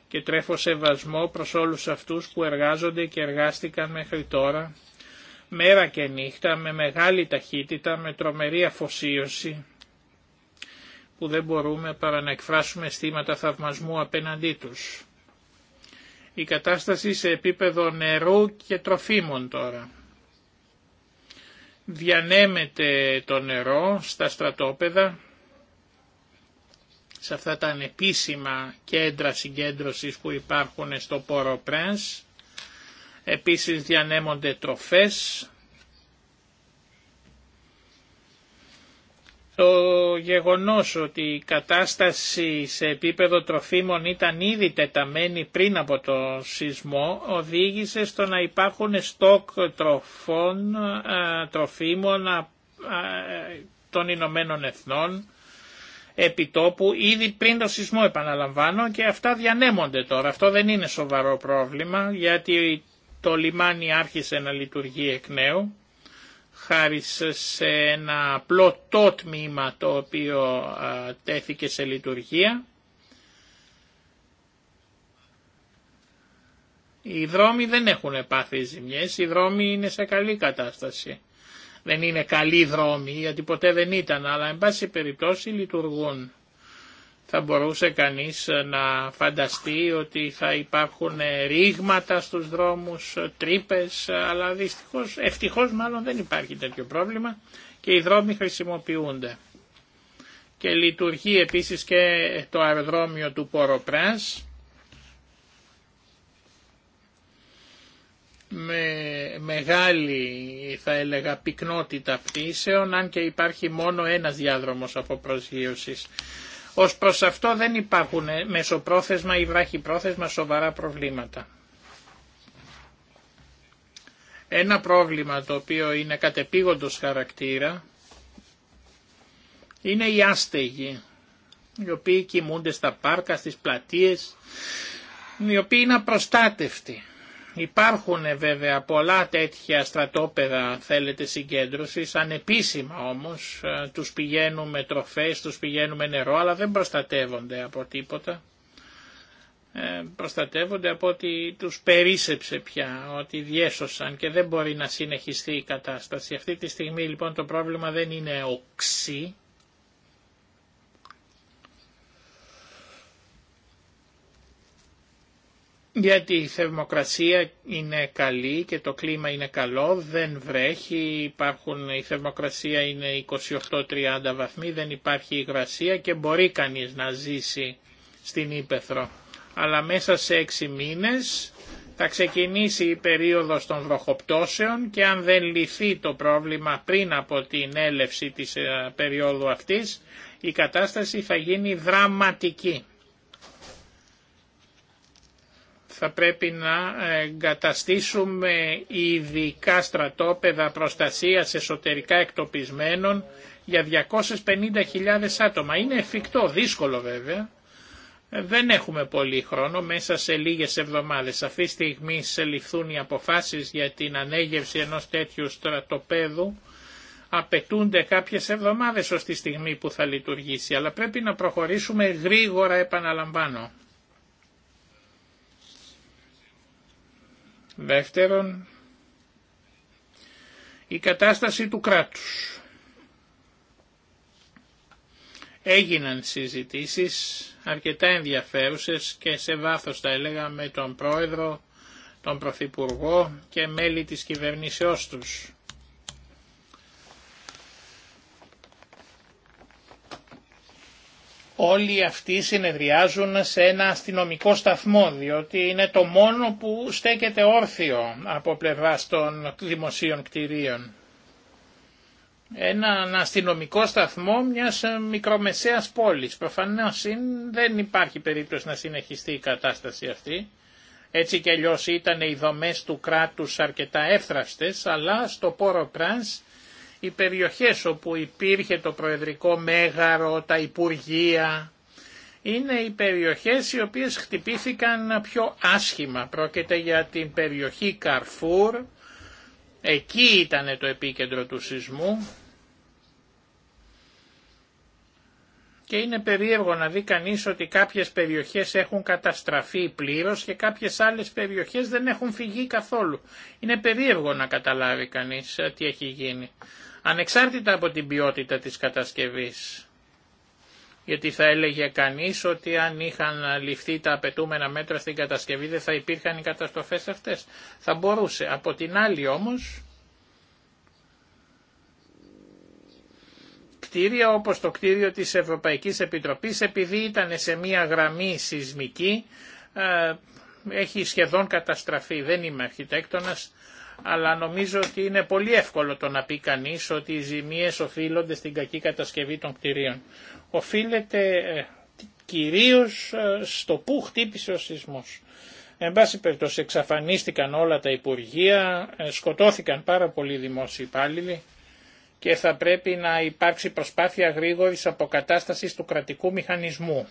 S2: Και τρέφω σεβασμό προς όλους αυτούς που εργάζονται και εργάστηκαν μέχρι τώρα μέρα και νύχτα με μεγάλη ταχύτητα, με τρομερή αφοσίωση που δεν μπορούμε παρά να εκφράσουμε αισθήματα θαυμασμού απέναντί τους. Η κατάσταση σε επίπεδο νερού και τροφίμων τώρα. Διανέμεται το νερό στα στρατόπεδα, σε αυτά τα ανεπίσημα κέντρα συγκέντρωσης που υπάρχουν στο Πόρο Πρένς, Επίσης διανέμονται τροφές. Το γεγονός ότι η κατάσταση σε επίπεδο τροφίμων ήταν ήδη τεταμένη πριν από το σεισμό οδήγησε στο να υπάρχουν στόκ τροφών, τροφίμων των Ηνωμένων Εθνών επιτόπου ήδη πριν το σεισμό επαναλαμβάνω και αυτά διανέμονται τώρα. Αυτό δεν είναι σοβαρό πρόβλημα γιατί το λιμάνι άρχισε να λειτουργεί εκ νέου χάρη σε ένα απλό το τμήμα το οποίο τέθηκε σε λειτουργία. Οι δρόμοι δεν έχουν πάθει ζημιές, οι δρόμοι είναι σε καλή κατάσταση. Δεν είναι καλοί δρόμοι γιατί ποτέ δεν ήταν, αλλά εν πάση περιπτώσει λειτουργούν θα μπορούσε κανείς ε, να φανταστεί ότι θα υπάρχουν ε, ρήγματα στους δρόμους, ε, τρύπες, αλλά δυστυχώς, ευτυχώς μάλλον δεν υπάρχει τέτοιο πρόβλημα και οι δρόμοι χρησιμοποιούνται. Και λειτουργεί επίσης και το αεροδρόμιο του Ποροπράς, με μεγάλη θα έλεγα πυκνότητα πτήσεων αν και υπάρχει μόνο ένας διάδρομος από προσγείωσης. Ω προ αυτό δεν υπάρχουν μεσοπρόθεσμα ή βράχυπρόθεσμα σοβαρά προβλήματα. Ένα πρόβλημα το οποίο είναι κατεπίγοντος χαρακτήρα είναι οι άστεγοι, οι οποίοι κοιμούνται στα πάρκα, στις πλατείες, οι οποίοι είναι απροστάτευτοι. Υπάρχουν ε, βέβαια πολλά τέτοια στρατόπεδα θέλετε συγκέντρωσης, ανεπίσημα όμως, ε, τους πηγαίνουμε τροφές, τους πηγαίνουμε νερό, αλλά δεν προστατεύονται από τίποτα. Ε, προστατεύονται από ότι τους περίσεψε πια, ότι διέσωσαν και δεν μπορεί να συνεχιστεί η κατάσταση. Αυτή τη στιγμή λοιπόν το πρόβλημα δεν είναι οξύ, γιατί η θερμοκρασία είναι καλή και το κλίμα είναι καλό, δεν βρέχει, υπάρχουν, η θερμοκρασία είναι 28-30 βαθμοί, δεν υπάρχει υγρασία και μπορεί κανείς να ζήσει στην Ήπεθρο. Αλλά μέσα σε έξι μήνες θα ξεκινήσει η περίοδος των βροχοπτώσεων και αν δεν λυθεί το πρόβλημα πριν από την έλευση της ε, περίοδου αυτής, η κατάσταση θα γίνει δραματική. θα πρέπει να εγκαταστήσουμε ειδικά στρατόπεδα προστασίας εσωτερικά εκτοπισμένων για 250.000 άτομα. Είναι εφικτό, δύσκολο βέβαια. Δεν έχουμε πολύ χρόνο, μέσα σε λίγες εβδομάδες. Αυτή τη στιγμή σε ληφθούν οι αποφάσεις για την ανέγευση ενός τέτοιου στρατοπέδου. Απαιτούνται κάποιες εβδομάδες ως τη στιγμή που θα λειτουργήσει, αλλά πρέπει να προχωρήσουμε γρήγορα επαναλαμβάνω. Δεύτερον, η κατάσταση του κράτους. Έγιναν συζητήσεις αρκετά ενδιαφέρουσες και σε βάθος τα έλεγα με τον πρόεδρο, τον πρωθυπουργό και μέλη της κυβερνήσεώς τους. Όλοι αυτοί συνεδριάζουν σε ένα αστυνομικό σταθμό, διότι είναι το μόνο που στέκεται όρθιο από πλευρά των δημοσίων κτηρίων. Ένα αστυνομικό σταθμό μιας μικρομεσαίας πόλης. Προφανώς δεν υπάρχει περίπτωση να συνεχιστεί η κατάσταση αυτή. Έτσι κι αλλιώς ήταν οι δομές του κράτους αρκετά εύθραυστες, αλλά στο Πόρο Πρανς οι περιοχές όπου υπήρχε το Προεδρικό Μέγαρο, τα Υπουργεία, είναι οι περιοχές οι οποίες χτυπήθηκαν πιο άσχημα. Πρόκειται για την περιοχή Καρφούρ, εκεί ήταν το επίκεντρο του σεισμού και είναι περίεργο να δει κανείς ότι κάποιες περιοχές έχουν καταστραφεί πλήρως και κάποιες άλλες περιοχές δεν έχουν φυγεί καθόλου. Είναι περίεργο να καταλάβει κανείς ε, τι έχει γίνει ανεξάρτητα από την ποιότητα της κατασκευής. Γιατί θα έλεγε κανείς ότι αν είχαν ληφθεί τα απαιτούμενα μέτρα στην κατασκευή δεν θα υπήρχαν οι καταστροφές αυτές. Θα μπορούσε. Από την άλλη όμως, κτίρια όπως το κτίριο της Ευρωπαϊκής Επιτροπής επειδή ήταν σε μία γραμμή σεισμική ε, έχει σχεδόν καταστραφεί. Δεν είμαι αρχιτέκτονας, αλλά νομίζω ότι είναι πολύ εύκολο το να πει κανεί ότι οι ζημίε οφείλονται στην κακή κατασκευή των κτηρίων. Οφείλεται ε, κυρίως ε, στο πού χτύπησε ο σεισμός. Εν πάση περιπτώσει εξαφανίστηκαν όλα τα υπουργεία, ε, σκοτώθηκαν πάρα πολλοί δημόσιοι υπάλληλοι και θα πρέπει να υπάρξει προσπάθεια γρήγορης αποκατάστασης του κρατικού μηχανισμού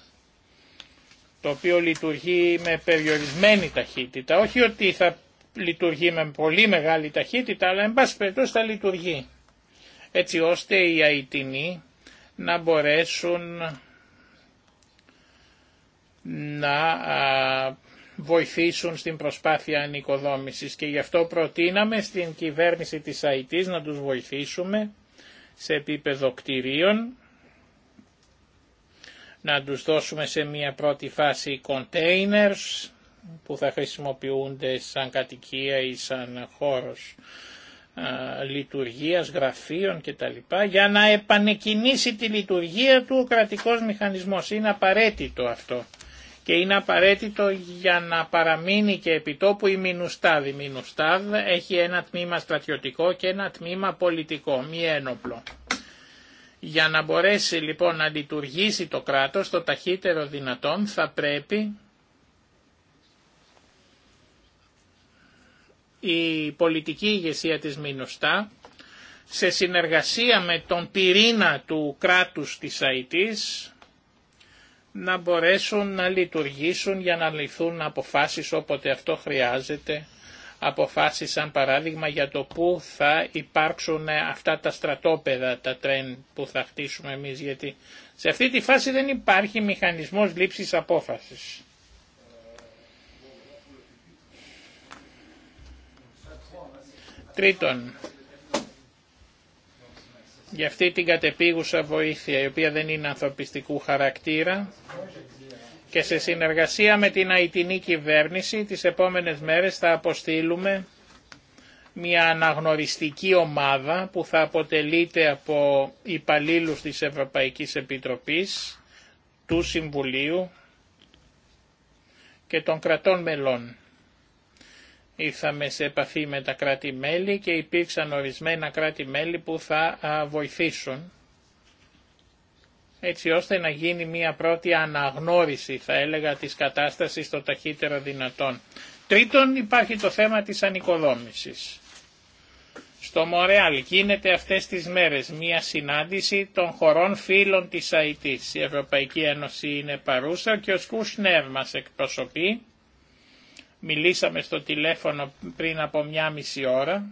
S2: το οποίο λειτουργεί με περιορισμένη ταχύτητα. Όχι ότι θα λειτουργεί με πολύ μεγάλη ταχύτητα, αλλά εν πάση περιπτώσει θα λειτουργεί. Έτσι ώστε οι αιτινοί να μπορέσουν να βοηθήσουν στην προσπάθεια ανοικοδόμησης και γι' αυτό προτείναμε στην κυβέρνηση της ΑΙΤΙΣ να τους βοηθήσουμε σε επίπεδο κτηρίων, να τους δώσουμε σε μια πρώτη φάση containers, που θα χρησιμοποιούνται σαν κατοικία ή σαν χώρος λειτουργίας, γραφείων κτλ. για να επανεκκινήσει τη λειτουργία του ο κρατικός μηχανισμός. Είναι απαραίτητο αυτό και είναι απαραίτητο για να παραμείνει και επιτόπου η Μινουστάδ. Η Μινουστάδ έχει ένα τμήμα στρατιωτικό και ένα τμήμα πολιτικό, μη ένοπλο. Για να μπορέσει λοιπόν να λειτουργήσει το κράτος το ταχύτερο δυνατόν θα πρέπει η πολιτική ηγεσία της Μινωστά σε συνεργασία με τον πυρήνα του κράτους της ΑΕΤ να μπορέσουν να λειτουργήσουν για να ληφθούν αποφάσεις όποτε αυτό χρειάζεται, αποφάσεις σαν παράδειγμα για το πού θα υπάρξουν αυτά τα στρατόπεδα, τα τρέν που θα χτίσουμε εμείς, γιατί σε αυτή τη φάση δεν υπάρχει μηχανισμός λήψης απόφασης. Τρίτον, για αυτή την κατεπίγουσα βοήθεια η οποία δεν είναι ανθρωπιστικού χαρακτήρα και σε συνεργασία με την Αιτινή κυβέρνηση τις επόμενες μέρες θα αποστείλουμε μια αναγνωριστική ομάδα που θα αποτελείται από υπαλλήλους της Ευρωπαϊκής Επιτροπής, του Συμβουλίου και των κρατών μελών ήρθαμε σε επαφή με τα κράτη-μέλη και υπήρξαν ορισμένα κράτη-μέλη που θα βοηθήσουν έτσι ώστε να γίνει μια πρώτη αναγνώριση, θα έλεγα, της κατάστασης το ταχύτερο δυνατόν. Τρίτον, υπάρχει το θέμα της ανοικοδόμησης. Στο Μορεάλ γίνεται αυτές τις μέρες μια συνάντηση των χωρών φίλων της ΑΕΤ. Η Ευρωπαϊκή Ένωση είναι παρούσα και ο Σκούσνερ μας εκπροσωπεί Μιλήσαμε στο τηλέφωνο πριν από μια μισή ώρα.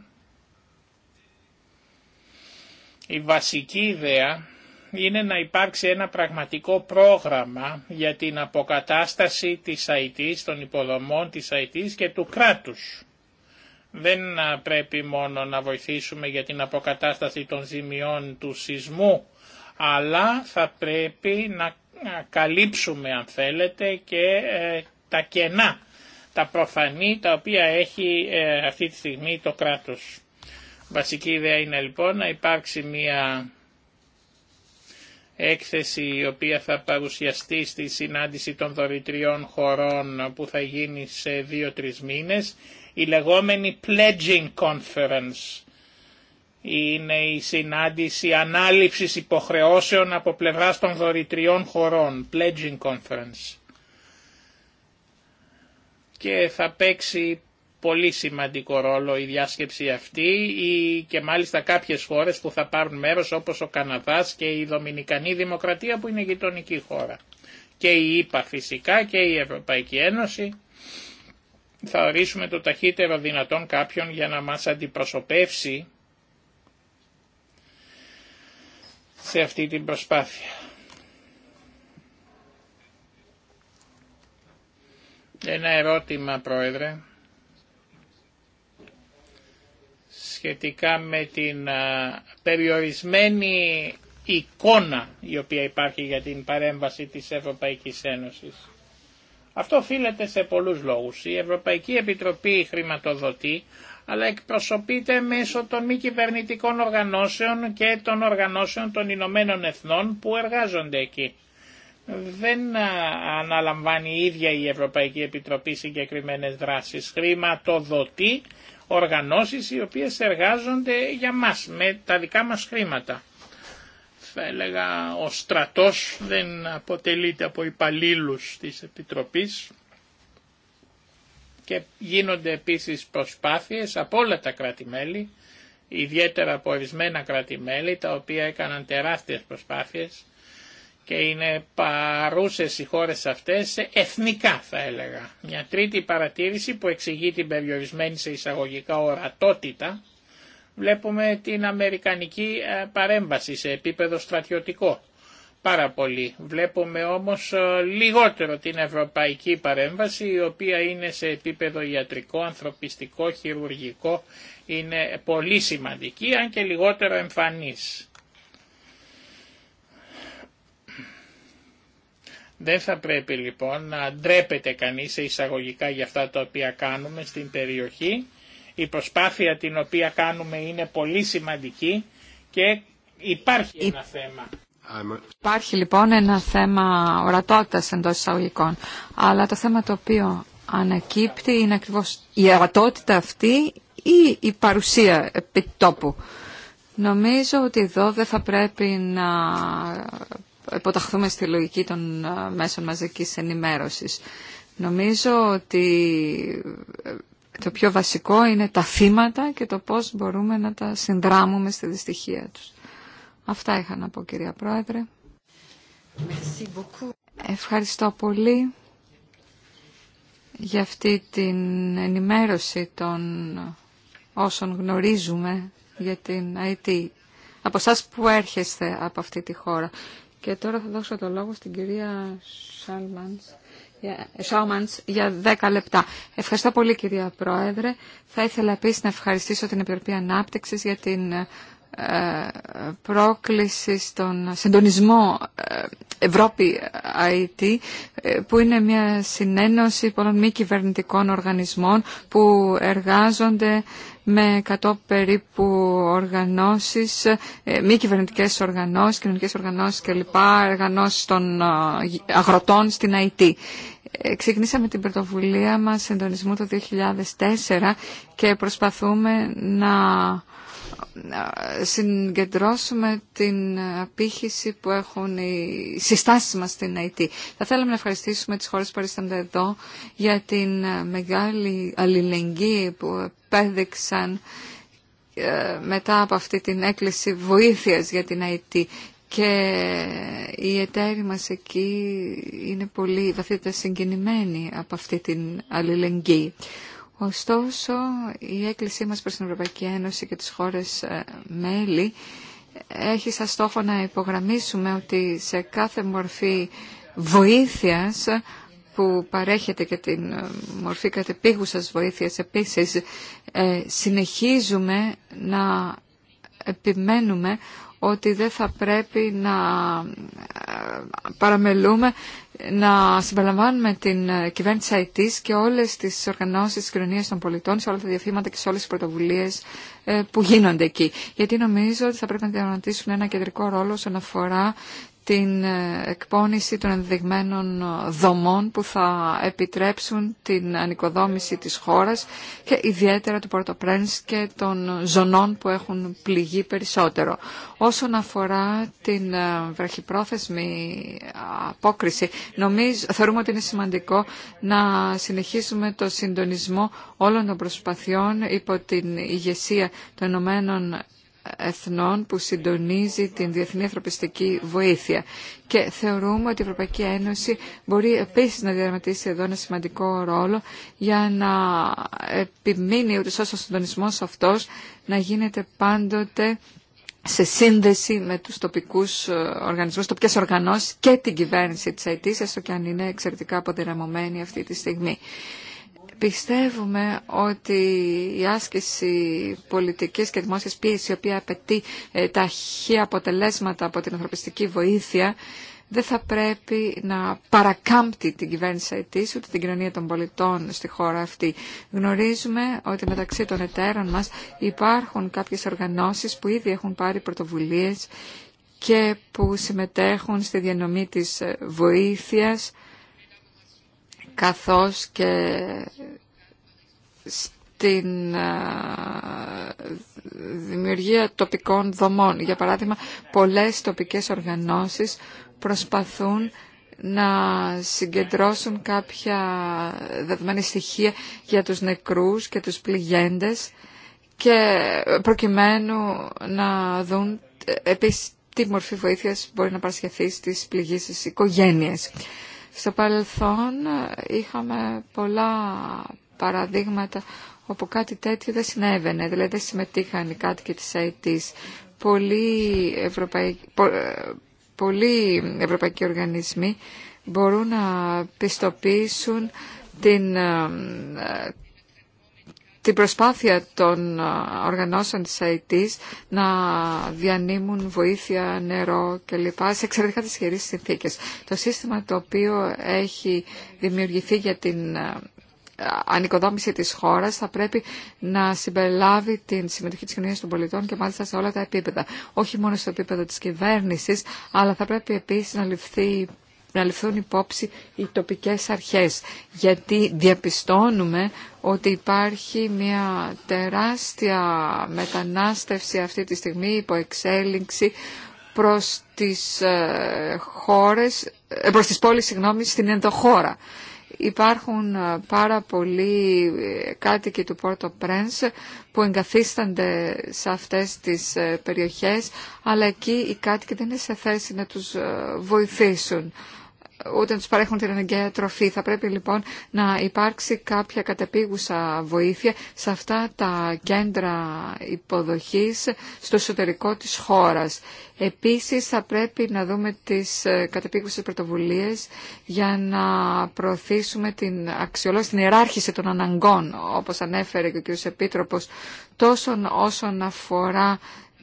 S2: Η βασική ιδέα είναι να υπάρξει ένα πραγματικό πρόγραμμα για την αποκατάσταση της IT, των υποδομών της IT και του κράτους. Δεν πρέπει μόνο να βοηθήσουμε για την αποκατάσταση των ζημιών του σεισμού, αλλά θα πρέπει να καλύψουμε αν θέλετε και ε, τα κενά τα προφανή τα οποία έχει ε, αυτή τη στιγμή το κράτος. Βασική ιδέα είναι λοιπόν να υπάρξει μια έκθεση η οποία θα παρουσιαστεί στη συνάντηση των δωρητριών χωρών που θα γίνει σε δύο-τρεις μήνες, η λεγόμενη Pledging Conference. Είναι η συνάντηση ανάληψης υποχρεώσεων από πλευράς των δωρητριών χωρών, Pledging Conference και θα παίξει πολύ σημαντικό ρόλο η διάσκεψη αυτή και μάλιστα κάποιες χώρες που θα πάρουν μέρος όπως ο Καναδάς και η Δομινικανή Δημοκρατία που είναι γειτονική χώρα. Και η ΕΠΑ φυσικά και η Ευρωπαϊκή Ένωση θα ορίσουμε το ταχύτερο δυνατόν κάποιον για να μας αντιπροσωπεύσει σε αυτή την προσπάθεια. Ένα ερώτημα, Πρόεδρε, σχετικά με την περιορισμένη εικόνα η οποία υπάρχει για την παρέμβαση της Ευρωπαϊκής Ένωσης. Αυτό οφείλεται σε πολλούς λόγους. Η Ευρωπαϊκή Επιτροπή χρηματοδοτεί, αλλά εκπροσωπείται μέσω των μη κυβερνητικών οργανώσεων και των οργανώσεων των Ηνωμένων Εθνών που εργάζονται εκεί δεν αναλαμβάνει η ίδια η Ευρωπαϊκή Επιτροπή συγκεκριμένες δράσεις. Χρηματοδοτεί οργανώσεις οι οποίες εργάζονται για μας, με τα δικά μας χρήματα. Θα έλεγα ο στρατός δεν αποτελείται από υπαλλήλου της Επιτροπής και γίνονται επίσης προσπάθειες από όλα τα κράτη-μέλη, ιδιαίτερα από ορισμένα κράτη-μέλη, τα οποία έκαναν τεράστιες προσπάθειες και είναι παρούσες οι χώρες αυτές εθνικά θα έλεγα. Μια τρίτη παρατήρηση που εξηγεί την περιορισμένη σε εισαγωγικά ορατότητα βλέπουμε την αμερικανική ε, παρέμβαση σε επίπεδο στρατιωτικό. Πάρα πολύ. Βλέπουμε όμως ε, λιγότερο την ευρωπαϊκή παρέμβαση η οποία είναι σε επίπεδο ιατρικό, ανθρωπιστικό, χειρουργικό είναι πολύ σημαντική αν και λιγότερο εμφανής. Δεν θα πρέπει λοιπόν να ντρέπεται κανείς σε εισαγωγικά για αυτά τα οποία κάνουμε στην περιοχή. Η προσπάθεια την οποία κάνουμε είναι πολύ σημαντική και υπάρχει ένα θέμα.
S1: Υπάρχει λοιπόν ένα θέμα ορατότητας εντός εισαγωγικών, αλλά το θέμα το οποίο ανακύπτει είναι ακριβώς η ορατότητα αυτή ή η παρουσία επιτόπου. Νομίζω ότι εδώ δεν θα πρέπει να Εποταχθούμε στη λογική των ε, μέσων μαζικής ενημέρωσης. Νομίζω ότι ε, το πιο βασικό είναι τα θύματα και το πώς μπορούμε να τα συνδράμουμε στη δυστυχία τους. Αυτά είχα να πω κυρία Πρόεδρε. Ευχαριστώ πολύ για αυτή την ενημέρωση των όσων γνωρίζουμε για την IT. Από εσά που έρχεστε από αυτή τη χώρα. Και τώρα θα δώσω το λόγο στην κυρία Σάλμανς για, δέκα 10 λεπτά. Ευχαριστώ πολύ κυρία Πρόεδρε. Θα ήθελα επίσης να ευχαριστήσω την Επιτροπή Ανάπτυξης για την ε, πρόκληση στον συντονισμό ε, Ευρώπη-ΑΕΤ που είναι μια συνένωση πολλών μη κυβερνητικών οργανισμών που εργάζονται με 100 περίπου οργανώσεις, ε, μη κυβερνητικές οργανώσεις, κοινωνικές οργανώσεις κλπ, οργανώσεις των αγροτών στην ΑΕΤ. Ξεκινήσαμε την πρωτοβουλία μας συντονισμού το 2004 και προσπαθούμε να συγκεντρώσουμε την απήχηση που έχουν οι συστάσεις μας στην ΑΕΤ. Θα θέλαμε να ευχαριστήσουμε τις χώρες που παρίστανται εδώ για την μεγάλη αλληλεγγύη που επέδειξαν ε, μετά από αυτή την έκκληση βοήθειας για την ΑΕΤ και οι εταίροι μας εκεί είναι πολύ βαθύτερα συγκινημένοι από αυτή την αλληλεγγύη. Ωστόσο, η έκκλησή μας προς την Ευρωπαϊκή Ένωση και τις χώρες ε, μέλη έχει σαν στόχο να υπογραμμίσουμε ότι σε κάθε μορφή βοήθειας που παρέχεται και την ε, μορφή κατεπίγουσας βοήθειας επίσης ε, συνεχίζουμε να επιμένουμε ότι δεν θα πρέπει να ε, παραμελούμε να συμπεριλαμβάνουμε την ε, κυβέρνηση ΑΕΤ και όλες τις οργανώσεις της κοινωνίας των πολιτών σε όλα τα διαφήματα και σε όλες τις πρωτοβουλίες ε, που γίνονται εκεί. Γιατί νομίζω ότι θα πρέπει να διαγραμματίσουν ένα κεντρικό ρόλο όσον αφορά την ε, εκπόνηση των ενδεδειγμένων ε, δομών που θα επιτρέψουν την ανοικοδόμηση της χώρας και ιδιαίτερα του Πορτοπρένς και των ζωνών που έχουν πληγεί περισσότερο. Όσον αφορά την ε, βραχυπρόθεσμη απόκριση, νομίζω, θεωρούμε ότι είναι σημαντικό να συνεχίσουμε το συντονισμό όλων των προσπαθειών υπό την ηγεσία των Ηνωμένων Εθνών που συντονίζει την διεθνή ανθρωπιστική βοήθεια. Και θεωρούμε ότι η Ευρωπαϊκή Ένωση μπορεί επίσης να διαρματίσει εδώ ένα σημαντικό ρόλο για να επιμείνει ούτως ο συντονισμός αυτός να γίνεται πάντοτε σε σύνδεση με τους τοπικούς ε, οργανισμούς, τοπικές οργανώσεις και την κυβέρνηση της ΑΕΤ, έστω και αν είναι εξαιρετικά αποδυναμωμένη αυτή τη στιγμή. Πιστεύουμε ότι η άσκηση πολιτικής και δημόσιας πίεσης, η οποία απαιτεί ε, ταχύ αποτελέσματα από την ανθρωπιστική βοήθεια, δεν θα πρέπει να παρακάμπτει την κυβέρνηση της ούτε την κοινωνία των πολιτών στη χώρα αυτή. Γνωρίζουμε ότι μεταξύ των εταίρων μας υπάρχουν κάποιες οργανώσεις που ήδη έχουν πάρει πρωτοβουλίες και που συμμετέχουν στη διανομή της ε, βοήθειας καθώς και την δημιουργία τοπικών δομών. Για παράδειγμα, πολλές τοπικές οργανώσεις προσπαθούν να συγκεντρώσουν κάποια δεδομένη στοιχεία για τους νεκρούς και τους πληγέντες και προκειμένου να δουν ε, επίσης τι μορφή βοήθειας μπορεί να παρασχεθεί στις πληγήσεις οικογένειες. Στο παρελθόν ε, είχαμε πολλά παραδείγματα όπου κάτι τέτοιο δεν συνέβαινε, δηλαδή δεν συμμετείχαν οι κάτοικοι της ΑΕΤΙΣ. Ε, πολλοί ευρωπαϊκοί οργανισμοί μπορούν να πιστοποιήσουν την ε, την προσπάθεια των οργανώσεων της ΑΕΤΙΣ να διανύμουν βοήθεια, νερό κλπ. σε εξαιρετικά τις συνθήκες. Το σύστημα το οποίο έχει δημιουργηθεί για την ανοικοδόμηση της χώρας θα πρέπει να συμπεριλάβει την συμμετοχή της κοινωνίας των πολιτών και μάλιστα σε όλα τα επίπεδα. Όχι μόνο στο επίπεδο της κυβέρνησης, αλλά θα πρέπει επίσης να ληφθεί να ληφθούν υπόψη οι τοπικές αρχές, γιατί διαπιστώνουμε ότι υπάρχει μια τεράστια μετανάστευση αυτή τη στιγμή υπό εξέλιξη προς τις, ε, χώρες, ε, προς τις πόλεις συγγνώμη, στην ενδοχώρα. Υπάρχουν ε, πάρα πολλοί κάτοικοι του Πόρτο Πρένς που εγκαθίστανται σε αυτές τις περιοχές, αλλά εκεί οι κάτοικοι δεν είναι σε θέση να τους βοηθήσουν ούτε να τους παρέχουν την αναγκαία τροφή. Θα πρέπει λοιπόν να υπάρξει κάποια κατεπίγουσα βοήθεια σε αυτά τα κέντρα υποδοχής στο εσωτερικό της χώρας. Επίσης θα πρέπει να δούμε τις ε, κατεπίγουσες πρωτοβουλίες για να προωθήσουμε την αξιολόγηση, την ιεράρχηση των αναγκών, όπως ανέφερε και ο κ. Επίτροπος, τόσο όσον αφορά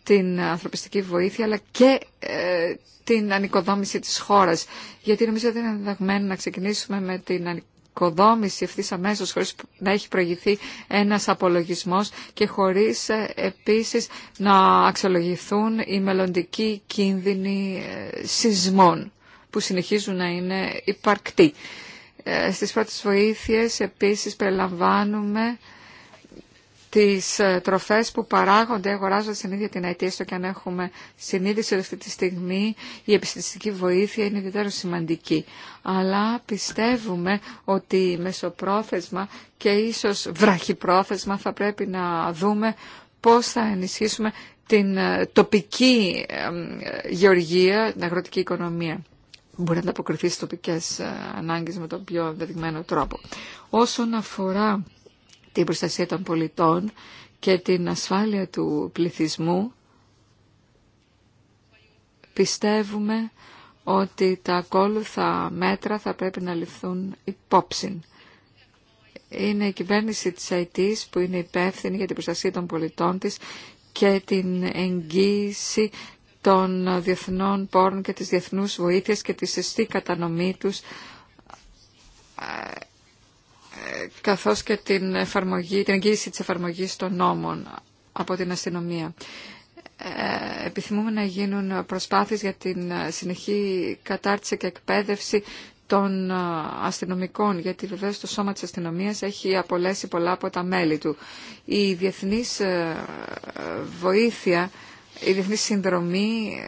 S1: την ανθρωπιστική βοήθεια αλλά και ε, την ανοικοδόμηση της χώρας. Γιατί νομίζω ότι είναι ενδεχμένο να ξεκινήσουμε με την ανοικοδόμηση ευθύ αμέσω χωρίς να έχει προηγηθεί ένας απολογισμός και χωρίς ε, επίσης να αξιολογηθούν οι μελλοντικοί κίνδυνοι ε, σεισμών που συνεχίζουν να είναι υπαρκτοί. Ε, στις πρώτες βοήθειες επίσης περιλαμβάνουμε τις ε, τροφές που παράγονται αγοράζονται στην ίδια την αιτία, στο και αν έχουμε συνείδηση ότι αυτή τη στιγμή η επιστημιστική βοήθεια είναι ιδιαίτερα σημαντική. Αλλά πιστεύουμε ότι μεσοπρόθεσμα και ίσως βραχυπρόθεσμα θα πρέπει να δούμε πώς θα ενισχύσουμε την ε, τοπική γεωργία, την αγροτική οικονομία μπορεί να ανταποκριθεί στις τοπικές ε, ανάγκες με τον πιο δεδειγμένο τρόπο. Όσον αφορά την προστασία των πολιτών και την ασφάλεια του πληθυσμού, πιστεύουμε ότι τα ακόλουθα μέτρα θα πρέπει να ληφθούν υπόψη. Είναι η κυβέρνηση της ΑΕΤΙΣ που είναι υπεύθυνη για την προστασία των πολιτών της και την εγγύηση των διεθνών πόρων και της διεθνούς βοήθειας και τη συστή κατανομή τους καθώς και την, εφαρμογή, την εγγύηση της εφαρμογής των νόμων από την αστυνομία. Ε, επιθυμούμε να γίνουν προσπάθειες για την συνεχή κατάρτιση και εκπαίδευση των ε, αστυνομικών, γιατί βεβαίω το σώμα της αστυνομίας έχει απολέσει πολλά από τα μέλη του. Η διεθνής ε, βοήθεια, η διεθνής συνδρομή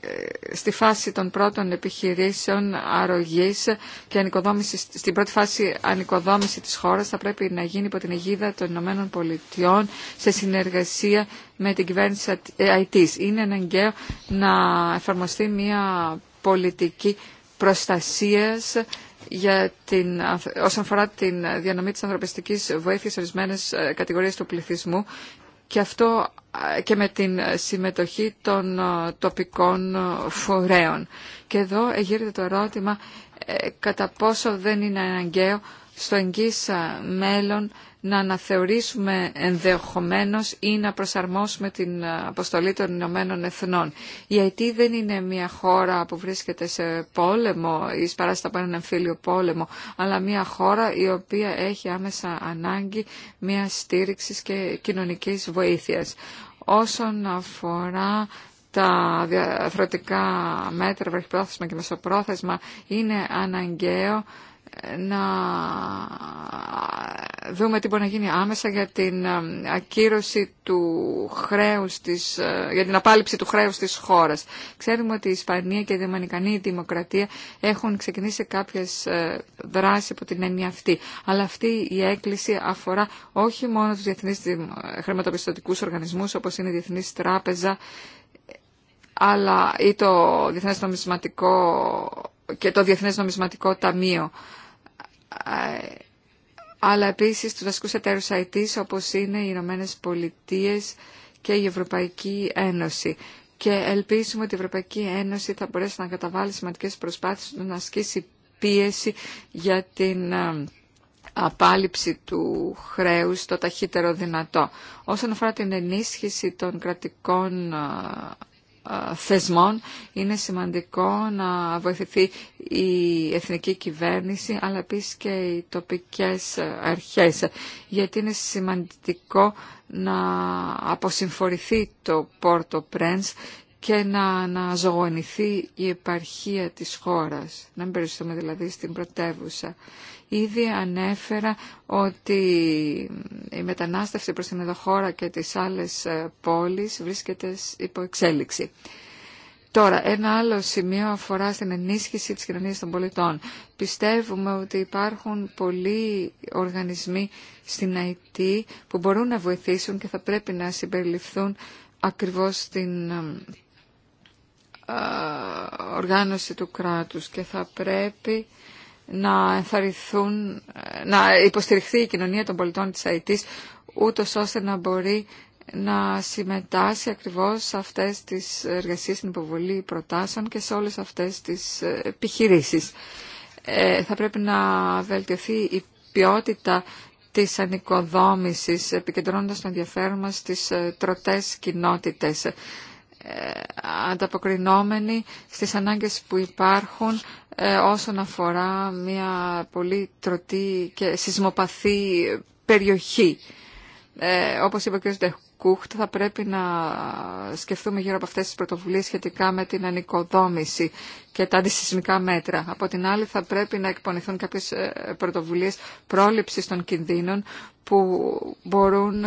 S1: ε, στη φάση των πρώτων επιχειρήσεων αρρωγής και ανοικοδόμηση, στην πρώτη φάση ανοικοδόμηση της χώρας θα πρέπει να γίνει υπό την αιγίδα των Ηνωμένων Πολιτειών σε συνεργασία με την κυβέρνηση ε, ΑΙΤΙΣ. Είναι αναγκαίο να εφαρμοστεί μια πολιτική προστασίας για την, όσον αφορά την διανομή της ανθρωπιστικής βοήθειας σε ορισμένες ε, κατηγορίες του πληθυσμού και αυτό ε, και με την ε, συμμετοχή των ε, τοπικών φορέων. Και εδώ γύρεται το ερώτημα κατά πόσο δεν είναι αναγκαίο στο εγγύς μέλλον να αναθεωρήσουμε ενδεχομένως ή να προσαρμόσουμε την αποστολή των Ηνωμένων Εθνών. Η Αιτή δεν είναι μια χώρα που βρίσκεται σε πόλεμο ή σπαράστα από έναν εμφύλιο πόλεμο, αλλά μια χώρα η οποία έχει άμεσα ανάγκη μια στήριξης και κοινωνικής βοήθειας. Όσον αφορά τα διαφορετικά μέτρα, βραχυπρόθεσμα και μεσοπρόθεσμα, είναι αναγκαίο να δούμε τι μπορεί να γίνει άμεσα για την ε, ακύρωση του χρέους της, ε, για την απάλληψη του χρέους της χώρας. Ξέρουμε ότι η Ισπανία και η Δημανικανή Δημοκρατία έχουν ξεκινήσει κάποιες ε, δράσεις από την έννοια αυτή. Αλλά αυτή η έκκληση αφορά όχι μόνο τους διεθνείς χρηματοπιστωτικούς οργανισμούς όπως είναι η Διεθνής Τράπεζα αλλά ή το Διεθνές Νομισματικό και το Διεθνές Νομισματικό Ταμείο αλλά επίσης του δασκούς εταίρους IT όπως είναι οι Ηνωμένε Πολιτείε και η Ευρωπαϊκή Ένωση. Και ελπίζουμε ότι η Ευρωπαϊκή Ένωση θα μπορέσει να καταβάλει σημαντικές προσπάθειες να ασκήσει πίεση για την ε, απάλληψη του χρέους το ταχύτερο δυνατό. Όσον αφορά την ενίσχυση των κρατικών ε, θεσμών είναι σημαντικό να βοηθηθεί η εθνική κυβέρνηση αλλά επίσης και οι τοπικές αρχές γιατί είναι σημαντικό να αποσυμφορηθεί το Πόρτο Πρένς και να αναζωογονηθεί η επαρχία της χώρας, να μην περιστούμε δηλαδή στην πρωτεύουσα. Ήδη ανέφερα ότι η μετανάστευση προς την Εδωχώρα και τις άλλες ε, πόλεις βρίσκεται υπό εξέλιξη. Τώρα, ένα άλλο σημείο αφορά στην ενίσχυση της κοινωνίας των πολιτών. Πιστεύουμε ότι υπάρχουν πολλοί οργανισμοί στην ΑΕΤ που μπορούν να βοηθήσουν και θα πρέπει να συμπεριληφθούν ακριβώς στην ε, οργάνωση του κράτους και θα πρέπει να ενθαρρυνθούν, να υποστηριχθεί η κοινωνία των πολιτών της ΑΕΤΗΣ ούτως ώστε να μπορεί να συμμετάσχει ακριβώς σε αυτές τις εργασίες στην υποβολή προτάσεων και σε όλες αυτές τις ε, επιχειρήσεις. Ε, θα πρέπει να βελτιωθεί η ποιότητα της ανοικοδόμησης επικεντρώνοντας το ενδιαφέρον μας στις ε, τροτές κοινότητες. Ε, ανταποκρινόμενοι στις ανάγκες που υπάρχουν ε, όσον αφορά μια πολύ τρωτή και σεισμοπαθή περιοχή. Ε, όπως είπε ο κ. Ντεχκούχτ, θα πρέπει να σκεφτούμε γύρω από αυτές τις πρωτοβουλίες σχετικά με την ανοικοδόμηση και τα αντισυσμικά μέτρα. Από την άλλη θα πρέπει να εκπονηθούν κάποιες πρωτοβουλίες πρόληψης των κινδύνων που μπορούν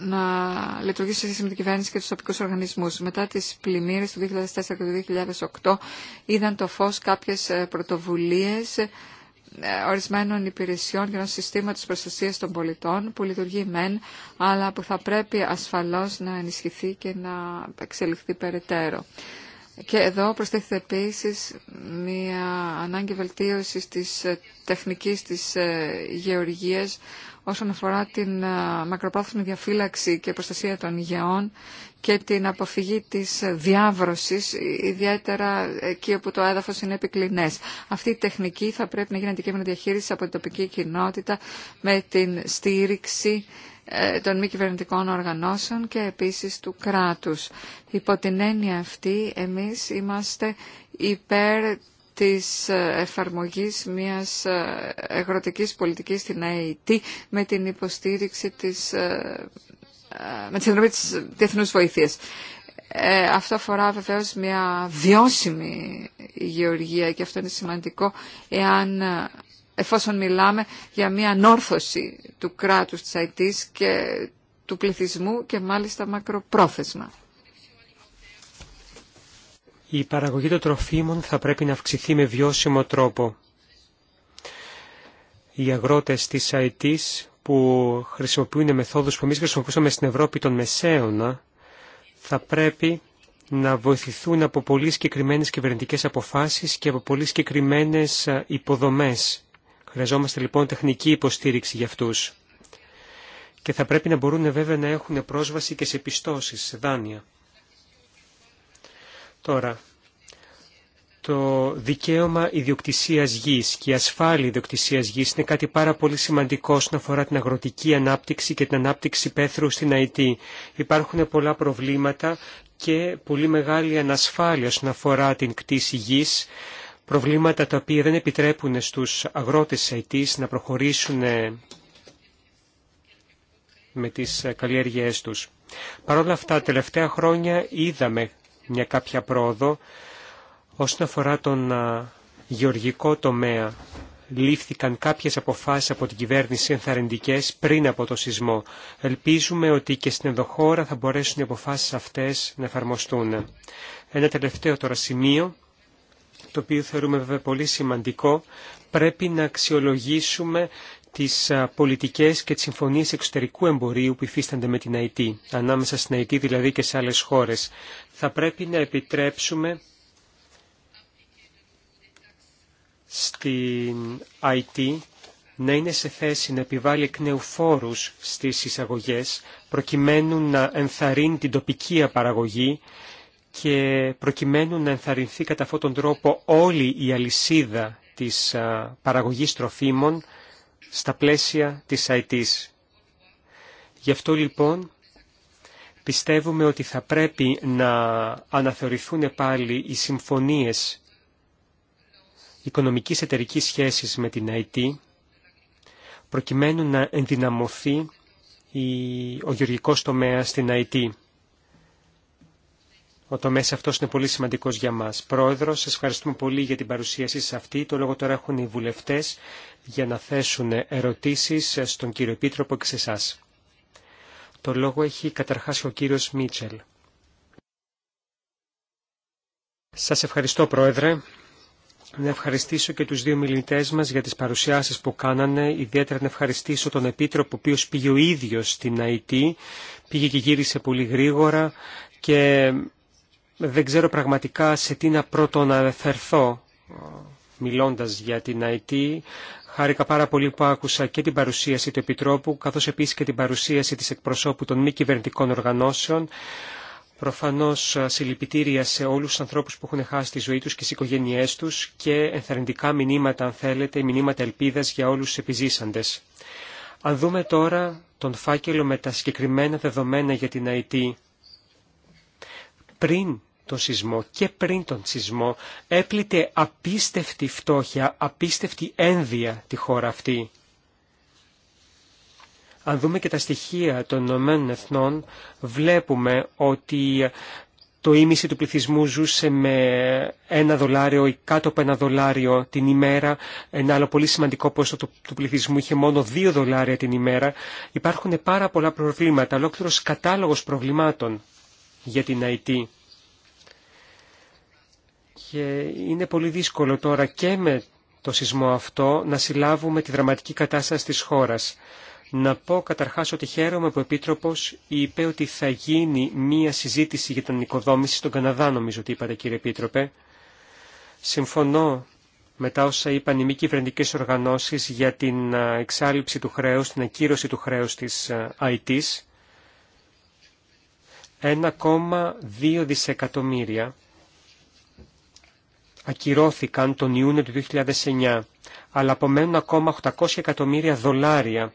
S1: να λειτουργήσει σε σχέση με την κυβέρνηση και τοπικούς οργανισμούς. Μετά τις πλημμύρες του 2004 και του 2008 είδαν το φως κάποιες ε, πρωτοβουλίες ε, ορισμένων υπηρεσιών και συστήμα συστήματο προστασίας των πολιτών που λειτουργεί μεν, αλλά που θα πρέπει ασφαλώς να ενισχυθεί και να εξελιχθεί περαιτέρω. Και εδώ προσθέθηκε επίση μια ανάγκη βελτίωσης της ε, τεχνικής της γεωργίας όσον αφορά την ε, μακροπρόθεσμη διαφύλαξη και προστασία των υγεών και την αποφυγή της διάβρωσης, ιδιαίτερα εκεί όπου το έδαφος είναι επικλινές. Αυτή η τεχνική θα πρέπει να γίνει αντικείμενο διαχείρισης από την τοπική κοινότητα με την στήριξη ε, των μη κυβερνητικών οργανώσεων και επίσης του κράτους. Υπό την έννοια αυτή εμείς είμαστε υπέρ της εφαρμογής μιας αγροτικής πολιτικής στην ΑΕΤ με την υποστήριξη της, ε, ε, με τη συνδρομή της διεθνούς βοήθειας. Ε, αυτό αφορά βεβαίως μια βιώσιμη γεωργία και αυτό είναι σημαντικό εάν εφόσον μιλάμε για μια ανόρθωση του κράτους της ΑΕΤ και του πληθυσμού και μάλιστα μακροπρόθεσμα
S3: η παραγωγή των τροφίμων θα πρέπει να αυξηθεί με βιώσιμο τρόπο. Οι αγρότες της ΑΕΤ που χρησιμοποιούν μεθόδους που εμείς χρησιμοποιούσαμε στην Ευρώπη των Μεσαίωνα θα πρέπει να βοηθηθούν από πολύ συγκεκριμένε κυβερνητικές αποφάσεις και από πολύ συγκεκριμένε υποδομές. Χρειαζόμαστε λοιπόν τεχνική υποστήριξη για αυτούς. Και θα πρέπει να μπορούν βέβαια να έχουν πρόσβαση και σε πιστώσεις, σε δάνεια. Τώρα, το δικαίωμα ιδιοκτησίας γης και η ασφάλεια ιδιοκτησίας γης είναι κάτι πάρα πολύ σημαντικό όσον αφορά την αγροτική ανάπτυξη και την ανάπτυξη πέθρου στην ΑΕΤ. Υπάρχουν πολλά προβλήματα και πολύ μεγάλη ανασφάλεια όσον αφορά την κτήση γης, προβλήματα τα οποία δεν επιτρέπουν στους αγρότες της να προχωρήσουν ε, με τις ε, καλλιέργειές τους. Παρ' όλα αυτά, τελευταία χρόνια είδαμε μια κάποια πρόοδο. Όσον αφορά τον γεωργικό τομέα, λήφθηκαν κάποιες αποφάσεις από την κυβέρνηση ενθαρρυντικές πριν από το σεισμό. Ελπίζουμε ότι και στην ενδοχώρα θα μπορέσουν οι αποφάσεις αυτές να εφαρμοστούν. Ένα τελευταίο τώρα σημείο, το οποίο θεωρούμε βέβαια πολύ σημαντικό, πρέπει να αξιολογήσουμε τις πολιτικές και τις συμφωνίες εξωτερικού εμπορίου που υφίστανται με την ΑΕΤ, ανάμεσα στην ΑΕΤ δηλαδή και σε άλλες χώρες. Θα πρέπει να επιτρέψουμε στην ΑΕΤ να είναι σε θέση να επιβάλλει εκ νέου φόρους στις εισαγωγές, προκειμένου να ενθαρρύνει την τοπική παραγωγή και προκειμένου να ενθαρρυνθεί κατά αυτόν τον τρόπο όλη η αλυσίδα της παραγωγής τροφίμων, στα πλαίσια της ΑΕΤΗΣ. Γι' αυτό λοιπόν πιστεύουμε ότι θα πρέπει να αναθεωρηθούν πάλι οι συμφωνίες οικονομικής εταιρική σχέσης με την ΑΕΤ προκειμένου να ενδυναμωθεί ο γεωργικός τομέας στην ΑΕΤ. Ο τομέα αυτό είναι πολύ σημαντικός για μα. Πρόεδρο, Σα ευχαριστούμε πολύ για την παρουσίασή σα αυτή. Το λόγο τώρα έχουν οι βουλευτές για να θέσουν ερωτήσεις στον κύριο Επίτροπο και σε εσά. Το λόγο έχει καταρχάς ο κύριος Μίτσελ. Σας ευχαριστώ Πρόεδρε. Να ευχαριστήσω και τους δύο μιλητές μας για τις παρουσιάσεις που κάνανε. Ιδιαίτερα να ευχαριστήσω τον Επίτροπο, ο οποίος πήγε ο ίδιος στην ΑΕΤ, πήγε και γύρισε πολύ γρήγορα και δεν ξέρω πραγματικά σε τι να αναφερθώ ε, μιλώντας για την ΑΕΤ. Χάρηκα πάρα πολύ που άκουσα και την παρουσίαση του Επιτρόπου, καθώς επίσης και την παρουσίαση της εκπροσώπου των μη κυβερνητικών οργανώσεων. Προφανώς ε, συλληπιτήρια σε όλους τους ανθρώπους που έχουν χάσει τη ζωή τους και τις οικογένειές τους και ενθαρρυντικά μηνύματα, αν θέλετε, μηνύματα ελπίδας για όλους τους επιζήσαντες. Αν δούμε τώρα τον φάκελο με τα συγκεκριμένα δεδομένα για την ΑΕΤ, πριν τον σεισμό και πριν τον σεισμό έπλητε απίστευτη φτώχεια, απίστευτη ένδια τη χώρα αυτή. Αν δούμε και τα στοιχεία των Ηνωμένων Εθνών, βλέπουμε ότι το ίμιση του πληθυσμού ζούσε με ένα δολάριο ή κάτω από ένα δολάριο την ημέρα. Ένα άλλο πολύ σημαντικό ποσό του πληθυσμού είχε μόνο δύο δολάρια την ημέρα. Υπάρχουν πάρα πολλά προβλήματα, ολόκληρος κατάλογος προβλημάτων για την IT Και είναι πολύ δύσκολο τώρα και με το σεισμό αυτό να συλλάβουμε τη δραματική κατάσταση της χώρας. Να πω καταρχάς ότι χαίρομαι που ο Επίτροπος είπε ότι θα γίνει μία συζήτηση για την οικοδόμηση στον Καναδά, νομίζω ότι είπατε κύριε Επίτροπε. Συμφωνώ μετά όσα είπαν οι μη κυβερνητικέ οργανώσεις για την ε, εξάλληψη του χρέους, την ακύρωση του χρέους της ε, ITs. 1,2 δισεκατομμύρια ακυρώθηκαν τον Ιούνιο του 2009, αλλά απομένουν ακόμα 800 εκατομμύρια δολάρια.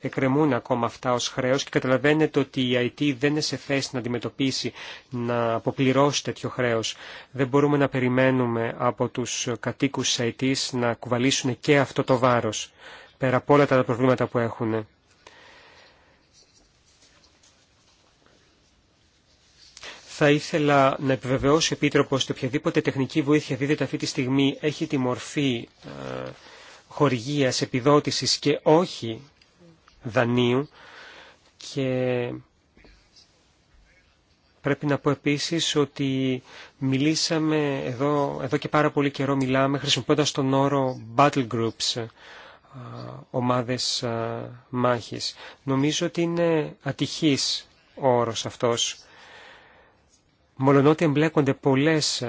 S3: Εκρεμούν ακόμα αυτά ως χρέος και καταλαβαίνετε ότι η IT δεν είναι σε θέση να αντιμετωπίσει, να αποπληρώσει τέτοιο χρέος. Δεν μπορούμε να περιμένουμε από τους κατοίκους της IT να κουβαλήσουν και αυτό το βάρος, πέρα από όλα τα προβλήματα που έχουν. Θα ήθελα να επιβεβαιώσει ο Επίτροπο ότι οποιαδήποτε τεχνική βοήθεια δίδεται αυτή τη στιγμή έχει τη μορφή χορηγία, ε, χορηγίας, επιδότησης και όχι δανείου και πρέπει να πω επίσης ότι μιλήσαμε εδώ, εδώ και πάρα πολύ καιρό μιλάμε χρησιμοποιώντας τον όρο battle groups, ε, ομάδες ε, μάχης. Νομίζω ότι είναι ατυχής ο όρος αυτός. Μολονότι εμπλέκονται πολλές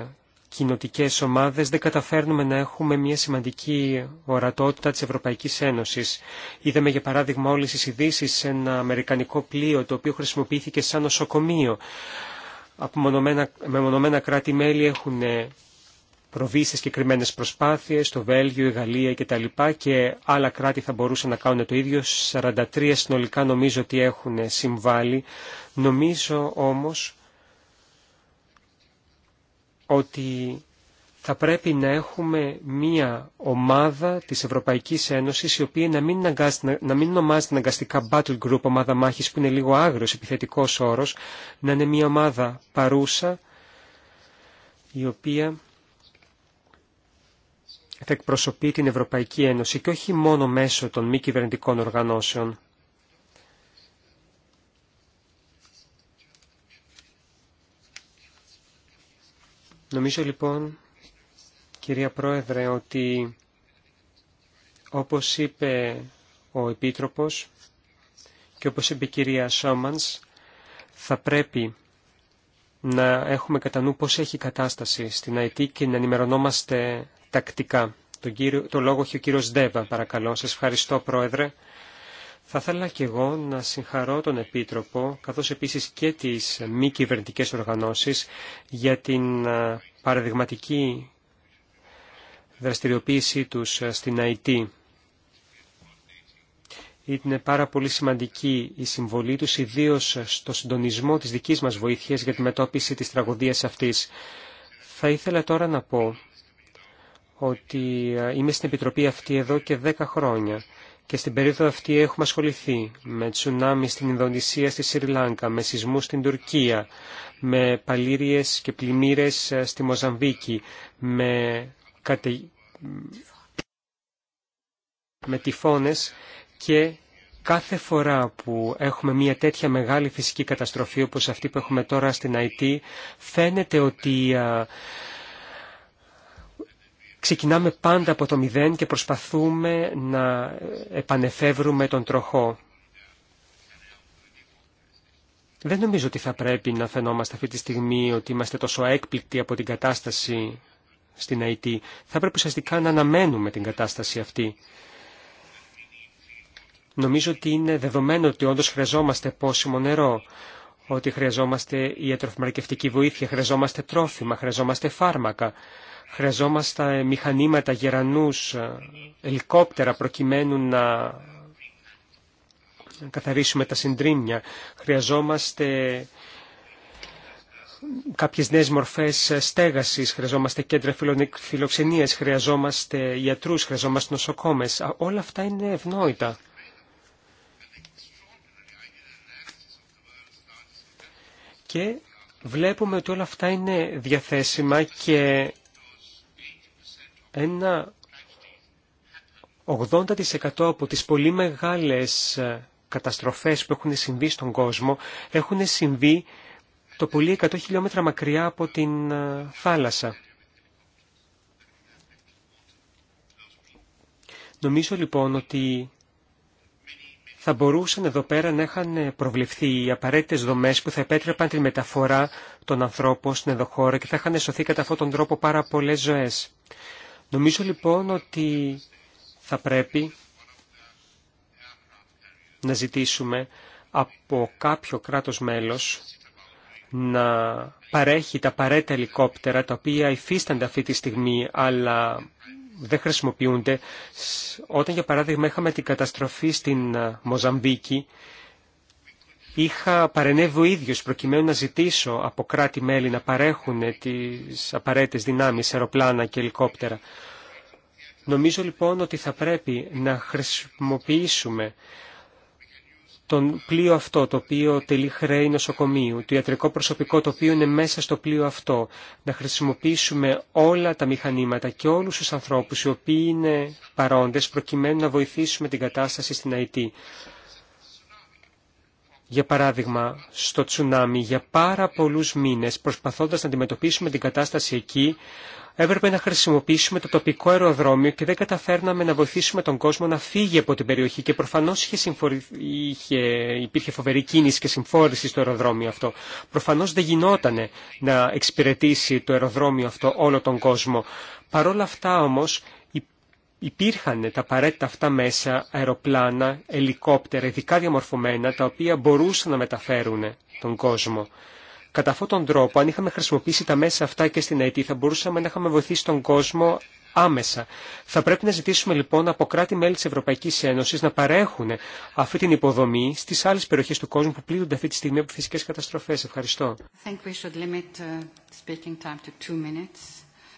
S3: κοινοτικέ ομάδες δεν καταφέρνουμε να έχουμε μια σημαντική ορατότητα της Ευρωπαϊκής Ένωσης. Είδαμε για παράδειγμα όλες τις ειδήσει σε ένα αμερικανικό πλοίο το οποίο χρησιμοποιήθηκε σαν νοσοκομείο. μονομένα μεμονωμένα κράτη-μέλη έχουν προβεί σε συγκεκριμένε προσπάθειε, το Βέλγιο, η Γαλλία κτλ. και άλλα κράτη θα μπορούσαν να κάνουν το ίδιο. 43 συνολικά νομίζω ότι έχουν συμβάλει. Νομίζω όμως ότι θα πρέπει να έχουμε μία ομάδα της Ευρωπαϊκής Ένωσης η οποία να μην, να μην ονομάζεται αναγκαστικά battle group, ομάδα μάχης που είναι λίγο άγριος επιθετικός όρος, να είναι μία ομάδα παρούσα η οποία θα εκπροσωπεί την Ευρωπαϊκή Ένωση και όχι μόνο μέσω των μη κυβερνητικών οργανώσεων. Νομίζω λοιπόν, κυρία Πρόεδρε, ότι όπως είπε ο Επίτροπος και όπως είπε η κυρία Σόμανς, θα πρέπει να έχουμε κατά νου πώς έχει κατάσταση στην ΑΕΤ και να ενημερωνόμαστε τακτικά. Το, κύριο, το λόγο έχει ο κύριος Ντέβα, παρακαλώ. Σας ευχαριστώ, Πρόεδρε. Θα ήθελα και εγώ να συγχαρώ τον Επίτροπο, καθώς επίσης και τις μη κυβερνητικέ οργανώσεις, για την παραδειγματική δραστηριοποίησή τους στην ΑΕΤ. Είναι πάρα πολύ σημαντική η συμβολή τους, ιδίως στο συντονισμό της δικής μας βοήθειας για τη μετώπιση της τραγωδίας αυτής. Θα ήθελα τώρα να πω ότι είμαι στην Επιτροπή αυτή εδώ και δέκα χρόνια και στην περίοδο αυτή έχουμε ασχοληθεί με τσουνάμι στην Ινδονησία, στη Σρι με σεισμού στην Τουρκία, με παλήριες και πλημμύρες ε, στη Μοζαμβίκη, με, κατε... με τυφώνες και κάθε φορά που έχουμε μια τέτοια μεγάλη φυσική καταστροφή όπως αυτή που έχουμε τώρα στην Αϊτή, φαίνεται ότι ε, ξεκινάμε πάντα από το μηδέν και προσπαθούμε να επανεφεύρουμε τον τροχό. Δεν νομίζω ότι θα πρέπει να φαινόμαστε αυτή τη στιγμή ότι είμαστε τόσο έκπληκτοι από την κατάσταση στην ΑΕΤ. Θα πρέπει ουσιαστικά να αναμένουμε την κατάσταση αυτή. Νομίζω ότι είναι δεδομένο ότι όντως χρειαζόμαστε πόσιμο νερό, ότι χρειαζόμαστε ιατροφημαρκευτική βοήθεια, χρειαζόμαστε τρόφιμα, χρειαζόμαστε φάρμακα. Χρειαζόμαστε μηχανήματα, γερανούς, ε, ελικόπτερα προκειμένου να καθαρίσουμε τα συντρίμμια. Χρειαζόμαστε κάποιες νέες μορφές ε, στέγασης, χρειαζόμαστε κέντρα φιλοξενίας, χρειαζόμαστε ιατρούς, χρειαζόμαστε νοσοκόμες. Όλα αυτά είναι ευνόητα. Και βλέπουμε ότι όλα αυτά είναι διαθέσιμα και ένα 80% από τις πολύ μεγάλες ε, καταστροφές που έχουν συμβεί στον κόσμο έχουν συμβεί το πολύ 100 χιλιόμετρα μακριά από την ε, θάλασσα. Νομίζω λοιπόν ότι θα μπορούσαν εδώ πέρα να είχαν προβληφθεί οι απαραίτητε δομέ που θα επέτρεπαν τη μεταφορά των ανθρώπων στην εδωχώρα και θα είχαν σωθεί κατά αυτόν τον τρόπο πάρα πολλέ ζωέ. Νομίζω λοιπόν ότι θα πρέπει να ζητήσουμε από κάποιο κράτος μέλος να παρέχει τα παρέτα ελικόπτερα τα οποία υφίστανται αυτή τη στιγμή αλλά δεν χρησιμοποιούνται. Όταν για παράδειγμα είχαμε την καταστροφή στην ε, Μοζαμβίκη Είχα παρενέβω ίδιο ίδιος προκειμένου να ζητήσω από κράτη-μέλη να παρέχουν τι απαραίτητες δυνάμεις, αεροπλάνα και ελικόπτερα. Νομίζω λοιπόν ότι θα πρέπει να χρησιμοποιήσουμε τον πλοίο αυτό, το οποίο τελεί χρέη νοσοκομείου, το ιατρικό προσωπικό το οποίο είναι μέσα στο πλοίο αυτό, να χρησιμοποιήσουμε όλα τα μηχανήματα και όλους τους ανθρώπους οι οποίοι είναι παρόντες προκειμένου να βοηθήσουμε την κατάσταση στην Αιτή για παράδειγμα, στο τσουνάμι για πάρα πολλούς μήνες, προσπαθώντας να αντιμετωπίσουμε την κατάσταση εκεί, έπρεπε να χρησιμοποιήσουμε το τοπικό αεροδρόμιο και δεν καταφέρναμε να βοηθήσουμε τον κόσμο να φύγει από την περιοχή και προφανώς είχε είχε... υπήρχε φοβερή κίνηση και συμφόρηση στο αεροδρόμιο αυτό. Προφανώς δεν γινότανε να εξυπηρετήσει το αεροδρόμιο αυτό όλο τον κόσμο. Παρ' όλα αυτά όμως υπήρχαν τα απαραίτητα αυτά μέσα, αεροπλάνα, ελικόπτερα, ειδικά διαμορφωμένα, τα οποία μπορούσαν να μεταφέρουν τον κόσμο. Κατά αυτόν τον τρόπο, αν είχαμε χρησιμοποιήσει τα μέσα αυτά και στην ΑΕΤ, θα μπορούσαμε να είχαμε βοηθήσει τον κόσμο άμεσα. Θα πρέπει να ζητήσουμε λοιπόν από κράτη-μέλη τη Ευρωπαϊκή Ένωση να παρέχουν αυτή την υποδομή στι άλλε περιοχέ του κόσμου που πλήττονται αυτή τη στιγμή από φυσικέ καταστροφέ. Ευχαριστώ.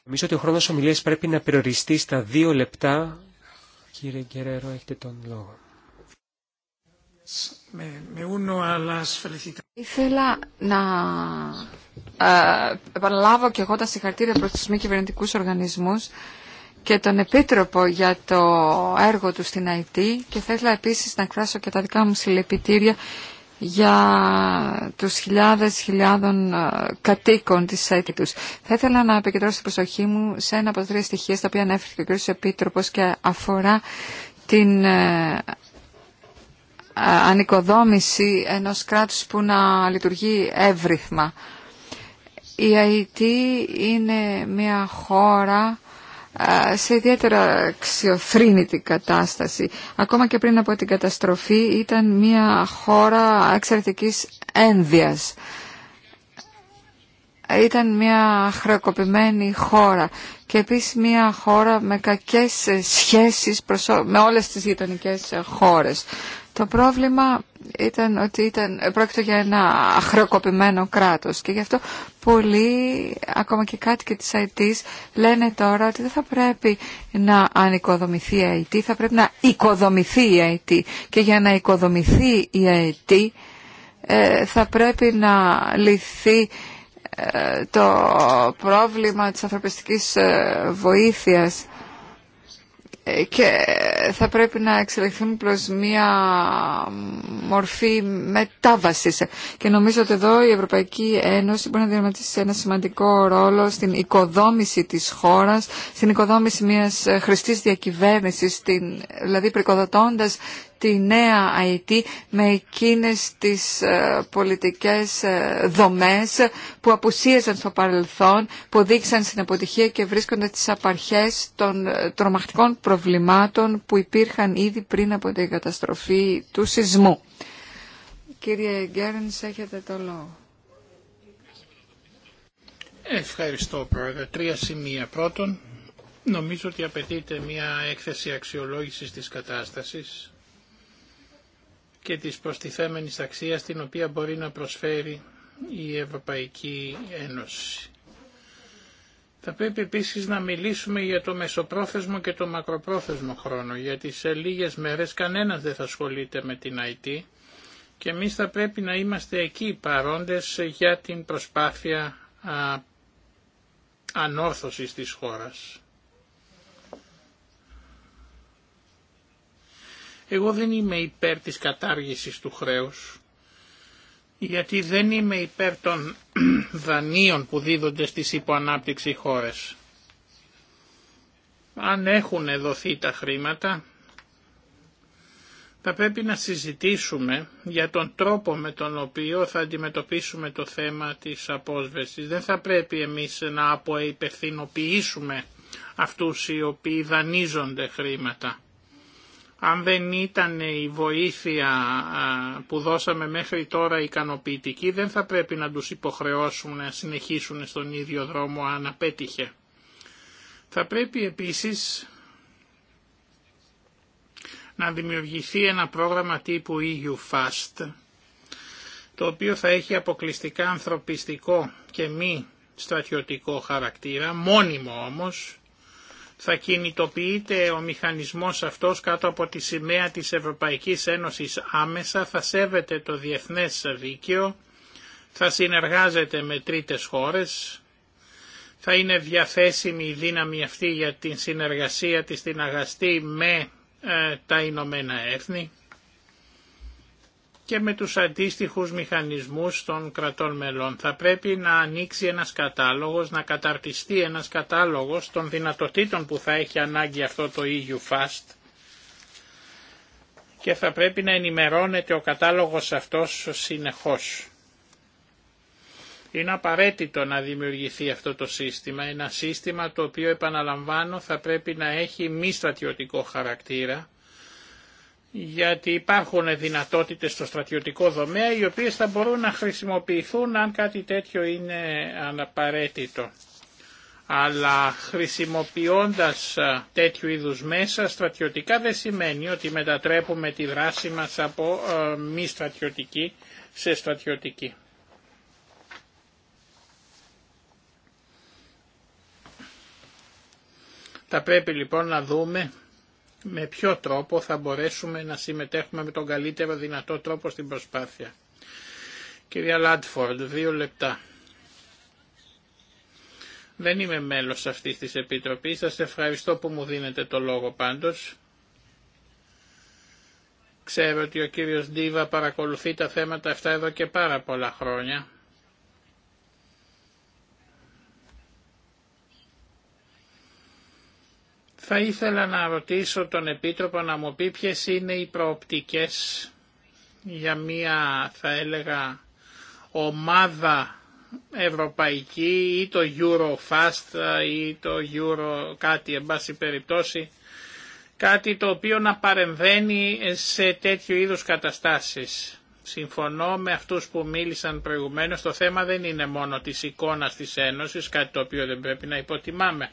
S3: Νομίζω ότι ο χρόνος ομιλίας πρέπει να περιοριστεί στα δύο λεπτά. Κύριε Γκερέρο, έχετε τον λόγο.
S1: Ήθελα να ε, επαναλάβω και εγώ τα συγχαρτήρια προς τους μη κυβερνητικού οργανισμούς και τον Επίτροπο για το έργο του στην ΑΕΤ και θα ήθελα επίσης να εκφράσω και τα δικά μου συλλεπιτήρια για τους χιλιάδες χιλιάδων ε, κατοίκων της έτη τους. Θα ήθελα να επικεντρώσω την προσοχή μου σε ένα από τα τρία στοιχεία στα οποία ανέφερε και ο κ. Επίτροπος και αφορά την ε, ανοικοδόμηση ενός κράτους που να λειτουργεί εύρυθμα. Η ΑΕΤ είναι μια χώρα σε ιδιαίτερα αξιοθρύνητη κατάσταση. Ακόμα και πριν από την καταστροφή ήταν μια χώρα εξαιρετικής ένδυας. Ήταν μια χρεοκοπημένη χώρα και επίσης μια χώρα με κακές σχέσεις με όλες τις γειτονικές χώρες. Το πρόβλημα ήταν ότι ήταν, πρόκειται για ένα αχροκοπημένο κράτος και γι' αυτό πολλοί, ακόμα και κάτοικοι της ΑΕΤ, λένε τώρα ότι δεν θα πρέπει να ανοικοδομηθεί η ΑΕΤ, θα πρέπει να οικοδομηθεί η ΑΕΤ και για να οικοδομηθεί η ΑΕΤ θα πρέπει να λυθεί ε, το πρόβλημα της ανθρωπιστικής ε, βοήθειας ε, και θα πρέπει να εξελιχθούν προς μία μορφή μετάβασης. Και νομίζω ότι εδώ η Ευρωπαϊκή Ένωση μπορεί να διαρματίσει ένα σημαντικό ρόλο στην οικοδόμηση της χώρας, στην οικοδόμηση μιας χρηστής διακυβέρνησης, δηλαδή πρικοδοτώντας τη νέα ΑΕΤ με εκείνες τις ε, πολιτικές ε, δομές που απουσίαζαν στο παρελθόν, που οδήγησαν στην αποτυχία και βρίσκονται τις απαρχές των ε, τρομακτικών προβλημάτων που υπήρχαν ήδη πριν από την καταστροφή του σεισμού. Κύριε Γκέρνς, έχετε το λόγο.
S2: Ευχαριστώ, Πρόεδρε. Τρία σημεία. Πρώτον, νομίζω ότι απαιτείται μια έκθεση αξιολόγησης της κατάστασης και της προστιθέμενης αξίας την οποία μπορεί να προσφέρει η Ευρωπαϊκή Ένωση. Θα πρέπει επίσης να μιλήσουμε για το μεσοπρόθεσμο και το μακροπρόθεσμο χρόνο, γιατί σε λίγες μέρες κανένας δεν θα ασχολείται με την IT και εμείς θα πρέπει να είμαστε εκεί παρόντες για την προσπάθεια α, ανόρθωσης της χώρας. Εγώ δεν είμαι υπέρ της κατάργησης του χρέους γιατί δεν είμαι υπέρ των δανείων που δίδονται στις υποανάπτυξη χώρες. Αν έχουν δοθεί τα χρήματα, θα πρέπει να συζητήσουμε για τον τρόπο με τον οποίο θα αντιμετωπίσουμε το θέμα της απόσβεσης. Δεν θα πρέπει εμείς να αποεπευθυνοποιήσουμε αυτούς οι οποίοι δανείζονται χρήματα. Αν δεν ήταν η βοήθεια που δώσαμε μέχρι τώρα ικανοποιητική, δεν θα πρέπει να τους υποχρεώσουν να συνεχίσουν στον ίδιο δρόμο αν απέτυχε. Θα πρέπει επίσης να δημιουργηθεί ένα πρόγραμμα τύπου EU Fast, το οποίο θα έχει αποκλειστικά ανθρωπιστικό και μη στρατιωτικό χαρακτήρα, μόνιμο όμως, θα κινητοποιείται ο μηχανισμός αυτός κάτω από τη σημαία της Ευρωπαϊκής Ένωσης άμεσα, θα σέβεται το διεθνές δίκαιο, θα συνεργάζεται με τρίτες χώρες, θα είναι διαθέσιμη η δύναμη αυτή για την συνεργασία της στην αγαστή με ε, τα Ηνωμένα Έθνη και με τους αντίστοιχους μηχανισμούς των κρατών μελών. Θα πρέπει να ανοίξει ένας κατάλογος, να καταρτιστεί ένας κατάλογος των δυνατοτήτων που θα έχει ανάγκη αυτό το EU Fast και θα πρέπει να ενημερώνεται ο κατάλογος αυτός συνεχώς. Είναι απαραίτητο να δημιουργηθεί αυτό το σύστημα, ένα σύστημα το οποίο επαναλαμβάνω θα πρέπει να έχει μη στρατιωτικό χαρακτήρα, γιατί υπάρχουν δυνατότητες στο στρατιωτικό δομέα οι οποίες θα μπορούν να χρησιμοποιηθούν αν κάτι τέτοιο είναι αναπαραίτητο. Αλλά χρησιμοποιώντας τέτοιου είδους μέσα στρατιωτικά δεν σημαίνει ότι μετατρέπουμε τη δράση μας από μη στρατιωτική σε στρατιωτική. Θα πρέπει λοιπόν να δούμε με ποιο τρόπο θα μπορέσουμε να συμμετέχουμε με τον καλύτερο δυνατό τρόπο στην προσπάθεια. Κυρία Λάντφορντ, δύο λεπτά. Δεν είμαι μέλος αυτής της Επιτροπής, σας ευχαριστώ που μου δίνετε το λόγο πάντως. Ξέρω ότι ο κύριος Ντίβα παρακολουθεί τα θέματα αυτά εδώ και πάρα πολλά χρόνια. Θα ήθελα να ρωτήσω τον Επίτροπο να μου πει ποιες είναι οι προοπτικές για μία θα έλεγα ομάδα ευρωπαϊκή ή το Eurofast ή το Euro κάτι εν πάση περιπτώσει κάτι το οποίο να παρεμβαίνει σε τέτοιου είδους καταστάσεις. Συμφωνώ με αυτούς που μίλησαν προηγουμένως, το θέμα δεν είναι μόνο της εικόνας της Ένωσης, κάτι το οποίο δεν πρέπει να υποτιμάμε,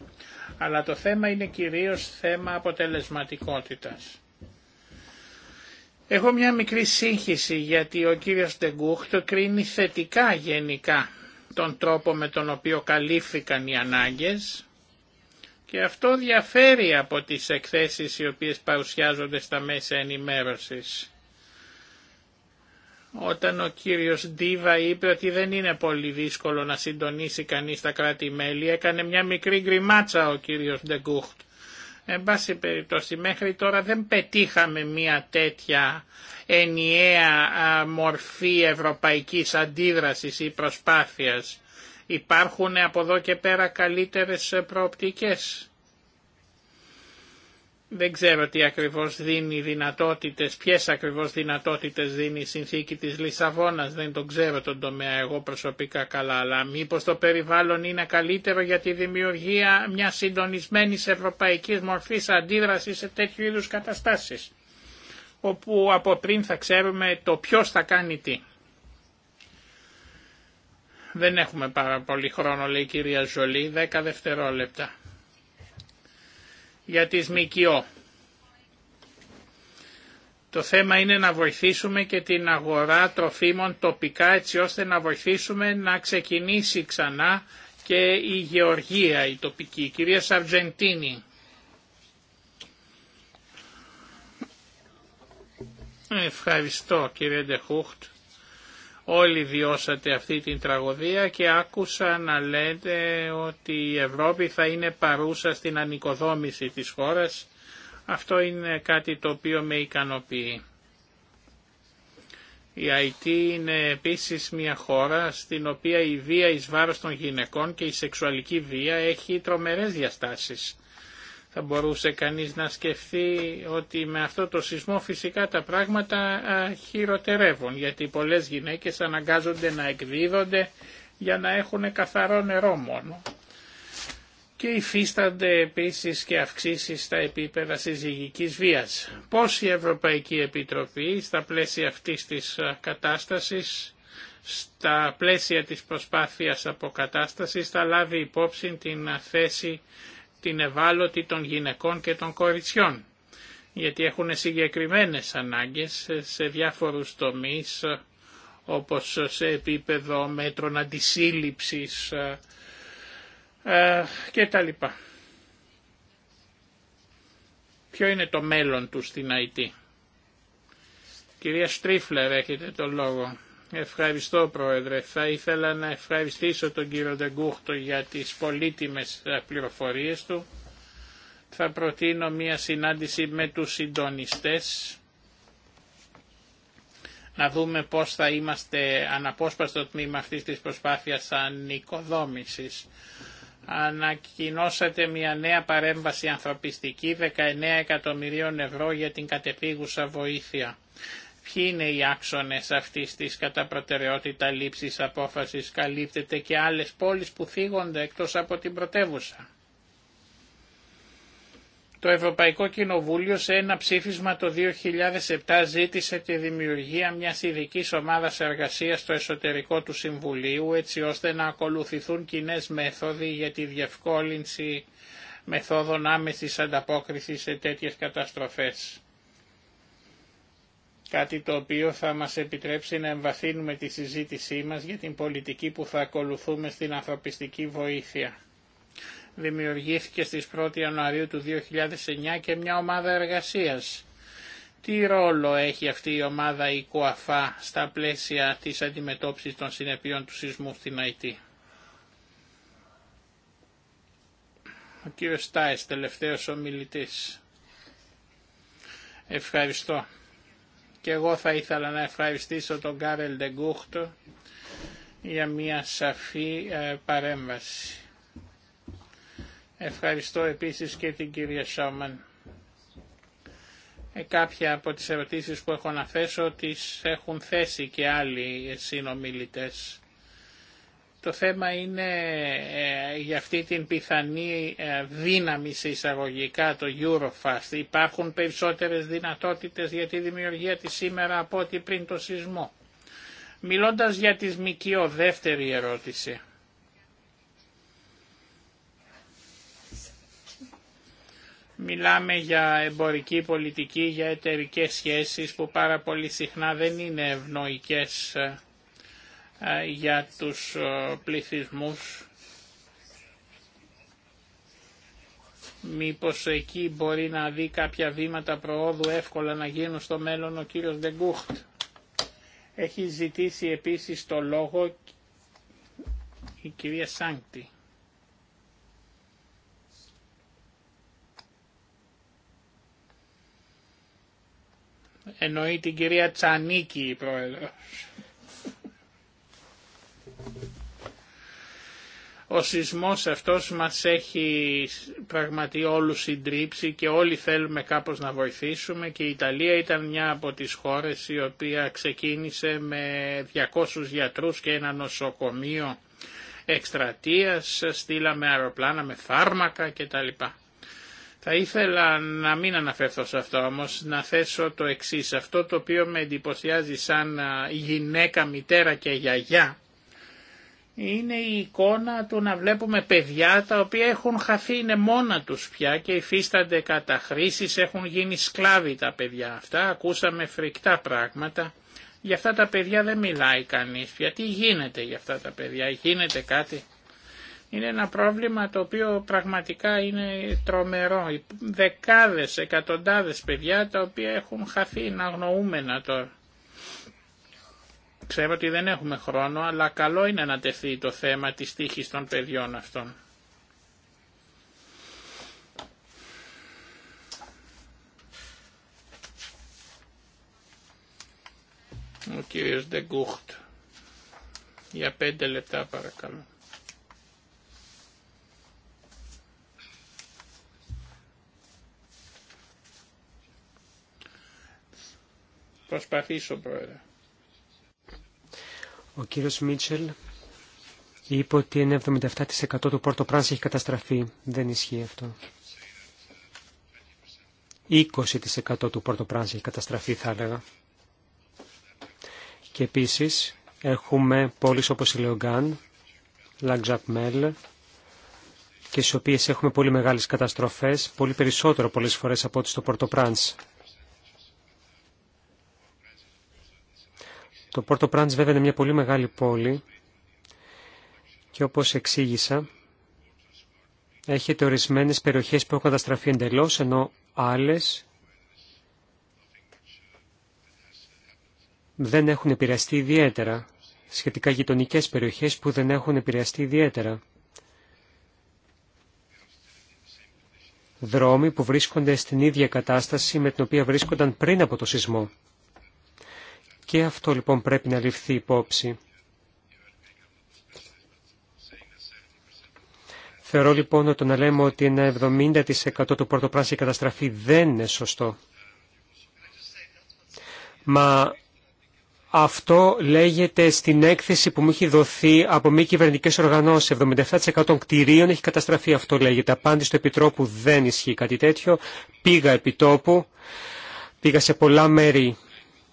S2: αλλά το θέμα είναι κυρίως θέμα αποτελεσματικότητας. Έχω μια μικρή σύγχυση γιατί ο κύριος το κρίνει θετικά γενικά τον τρόπο με τον οποίο καλύφθηκαν οι ανάγκες και αυτό διαφέρει από τις εκθέσεις οι οποίες παρουσιάζονται στα μέσα ενημέρωσης όταν ο κύριος Ντίβα είπε ότι δεν είναι πολύ δύσκολο να συντονίσει κανείς τα κράτη-μέλη, έκανε μια μικρή γκριμάτσα ο κύριος Ντεγκούχτ. Εν πάση περιπτώσει, μέχρι τώρα δεν πετύχαμε μια τέτοια ενιαία μορφή ευρωπαϊκής αντίδρασης ή προσπάθειας. Υπάρχουν από εδώ και πέρα καλύτερες προοπτικές. Δεν ξέρω τι ακριβώς δίνει δυνατότητες, ποιες ακριβώς δυνατότητες δίνει η συνθήκη της Λισαβόνας, δεν τον ξέρω τον τομέα εγώ προσωπικά καλά, αλλά μήπως το περιβάλλον είναι καλύτερο για τη δημιουργία μια συντονισμένης ευρωπαϊκής μορφής αντίδρασης σε τέτοιου είδους καταστάσεις, όπου από πριν θα ξέρουμε το ποιος θα κάνει τι. Δεν έχουμε πάρα πολύ χρόνο, λέει η κυρία Ζολή, 10 δευτερόλεπτα για τις Το θέμα είναι να βοηθήσουμε και την αγορά τροφίμων τοπικά έτσι ώστε να βοηθήσουμε να ξεκινήσει ξανά και η γεωργία η τοπική. Η κυρία Σαρτζεντίνη. Ευχαριστώ κύριε Ντεχούχτ. Όλοι βιώσατε αυτή την τραγωδία και άκουσα να λέτε ότι η Ευρώπη θα είναι παρούσα στην ανοικοδόμηση της χώρας. Αυτό είναι κάτι το οποίο με ικανοποιεί. Η Αιτία είναι επίσης μια χώρα στην οποία η βία εις βάρος των γυναικών και η σεξουαλική βία έχει τρομερές διαστάσεις. Θα μπορούσε κανείς να σκεφτεί ότι με αυτό το σεισμό φυσικά τα πράγματα χειροτερεύουν γιατί πολλές γυναίκες αναγκάζονται να εκδίδονται για να έχουν καθαρό νερό μόνο. Και υφίστανται επίσης και αυξήσεις στα επίπεδα συζυγικής βίας. Πώς η Ευρωπαϊκή Επιτροπή στα πλαίσια αυτής της κατάστασης στα πλαίσια της προσπάθειας αποκατάστασης θα λάβει υπόψη την θέση την ευάλωτη των γυναικών και των κοριτσιών, γιατί έχουν συγκεκριμένες ανάγκες σε διάφορους τομείς, ε, όπως σε επίπεδο μέτρων αντισύλληψης ε, ε, και τα λοιπά. Ποιο είναι το μέλλον του στην Αιτή, Κυρία Στρίφλερ έχετε το λόγο. Ευχαριστώ Πρόεδρε. Θα ήθελα να ευχαριστήσω τον κύριο Ντεγκούχτο για τις πολύτιμες ε, πληροφορίες του. Θα προτείνω μία συνάντηση με τους συντονιστές να δούμε πώς θα είμαστε αναπόσπαστο τμήμα αυτής της προσπάθειας ανοικοδόμησης. Ανακοινώσατε μια νέα παρέμβαση ανθρωπιστική 19 εκατομμυρίων ευρώ για την κατεπίγουσα βοήθεια ποιοι είναι οι άξονες αυτής της κατά προτεραιότητα λήψης απόφασης καλύπτεται και άλλες πόλεις που θίγονται εκτός από την πρωτεύουσα. Το Ευρωπαϊκό Κοινοβούλιο σε ένα ψήφισμα το 2007 ζήτησε τη δημιουργία μιας ειδική ομάδας εργασίας στο εσωτερικό του Συμβουλίου έτσι ώστε να ακολουθηθούν κοινέ μέθοδοι για τη διευκόλυνση μεθόδων άμεσης ανταπόκρισης σε τέτοιες καταστροφές κάτι το οποίο θα μας επιτρέψει να εμβαθύνουμε τη συζήτησή μας για την πολιτική που θα ακολουθούμε στην ανθρωπιστική βοήθεια. Δημιουργήθηκε στις 1η Ιανουαρίου του 2009 και μια ομάδα εργασίας. Τι ρόλο έχει αυτή η ομάδα η ΚΟΑΦΑ στα πλαίσια της αντιμετώπισης των συνεπειών του σεισμού στην ΑΕΤΗ. Ο κύριος Στάις, τελευταίος ομιλητής. Ευχαριστώ. Και εγώ θα ήθελα να ευχαριστήσω τον Κάρελ Ντεγκούχτο για μια σαφή ε, παρέμβαση. Ευχαριστώ επίσης και την κυρία Σόμαν. Ε, κάποια από τις ερωτήσεις που έχω να θέσω τις έχουν θέσει και άλλοι συνομιλητές. Το θέμα είναι ε, για αυτή την πιθανή ε, δύναμη σε εισαγωγικά το Eurofast. Υπάρχουν περισσότερες δυνατότητες για τη δημιουργία της σήμερα από ό,τι πριν το σεισμό. Μιλώντας για τις ΜΚΟ, δεύτερη ερώτηση. Μιλάμε για εμπορική πολιτική, για εταιρικές σχέσεις που πάρα πολύ συχνά δεν είναι ευνοϊκές ε, ε, για τους ε, πληθυσμούς. Μήπως εκεί μπορεί να δει κάποια βήματα προόδου εύκολα να γίνουν στο μέλλον ο κύριος Δεγκούχτ. Έχει ζητήσει επίσης το λόγο η κυρία Σάνκτη. Εννοεί την κυρία Τσανίκη η πρόεδρος. Ο σεισμός αυτός μας έχει πραγματι όλους συντρίψει και όλοι θέλουμε κάπως να βοηθήσουμε και η Ιταλία ήταν μια από τις χώρες η οποία ξεκίνησε με 200 γιατρούς και ένα νοσοκομείο εκστρατείας, στείλαμε αεροπλάνα με φάρμακα κτλ. Θα ήθελα να μην αναφερθώ σε αυτό όμως, να θέσω το εξής. Αυτό το οποίο με εντυπωσιάζει σαν γυναίκα, μητέρα και γιαγιά είναι η εικόνα του να βλέπουμε παιδιά τα οποία έχουν χαθεί, είναι μόνα τους πια και υφίστανται χρήσης, έχουν γίνει σκλάβοι τα παιδιά αυτά, ακούσαμε φρικτά πράγματα. Για αυτά τα παιδιά δεν μιλάει κανείς πια. Τι γίνεται για αυτά τα παιδιά, γίνεται κάτι. Είναι ένα πρόβλημα το οποίο πραγματικά είναι τρομερό. Δεκάδες, εκατοντάδες παιδιά τα οποία έχουν χαθεί, είναι αγνοούμενα τώρα. Ξέρω ότι δεν έχουμε χρόνο, αλλά καλό είναι να τεθεί το θέμα της τύχης των παιδιών αυτών. Ο κύριος Ντεγκούχτ. Για πέντε λεπτά παρακαλώ. Προσπαθήσω πρόεδρε.
S3: Ο κύριος Μίτσελ είπε ότι ένα 77% του Πόρτο Πράνς έχει καταστραφεί. Δεν ισχύει αυτό. 20% του Πόρτο Πράνς έχει καταστραφεί θα έλεγα. Και επίσης έχουμε πόλεις όπως η Λεογκάν, Μέλ και στις οποίες έχουμε πολύ μεγάλες καταστροφές, πολύ περισσότερο πολλές φορές από ό,τι στο Πορτοπράνς. Το Πόρτο Πράντς βέβαια είναι μια πολύ μεγάλη πόλη και όπως εξήγησα έχετε ορισμένες περιοχές που έχουν καταστραφεί εντελώς ενώ άλλες δεν έχουν επηρεαστεί ιδιαίτερα σχετικά γειτονικές περιοχές που δεν έχουν επηρεαστεί ιδιαίτερα. Δρόμοι που βρίσκονται στην ίδια κατάσταση με την οποία βρίσκονταν πριν από το σεισμό. Και αυτό λοιπόν πρέπει να ληφθεί υπόψη. Θεωρώ λοιπόν ότι να λέμε ότι ένα 70% του πορτοπράσι καταστραφή δεν είναι σωστό. Μα αυτό λέγεται στην έκθεση που μου έχει δοθεί από μη κυβερνητικέ οργανώσει. 77% των κτηρίων έχει καταστραφεί. Αυτό λέγεται. Απάντηση του Επιτρόπου δεν ισχύει κάτι τέτοιο. Πήγα επιτόπου Πήγα σε πολλά μέρη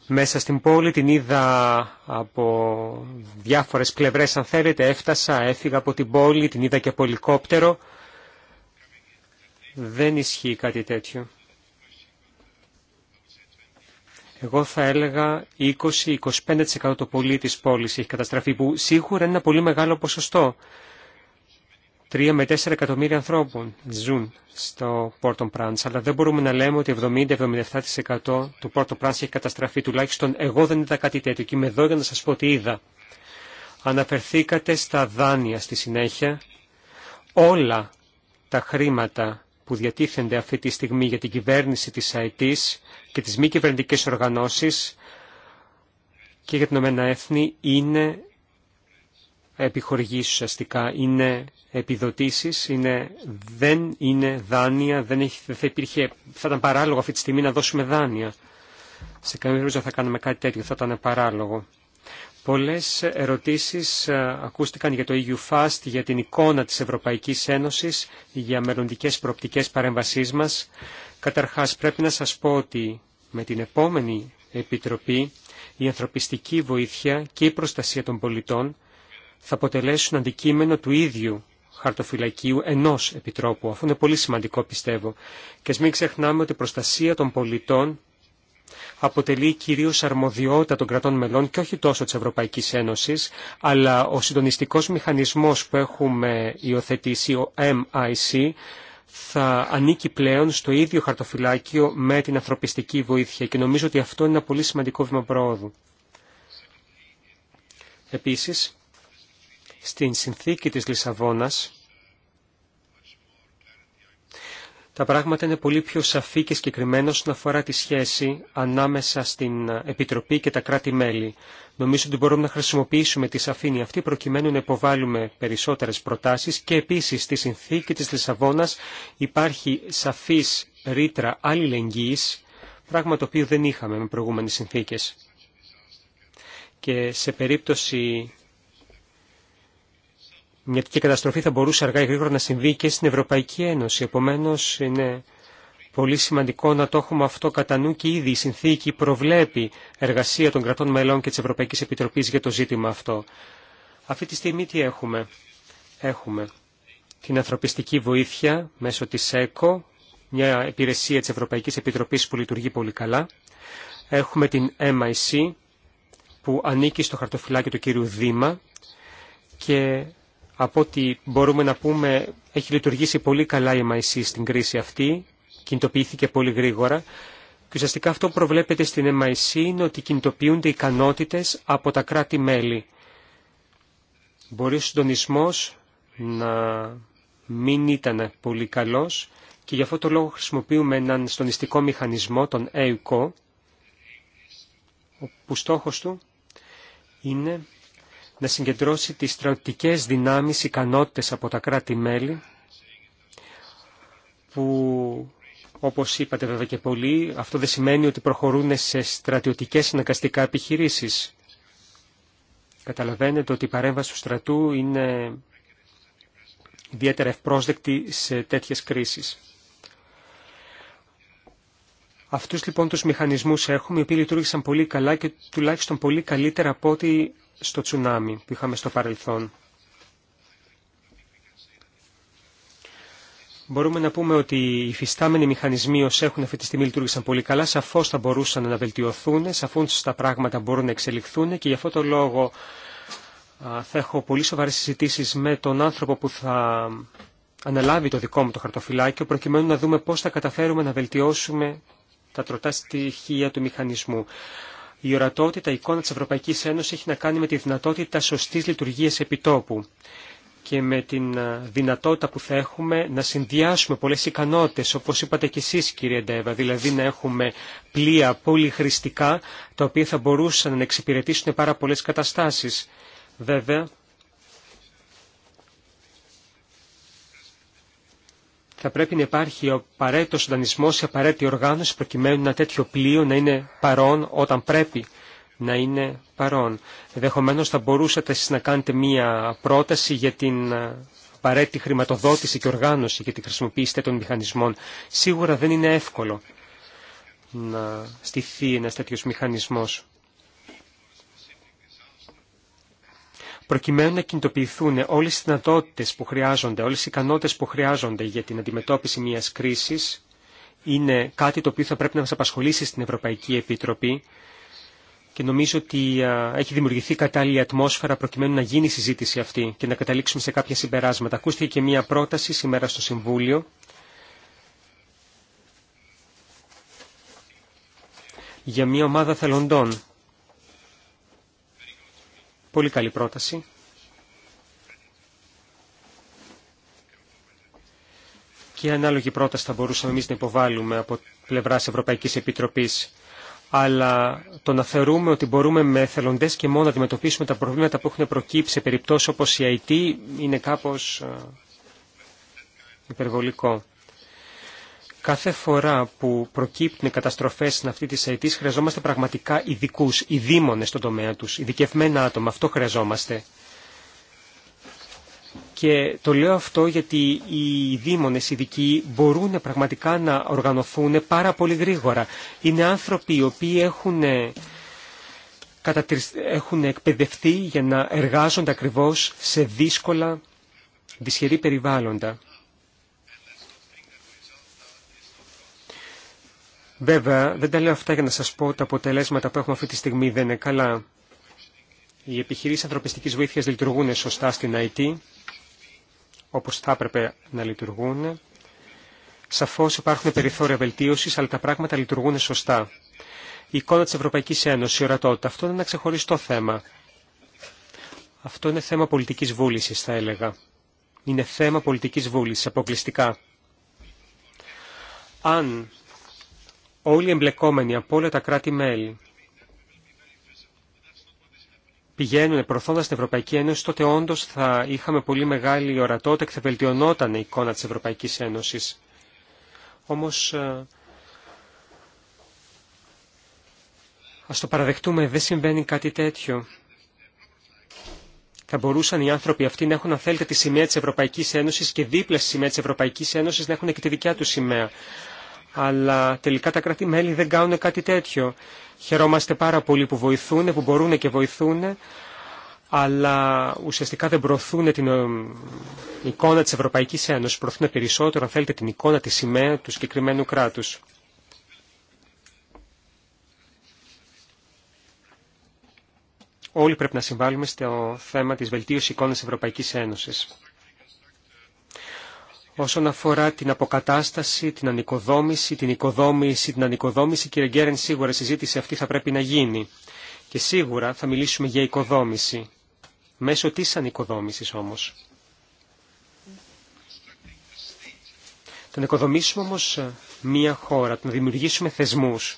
S3: μέσα στην πόλη την είδα από διάφορες πλευρές αν θέλετε. Έφτασα, έφυγα από την πόλη, την είδα και από ελικόπτερο. Δεν ισχύει κάτι τέτοιο. Εγώ θα έλεγα 20-25% το πολύ της πόλης έχει καταστραφεί, που σίγουρα είναι ένα πολύ μεγάλο ποσοστό. Τρία με τέσσερα εκατομμύρια ανθρώπων ζουν στο πορτο Πράντς, αλλά δεν μπορούμε να λέμε ότι 70-77% του πορτο Πράντς έχει καταστραφεί. Τουλάχιστον εγώ δεν είδα κάτι τέτοιο και είμαι εδώ για να σας πω ότι είδα. Αναφερθήκατε στα δάνεια στη συνέχεια. Όλα τα χρήματα που διατίθενται αυτή τη στιγμή για την κυβέρνηση της ΑΕΤ και τις μη κυβερνητικές οργανώσεις και για την ΟΕΕ είναι επιχορηγήσει ουσιαστικά. Είναι επιδοτήσει, είναι, δεν είναι δάνεια, δεν, έχει, δεν θα, υπήρχε, θα ήταν παράλογο αυτή τη στιγμή να δώσουμε δάνεια. Σε καμία περίπτωση θα κάνουμε κάτι τέτοιο, θα ήταν παράλογο. Πολλέ ερωτήσει ε, ακούστηκαν για το EU Fast, για την εικόνα τη Ευρωπαϊκή Ένωση για μελλοντικέ προοπτικέ παρεμβασή μα. Καταρχά πρέπει να σα πω ότι με την επόμενη Επιτροπή η ανθρωπιστική βοήθεια και η προστασία των πολιτών θα αποτελέσουν αντικείμενο του ίδιου χαρτοφυλακίου ενός επιτρόπου. Αυτό είναι πολύ σημαντικό πιστεύω. Και μην ξεχνάμε ότι η προστασία των πολιτών αποτελεί κυρίως αρμοδιότητα των κρατών μελών και όχι τόσο της Ευρωπαϊκής Ένωσης, αλλά ο συντονιστικός μηχανισμός που έχουμε υιοθετήσει, ο MIC, θα ανήκει πλέον στο ίδιο χαρτοφυλάκιο με την ανθρωπιστική βοήθεια και νομίζω ότι αυτό είναι ένα πολύ σημαντικό βήμα προόδου. Επίσης, στην συνθήκη της Λισαβόνας τα πράγματα είναι πολύ πιο σαφή και συγκεκριμένα όσον αφορά τη σχέση ανάμεσα στην Επιτροπή και τα κράτη-μέλη. Νομίζω ότι μπορούμε να χρησιμοποιήσουμε τη σαφήνεια αυτή προκειμένου να υποβάλουμε περισσότερες προτάσεις και επίσης στη συνθήκη της Λισαβόνας υπάρχει σαφής ρήτρα αλληλεγγύης, πράγμα το οποίο δεν είχαμε με προηγούμενες συνθήκες. Και σε περίπτωση μια τέτοια καταστροφή θα μπορούσε αργά ή γρήγορα να συμβεί και στην Ευρωπαϊκή Ένωση. Επομένω, είναι πολύ σημαντικό να το έχουμε αυτό κατά νου και ήδη η συνθήκη προβλέπει εργασία των κρατών μελών και τη Ευρωπαϊκή Επιτροπή για το ζήτημα αυτό. Αυτή τη στιγμή τι έχουμε. Έχουμε την ανθρωπιστική βοήθεια μέσω τη ΕΚΟ, μια υπηρεσία τη Ευρωπαϊκή Επιτροπή που λειτουργεί πολύ καλά. Έχουμε την MIC που ανήκει στο χαρτοφυλάκιο του κύριου Δήμα και από ό,τι μπορούμε να πούμε έχει λειτουργήσει πολύ καλά η MIC στην κρίση αυτή, κινητοποιήθηκε πολύ γρήγορα και ουσιαστικά αυτό που προβλέπεται στην MIC είναι ότι κινητοποιούνται ικανότητες από τα κράτη-μέλη. Μπορεί ο συντονισμό να μην ήταν πολύ καλός και γι' αυτό το λόγο χρησιμοποιούμε έναν στονιστικό μηχανισμό, τον EUCO, που στόχος του είναι να συγκεντρώσει τις στρατιωτικές δυνάμεις ικανότητες από τα κράτη-μέλη που όπως είπατε βέβαια και πολλοί, αυτό δεν σημαίνει ότι προχωρούν σε στρατιωτικές συναγκαστικά επιχειρήσεις. Καταλαβαίνετε ότι η παρέμβαση του στρατού είναι ιδιαίτερα ευπρόσδεκτη σε τέτοιες κρίσεις. Αυτούς λοιπόν τους μηχανισμούς έχουμε, οι οποίοι λειτουργήσαν πολύ καλά και τουλάχιστον πολύ καλύτερα από ό,τι στο τσουνάμι που είχαμε στο παρελθόν. Μπορούμε να πούμε ότι οι φυστάμενοι μηχανισμοί όσοι έχουν αυτή τη στιγμή λειτουργήσαν πολύ καλά, σαφώς θα μπορούσαν να βελτιωθούν, σαφώς τα πράγματα μπορούν να εξελιχθούν και για αυτό το λόγο θα έχω πολύ σοβαρές συζητήσεις με τον άνθρωπο που θα αναλάβει το δικό μου το χαρτοφυλάκιο προκειμένου να δούμε πώς θα καταφέρουμε να βελτιώσουμε τα τροτά στοιχεία του μηχανισμού. Η ορατότητα εικόνα της Ευρωπαϊκής Ένωσης έχει να κάνει με τη δυνατότητα σωστής λειτουργίας επιτόπου και με την ε, δυνατότητα που θα έχουμε να συνδυάσουμε πολλές ικανότητες, όπως είπατε και εσείς κύριε Ντέβα, δηλαδή να έχουμε πλοία πολυχρηστικά, τα οποία θα μπορούσαν να εξυπηρετήσουν πάρα πολλές καταστάσεις. Βέβαια, θα πρέπει να υπάρχει ο απαραίτητο συντανισμό, η απαραίτητη οργάνωση προκειμένου ένα τέτοιο πλοίο να είναι παρόν όταν πρέπει να είναι παρόν. Ενδεχομένω θα μπορούσατε εσεί να κάνετε μία πρόταση για την ε, απαραίτητη χρηματοδότηση και οργάνωση για τη χρησιμοποίηση των μηχανισμών. Σίγουρα δεν είναι εύκολο να στηθεί ένα τέτοιο μηχανισμό. προκειμένου να κινητοποιηθούν όλε τι δυνατότητε που χρειάζονται, όλε οι ικανότητε που χρειάζονται για την αντιμετώπιση μια κρίση, είναι κάτι το οποίο θα πρέπει να μα απασχολήσει στην Ευρωπαϊκή Επιτροπή και νομίζω ότι έχει δημιουργηθεί κατάλληλη ατμόσφαιρα προκειμένου να γίνει η συζήτηση αυτή και να καταλήξουμε σε κάποια συμπεράσματα. Ακούστηκε και μία πρόταση σήμερα στο Συμβούλιο για μία ομάδα θελοντών Πολύ καλή πρόταση. Και ανάλογη πρόταση θα μπορούσαμε εμείς να υποβάλουμε από πλευράς Ευρωπαϊκής Επιτροπής. Αλλά το να θεωρούμε ότι μπορούμε με θελοντές και μόνο να αντιμετωπίσουμε τα προβλήματα που έχουν προκύψει σε περιπτώσεις όπως η IT είναι κάπως ε, υπερβολικό. Κάθε φορά που προκύπτουν καταστροφέ στην αυτή τη αιτή, χρειαζόμαστε πραγματικά ειδικού, ειδήμονε στον τομέα του, ειδικευμένα άτομα. Αυτό χρειαζόμαστε. Και το λέω αυτό γιατί οι δήμονες ειδικοί μπορούν πραγματικά να οργανωθούν πάρα πολύ γρήγορα. Είναι άνθρωποι οι οποίοι έχουν, ε, έχουν εκπαιδευτεί για να εργάζονται ακριβώς σε δύσκολα, δυσχερή περιβάλλοντα. Βέβαια, δεν τα λέω αυτά για να σας πω ότι τα αποτελέσματα που έχουμε αυτή τη στιγμή δεν είναι καλά. Οι επιχειρήσεις ανθρωπιστικής βοήθειας λειτουργούν σωστά στην ΑΕΤ, όπως θα έπρεπε να λειτουργούν. Σαφώς υπάρχουν περιθώρια βελτίωσης, αλλά τα πράγματα λειτουργούν σωστά. Η εικόνα της Ευρωπαϊκής Ένωσης, η ορατότητα, αυτό είναι ένα ξεχωριστό θέμα. Αυτό είναι θέμα πολιτικής βούλησης, θα έλεγα. Είναι θέμα πολιτικής βούλησης, αποκλειστικά. Αν όλοι οι εμπλεκόμενοι από όλα τα κράτη-μέλη πηγαίνουν προωθώντα την Ευρωπαϊκή Ένωση, τότε όντω θα είχαμε πολύ μεγάλη ορατότητα και θα βελτιωνόταν η εικόνα τη Ευρωπαϊκή Ένωση. Όμω. Ε, ας το παραδεχτούμε, δεν συμβαίνει κάτι τέτοιο. Θα μπορούσαν οι άνθρωποι αυτοί να έχουν, αν θέλετε, τη σημαία της Ευρωπαϊκή Ένωση και δίπλα στη σημαία τη Ευρωπαϊκή Ένωση να έχουν και τη δικιά του σημαία αλλά τελικά τα κράτη-μέλη δεν κάνουν κάτι τέτοιο. Χαιρόμαστε πάρα πολύ που βοηθούν, που μπορούν και βοηθούν, αλλά ουσιαστικά δεν προωθούν την ε, εικόνα της Ευρωπαϊκής Ένωσης, προωθούν περισσότερο, αν θέλετε, την εικόνα της σημαία του συγκεκριμένου κράτους. Όλοι πρέπει να συμβάλλουμε στο θέμα της βελτίωσης εικόνας Ευρωπαϊκής Ένωσης όσον αφορά την αποκατάσταση, την ανοικοδόμηση, την οικοδόμηση, την ανοικοδόμηση. Κύριε Γκέρεν, σίγουρα η συζήτηση αυτή θα πρέπει να γίνει. Και σίγουρα θα μιλήσουμε για οικοδόμηση. Μέσω της ανοικοδόμησης όμως. Τον οικοδομήσουμε όμως ε, μία χώρα, το να δημιουργήσουμε θεσμούς,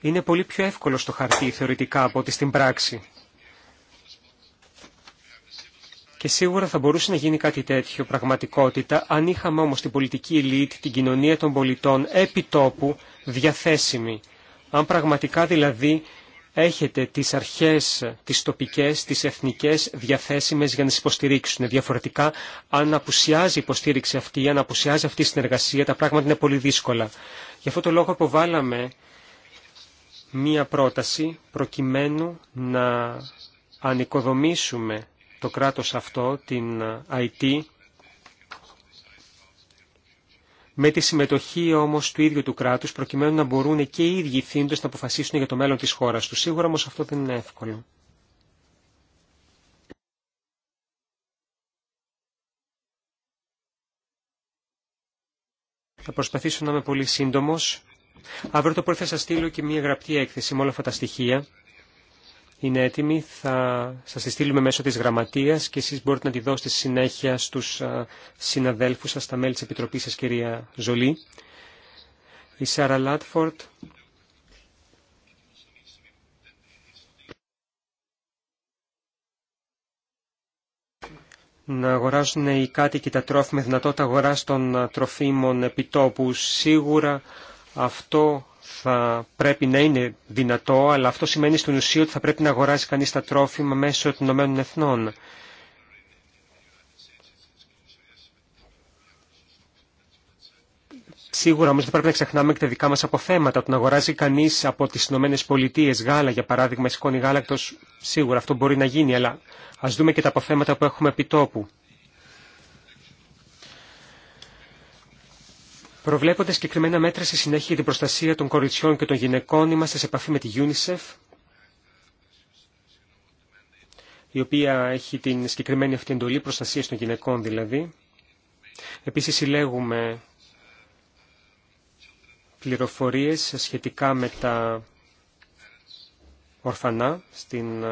S3: είναι πολύ πιο εύκολο στο χαρτί θεωρητικά από ότι στην πράξη. Και σίγουρα θα μπορούσε να γίνει κάτι τέτοιο πραγματικότητα αν είχαμε όμως την πολιτική ηλίτ, την κοινωνία των πολιτών επί τόπου διαθέσιμη. Αν πραγματικά δηλαδή έχετε τις αρχές, τις τοπικές, τις εθνικές διαθέσιμες για να τις υποστηρίξουν. Διαφορετικά, αν απουσιάζει η υποστήριξη αυτή, αν απουσιάζει αυτή η συνεργασία, τα πράγματα είναι πολύ δύσκολα. Γι' αυτό το λόγο αποβάλαμε μία πρόταση προκειμένου να ανοικοδομήσουμε το κράτος αυτό, την IT, με τη συμμετοχή όμως του ίδιου του κράτους, προκειμένου να μπορούν και οι ίδιοι θύντες να αποφασίσουν για το μέλλον της χώρας τους. Σίγουρα όμως αυτό δεν είναι εύκολο. Θα προσπαθήσω να είμαι πολύ σύντομος. Αύριο το πρωί θα σας στείλω και μια γραπτή έκθεση με όλα αυτά τα στοιχεία είναι έτοιμη. Θα σας τη στείλουμε μέσω της γραμματείας και εσείς μπορείτε να τη δώσετε συνέχεια στους συναδέλφους σας, στα μέλη της Επιτροπής σας, κυρία Ζολή. Η Σάρα Λάτφορτ. να αγοράσουν οι κάτοικοι τα τρόφιμα, δυνατότητα αγοράς των τροφίμων επιτόπου. Σίγουρα αυτό θα πρέπει να είναι δυνατό, αλλά αυτό σημαίνει στον ουσία ότι θα πρέπει να αγοράζει κανείς τα τρόφιμα μέσω των Ηνωμένων Εθνών. Σίγουρα όμως δεν πρέπει να ξεχνάμε και τα δικά μας αποθέματα. Το να αγοράζει κανείς από τις Ηνωμένε Πολιτείες γάλα, για παράδειγμα, σηκώνει γάλακτος, σίγουρα αυτό μπορεί να γίνει, αλλά ας δούμε και τα αποθέματα που έχουμε επιτόπου. Προβλέπονται συγκεκριμένα μέτρα στη συνέχεια για την προστασία των κοριτσιών και των γυναικών. Είμαστε σε επαφή με τη UNICEF, η οποία έχει την συγκεκριμένη αυτή εντολή προστασίας των γυναικών δηλαδή. Επίσης συλλέγουμε πληροφορίες σχετικά με τα ορφανά στην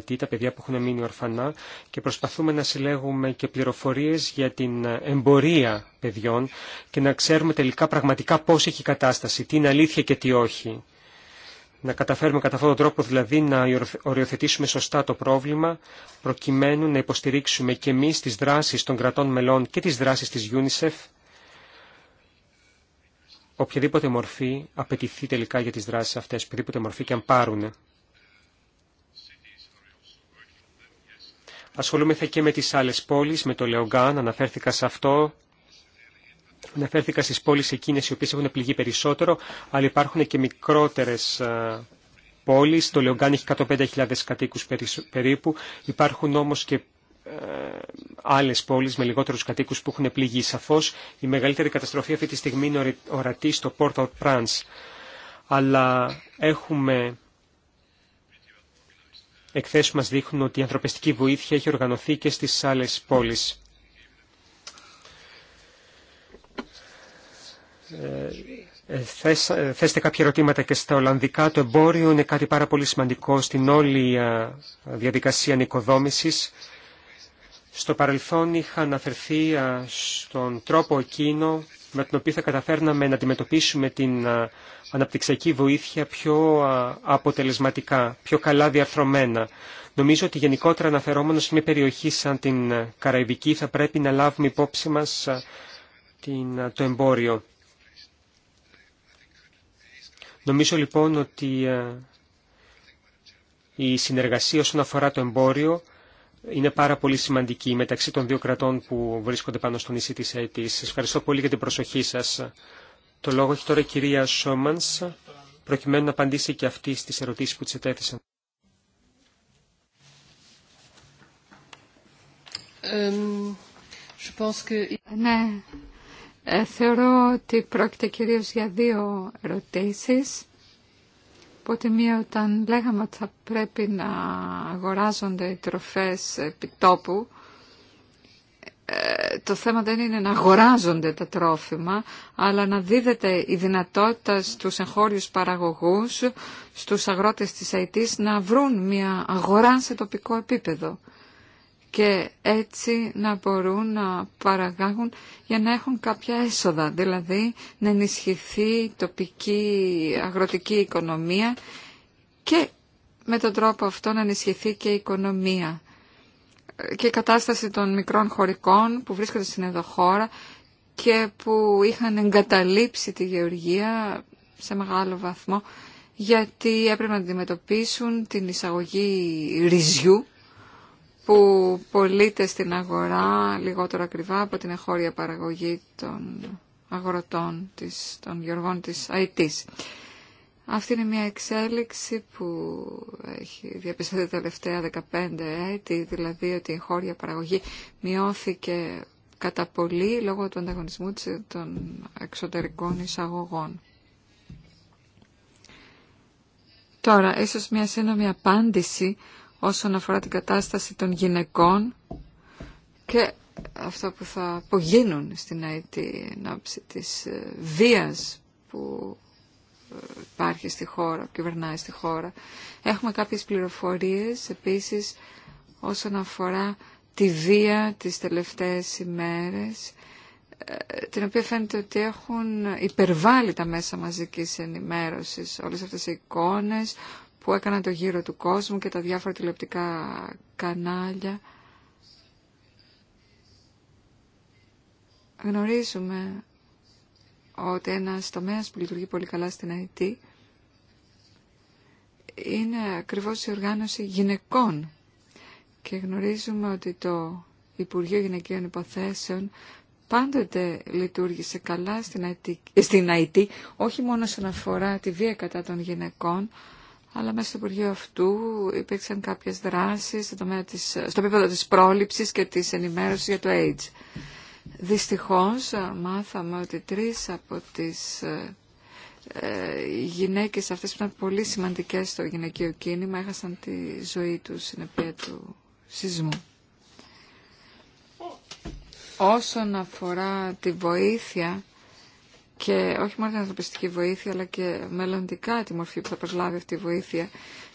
S3: τα παιδιά που έχουν μείνει ορφανά και προσπαθούμε να συλλέγουμε και πληροφορίες για την εμπορία παιδιών και να ξέρουμε τελικά πραγματικά πώς έχει η κατάσταση, τι είναι αλήθεια και τι όχι. Να καταφέρουμε κατά αυτόν τον τρόπο δηλαδή να οριοθετήσουμε σωστά το πρόβλημα προκειμένου να υποστηρίξουμε και εμείς τις δράσεις των κρατών μελών και τις δράσεις της UNICEF οποιαδήποτε μορφή απαιτηθεί τελικά για τις δράσεις αυτές, οποιαδήποτε μορφή και αν πάρουν. Ασχολούμεθα και με τις άλλες πόλεις, με το Λεογκάν, αναφέρθηκα σε αυτό. Αναφέρθηκα στις πόλεις εκείνες οι οποίες έχουν πληγεί περισσότερο, αλλά υπάρχουν και μικρότερες ε, πόλεις. Το Λεογκάν έχει 105.000 κατοίκους περίπου. Υπάρχουν όμως και ε, άλλες πόλεις με λιγότερους κατοίκους που έχουν πληγεί. Σαφώς η μεγαλύτερη καταστροφή αυτή τη στιγμή είναι ορατή στο Port au Prince. Αλλά έχουμε εκθέσεις μας δείχνουν ότι η ανθρωπιστική βοήθεια έχει οργανωθεί και στις άλλες πόλεις. Ε, ε, ε, θέστε κάποια ερωτήματα και στα Ολλανδικά. Το εμπόριο είναι κάτι πάρα πολύ σημαντικό στην όλη διαδικασία νοικοδόμησης. Στο παρελθόν είχα αναφερθεί στον τρόπο εκείνο με την οποία θα καταφέρναμε να αντιμετωπίσουμε την αναπτυξιακή βοήθεια πιο αποτελεσματικά, πιο καλά διαρθρωμένα. Νομίζω ότι γενικότερα αναφερόμενο σε μια περιοχή σαν την Καραϊβική θα πρέπει να λάβουμε υπόψη μας το εμπόριο. Νομίζω λοιπόν ότι η συνεργασία όσον αφορά το εμπόριο είναι πάρα πολύ σημαντική μεταξύ των δύο κρατών που βρίσκονται πάνω στο νησί της Αιτής. Σας ευχαριστώ πολύ για την προσοχή σας. Το λόγο έχει τώρα η κυρία Σόμανς, προκειμένου να απαντήσει και αυτή στις ερωτήσεις που της ετέθησαν.
S1: Ναι, ε, θεωρώ ότι πρόκειται κυρίως για δύο ερωτήσεις. Οπότε μία όταν λέγαμε ότι θα πρέπει να αγοράζονται οι τροφές επιτόπου, ε, το θέμα δεν είναι να αγοράζονται τα τρόφιμα, αλλά να δίδεται η δυνατότητα στους εγχώριους παραγωγούς, στους αγρότες της ΑΕΤ να βρουν μια αγορά σε τοπικό επίπεδο και έτσι να μπορούν να παραγάγουν για να έχουν κάποια έσοδα, δηλαδή να ενισχυθεί η τοπική αγροτική οικονομία και με τον τρόπο αυτό να ενισχυθεί και η οικονομία και η κατάσταση των μικρών χωρικών που βρίσκονται στην εδώ και που είχαν εγκαταλείψει τη γεωργία σε μεγάλο βαθμό γιατί έπρεπε να αντιμετωπίσουν την εισαγωγή ρυζιού που πωλείται στην αγορά λιγότερο ακριβά από την εχώρια παραγωγή των αγροτών, της, των γεωργών της ΑΕΤΙΣ. Αυτή είναι μια εξέλιξη που έχει διαπιστωθεί τα τελευταία 15 έτη, δηλαδή ότι η χώρια παραγωγή μειώθηκε κατά πολύ λόγω του ανταγωνισμού των εξωτερικών εισαγωγών. Τώρα, ίσως μια σύνομη απάντηση όσον αφορά την κατάσταση των γυναικών και αυτά που θα απογίνουν στην ΑΕΤ της ε, βίας που ε, υπάρχει στη χώρα, που κυβερνάει στη χώρα. Έχουμε κάποιες πληροφορίες επίσης όσον αφορά τη βία τις τελευταίες ημέρες ε, την οποία φαίνεται ότι έχουν υπερβάλει τα μέσα μαζικής ενημέρωσης όλες αυτές οι εικόνες που έκαναν το γύρο του κόσμου και τα διάφορα τηλεοπτικά κανάλια. Γνωρίζουμε ότι ένας τομέας που λειτουργεί πολύ καλά στην ΑΕΤ είναι ακριβώς η οργάνωση γυναικών και γνωρίζουμε ότι το Υπουργείο Γυναικείων Υποθέσεων πάντοτε λειτουργήσε καλά στην ΑΕΤ, στην όχι μόνο σε αφορά τη βία κατά των γυναικών, αλλά μέσα στο Υπουργείο αυτού υπήρξαν κάποιες δράσεις στο, τομέα της, στο πρόληψης και της ενημέρωσης για το AIDS. Δυστυχώς μάθαμε ότι τρεις από τις ε, ε, γυναίκες αυτές που ήταν πολύ σημαντικές στο γυναικείο κίνημα έχασαν τη ζωή τους στην του σεισμού. Όσον αφορά τη βοήθεια και όχι μόνο την ανθρωπιστική βοήθεια αλλά και μελλοντικά τη μορφή που θα προσλάβει αυτή η βοήθεια.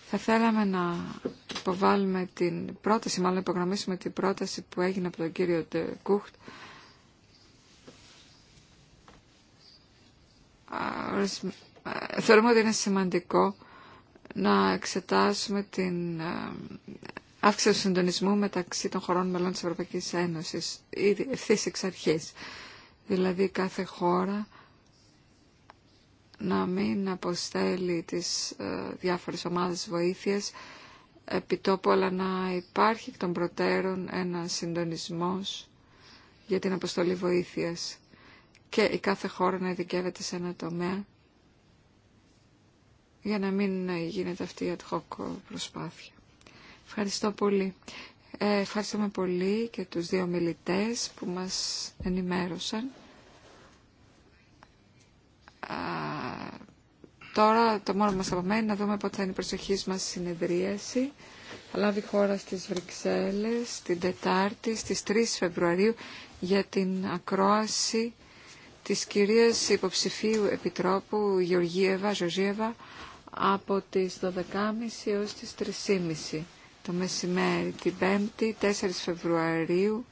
S1: Θα θέλαμε να υποβάλουμε την πρόταση, μάλλον να υπογραμμίσουμε την πρόταση που έγινε από τον κύριο Κούχτ. Θεωρούμε ότι είναι σημαντικό να εξετάσουμε την αύξηση του συντονισμού μεταξύ των χωρών μελών της Ευρωπαϊκής Ένωσης, ευθύς εξ αρχής. Δηλαδή κάθε χώρα να μην αποστέλει τις ε, διάφορες ομάδες βοήθειας επιτόπου, αλλά να υπάρχει εκ των προτέρων ένα συντονισμός για την αποστολή βοήθειας και η κάθε χώρα να ειδικεύεται σε ένα τομέα για να μην ε, γίνεται αυτή η ad hoc προσπάθεια. Ευχαριστώ πολύ. Ε, ευχαριστούμε πολύ και τους δύο μιλητές που μας ενημέρωσαν τώρα το μόνο μας απομένει να δούμε πότε θα είναι η προσοχή μας συνεδρίαση. Θα λάβει χώρα στις Βρυξέλλες την Τετάρτη στις 3 Φεβρουαρίου για την ακρόαση της κυρίας υποψηφίου επιτρόπου Γεωργίευα Ζωζίευα από τις 12.30 έως τις 3.30 το μεσημέρι την 5η 4 Φεβρουαρίου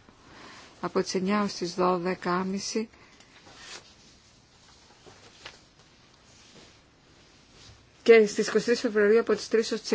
S1: από τις 9 έως τις 12.30 και στις 23 Φεβρουαρίου από τις 3 ως τις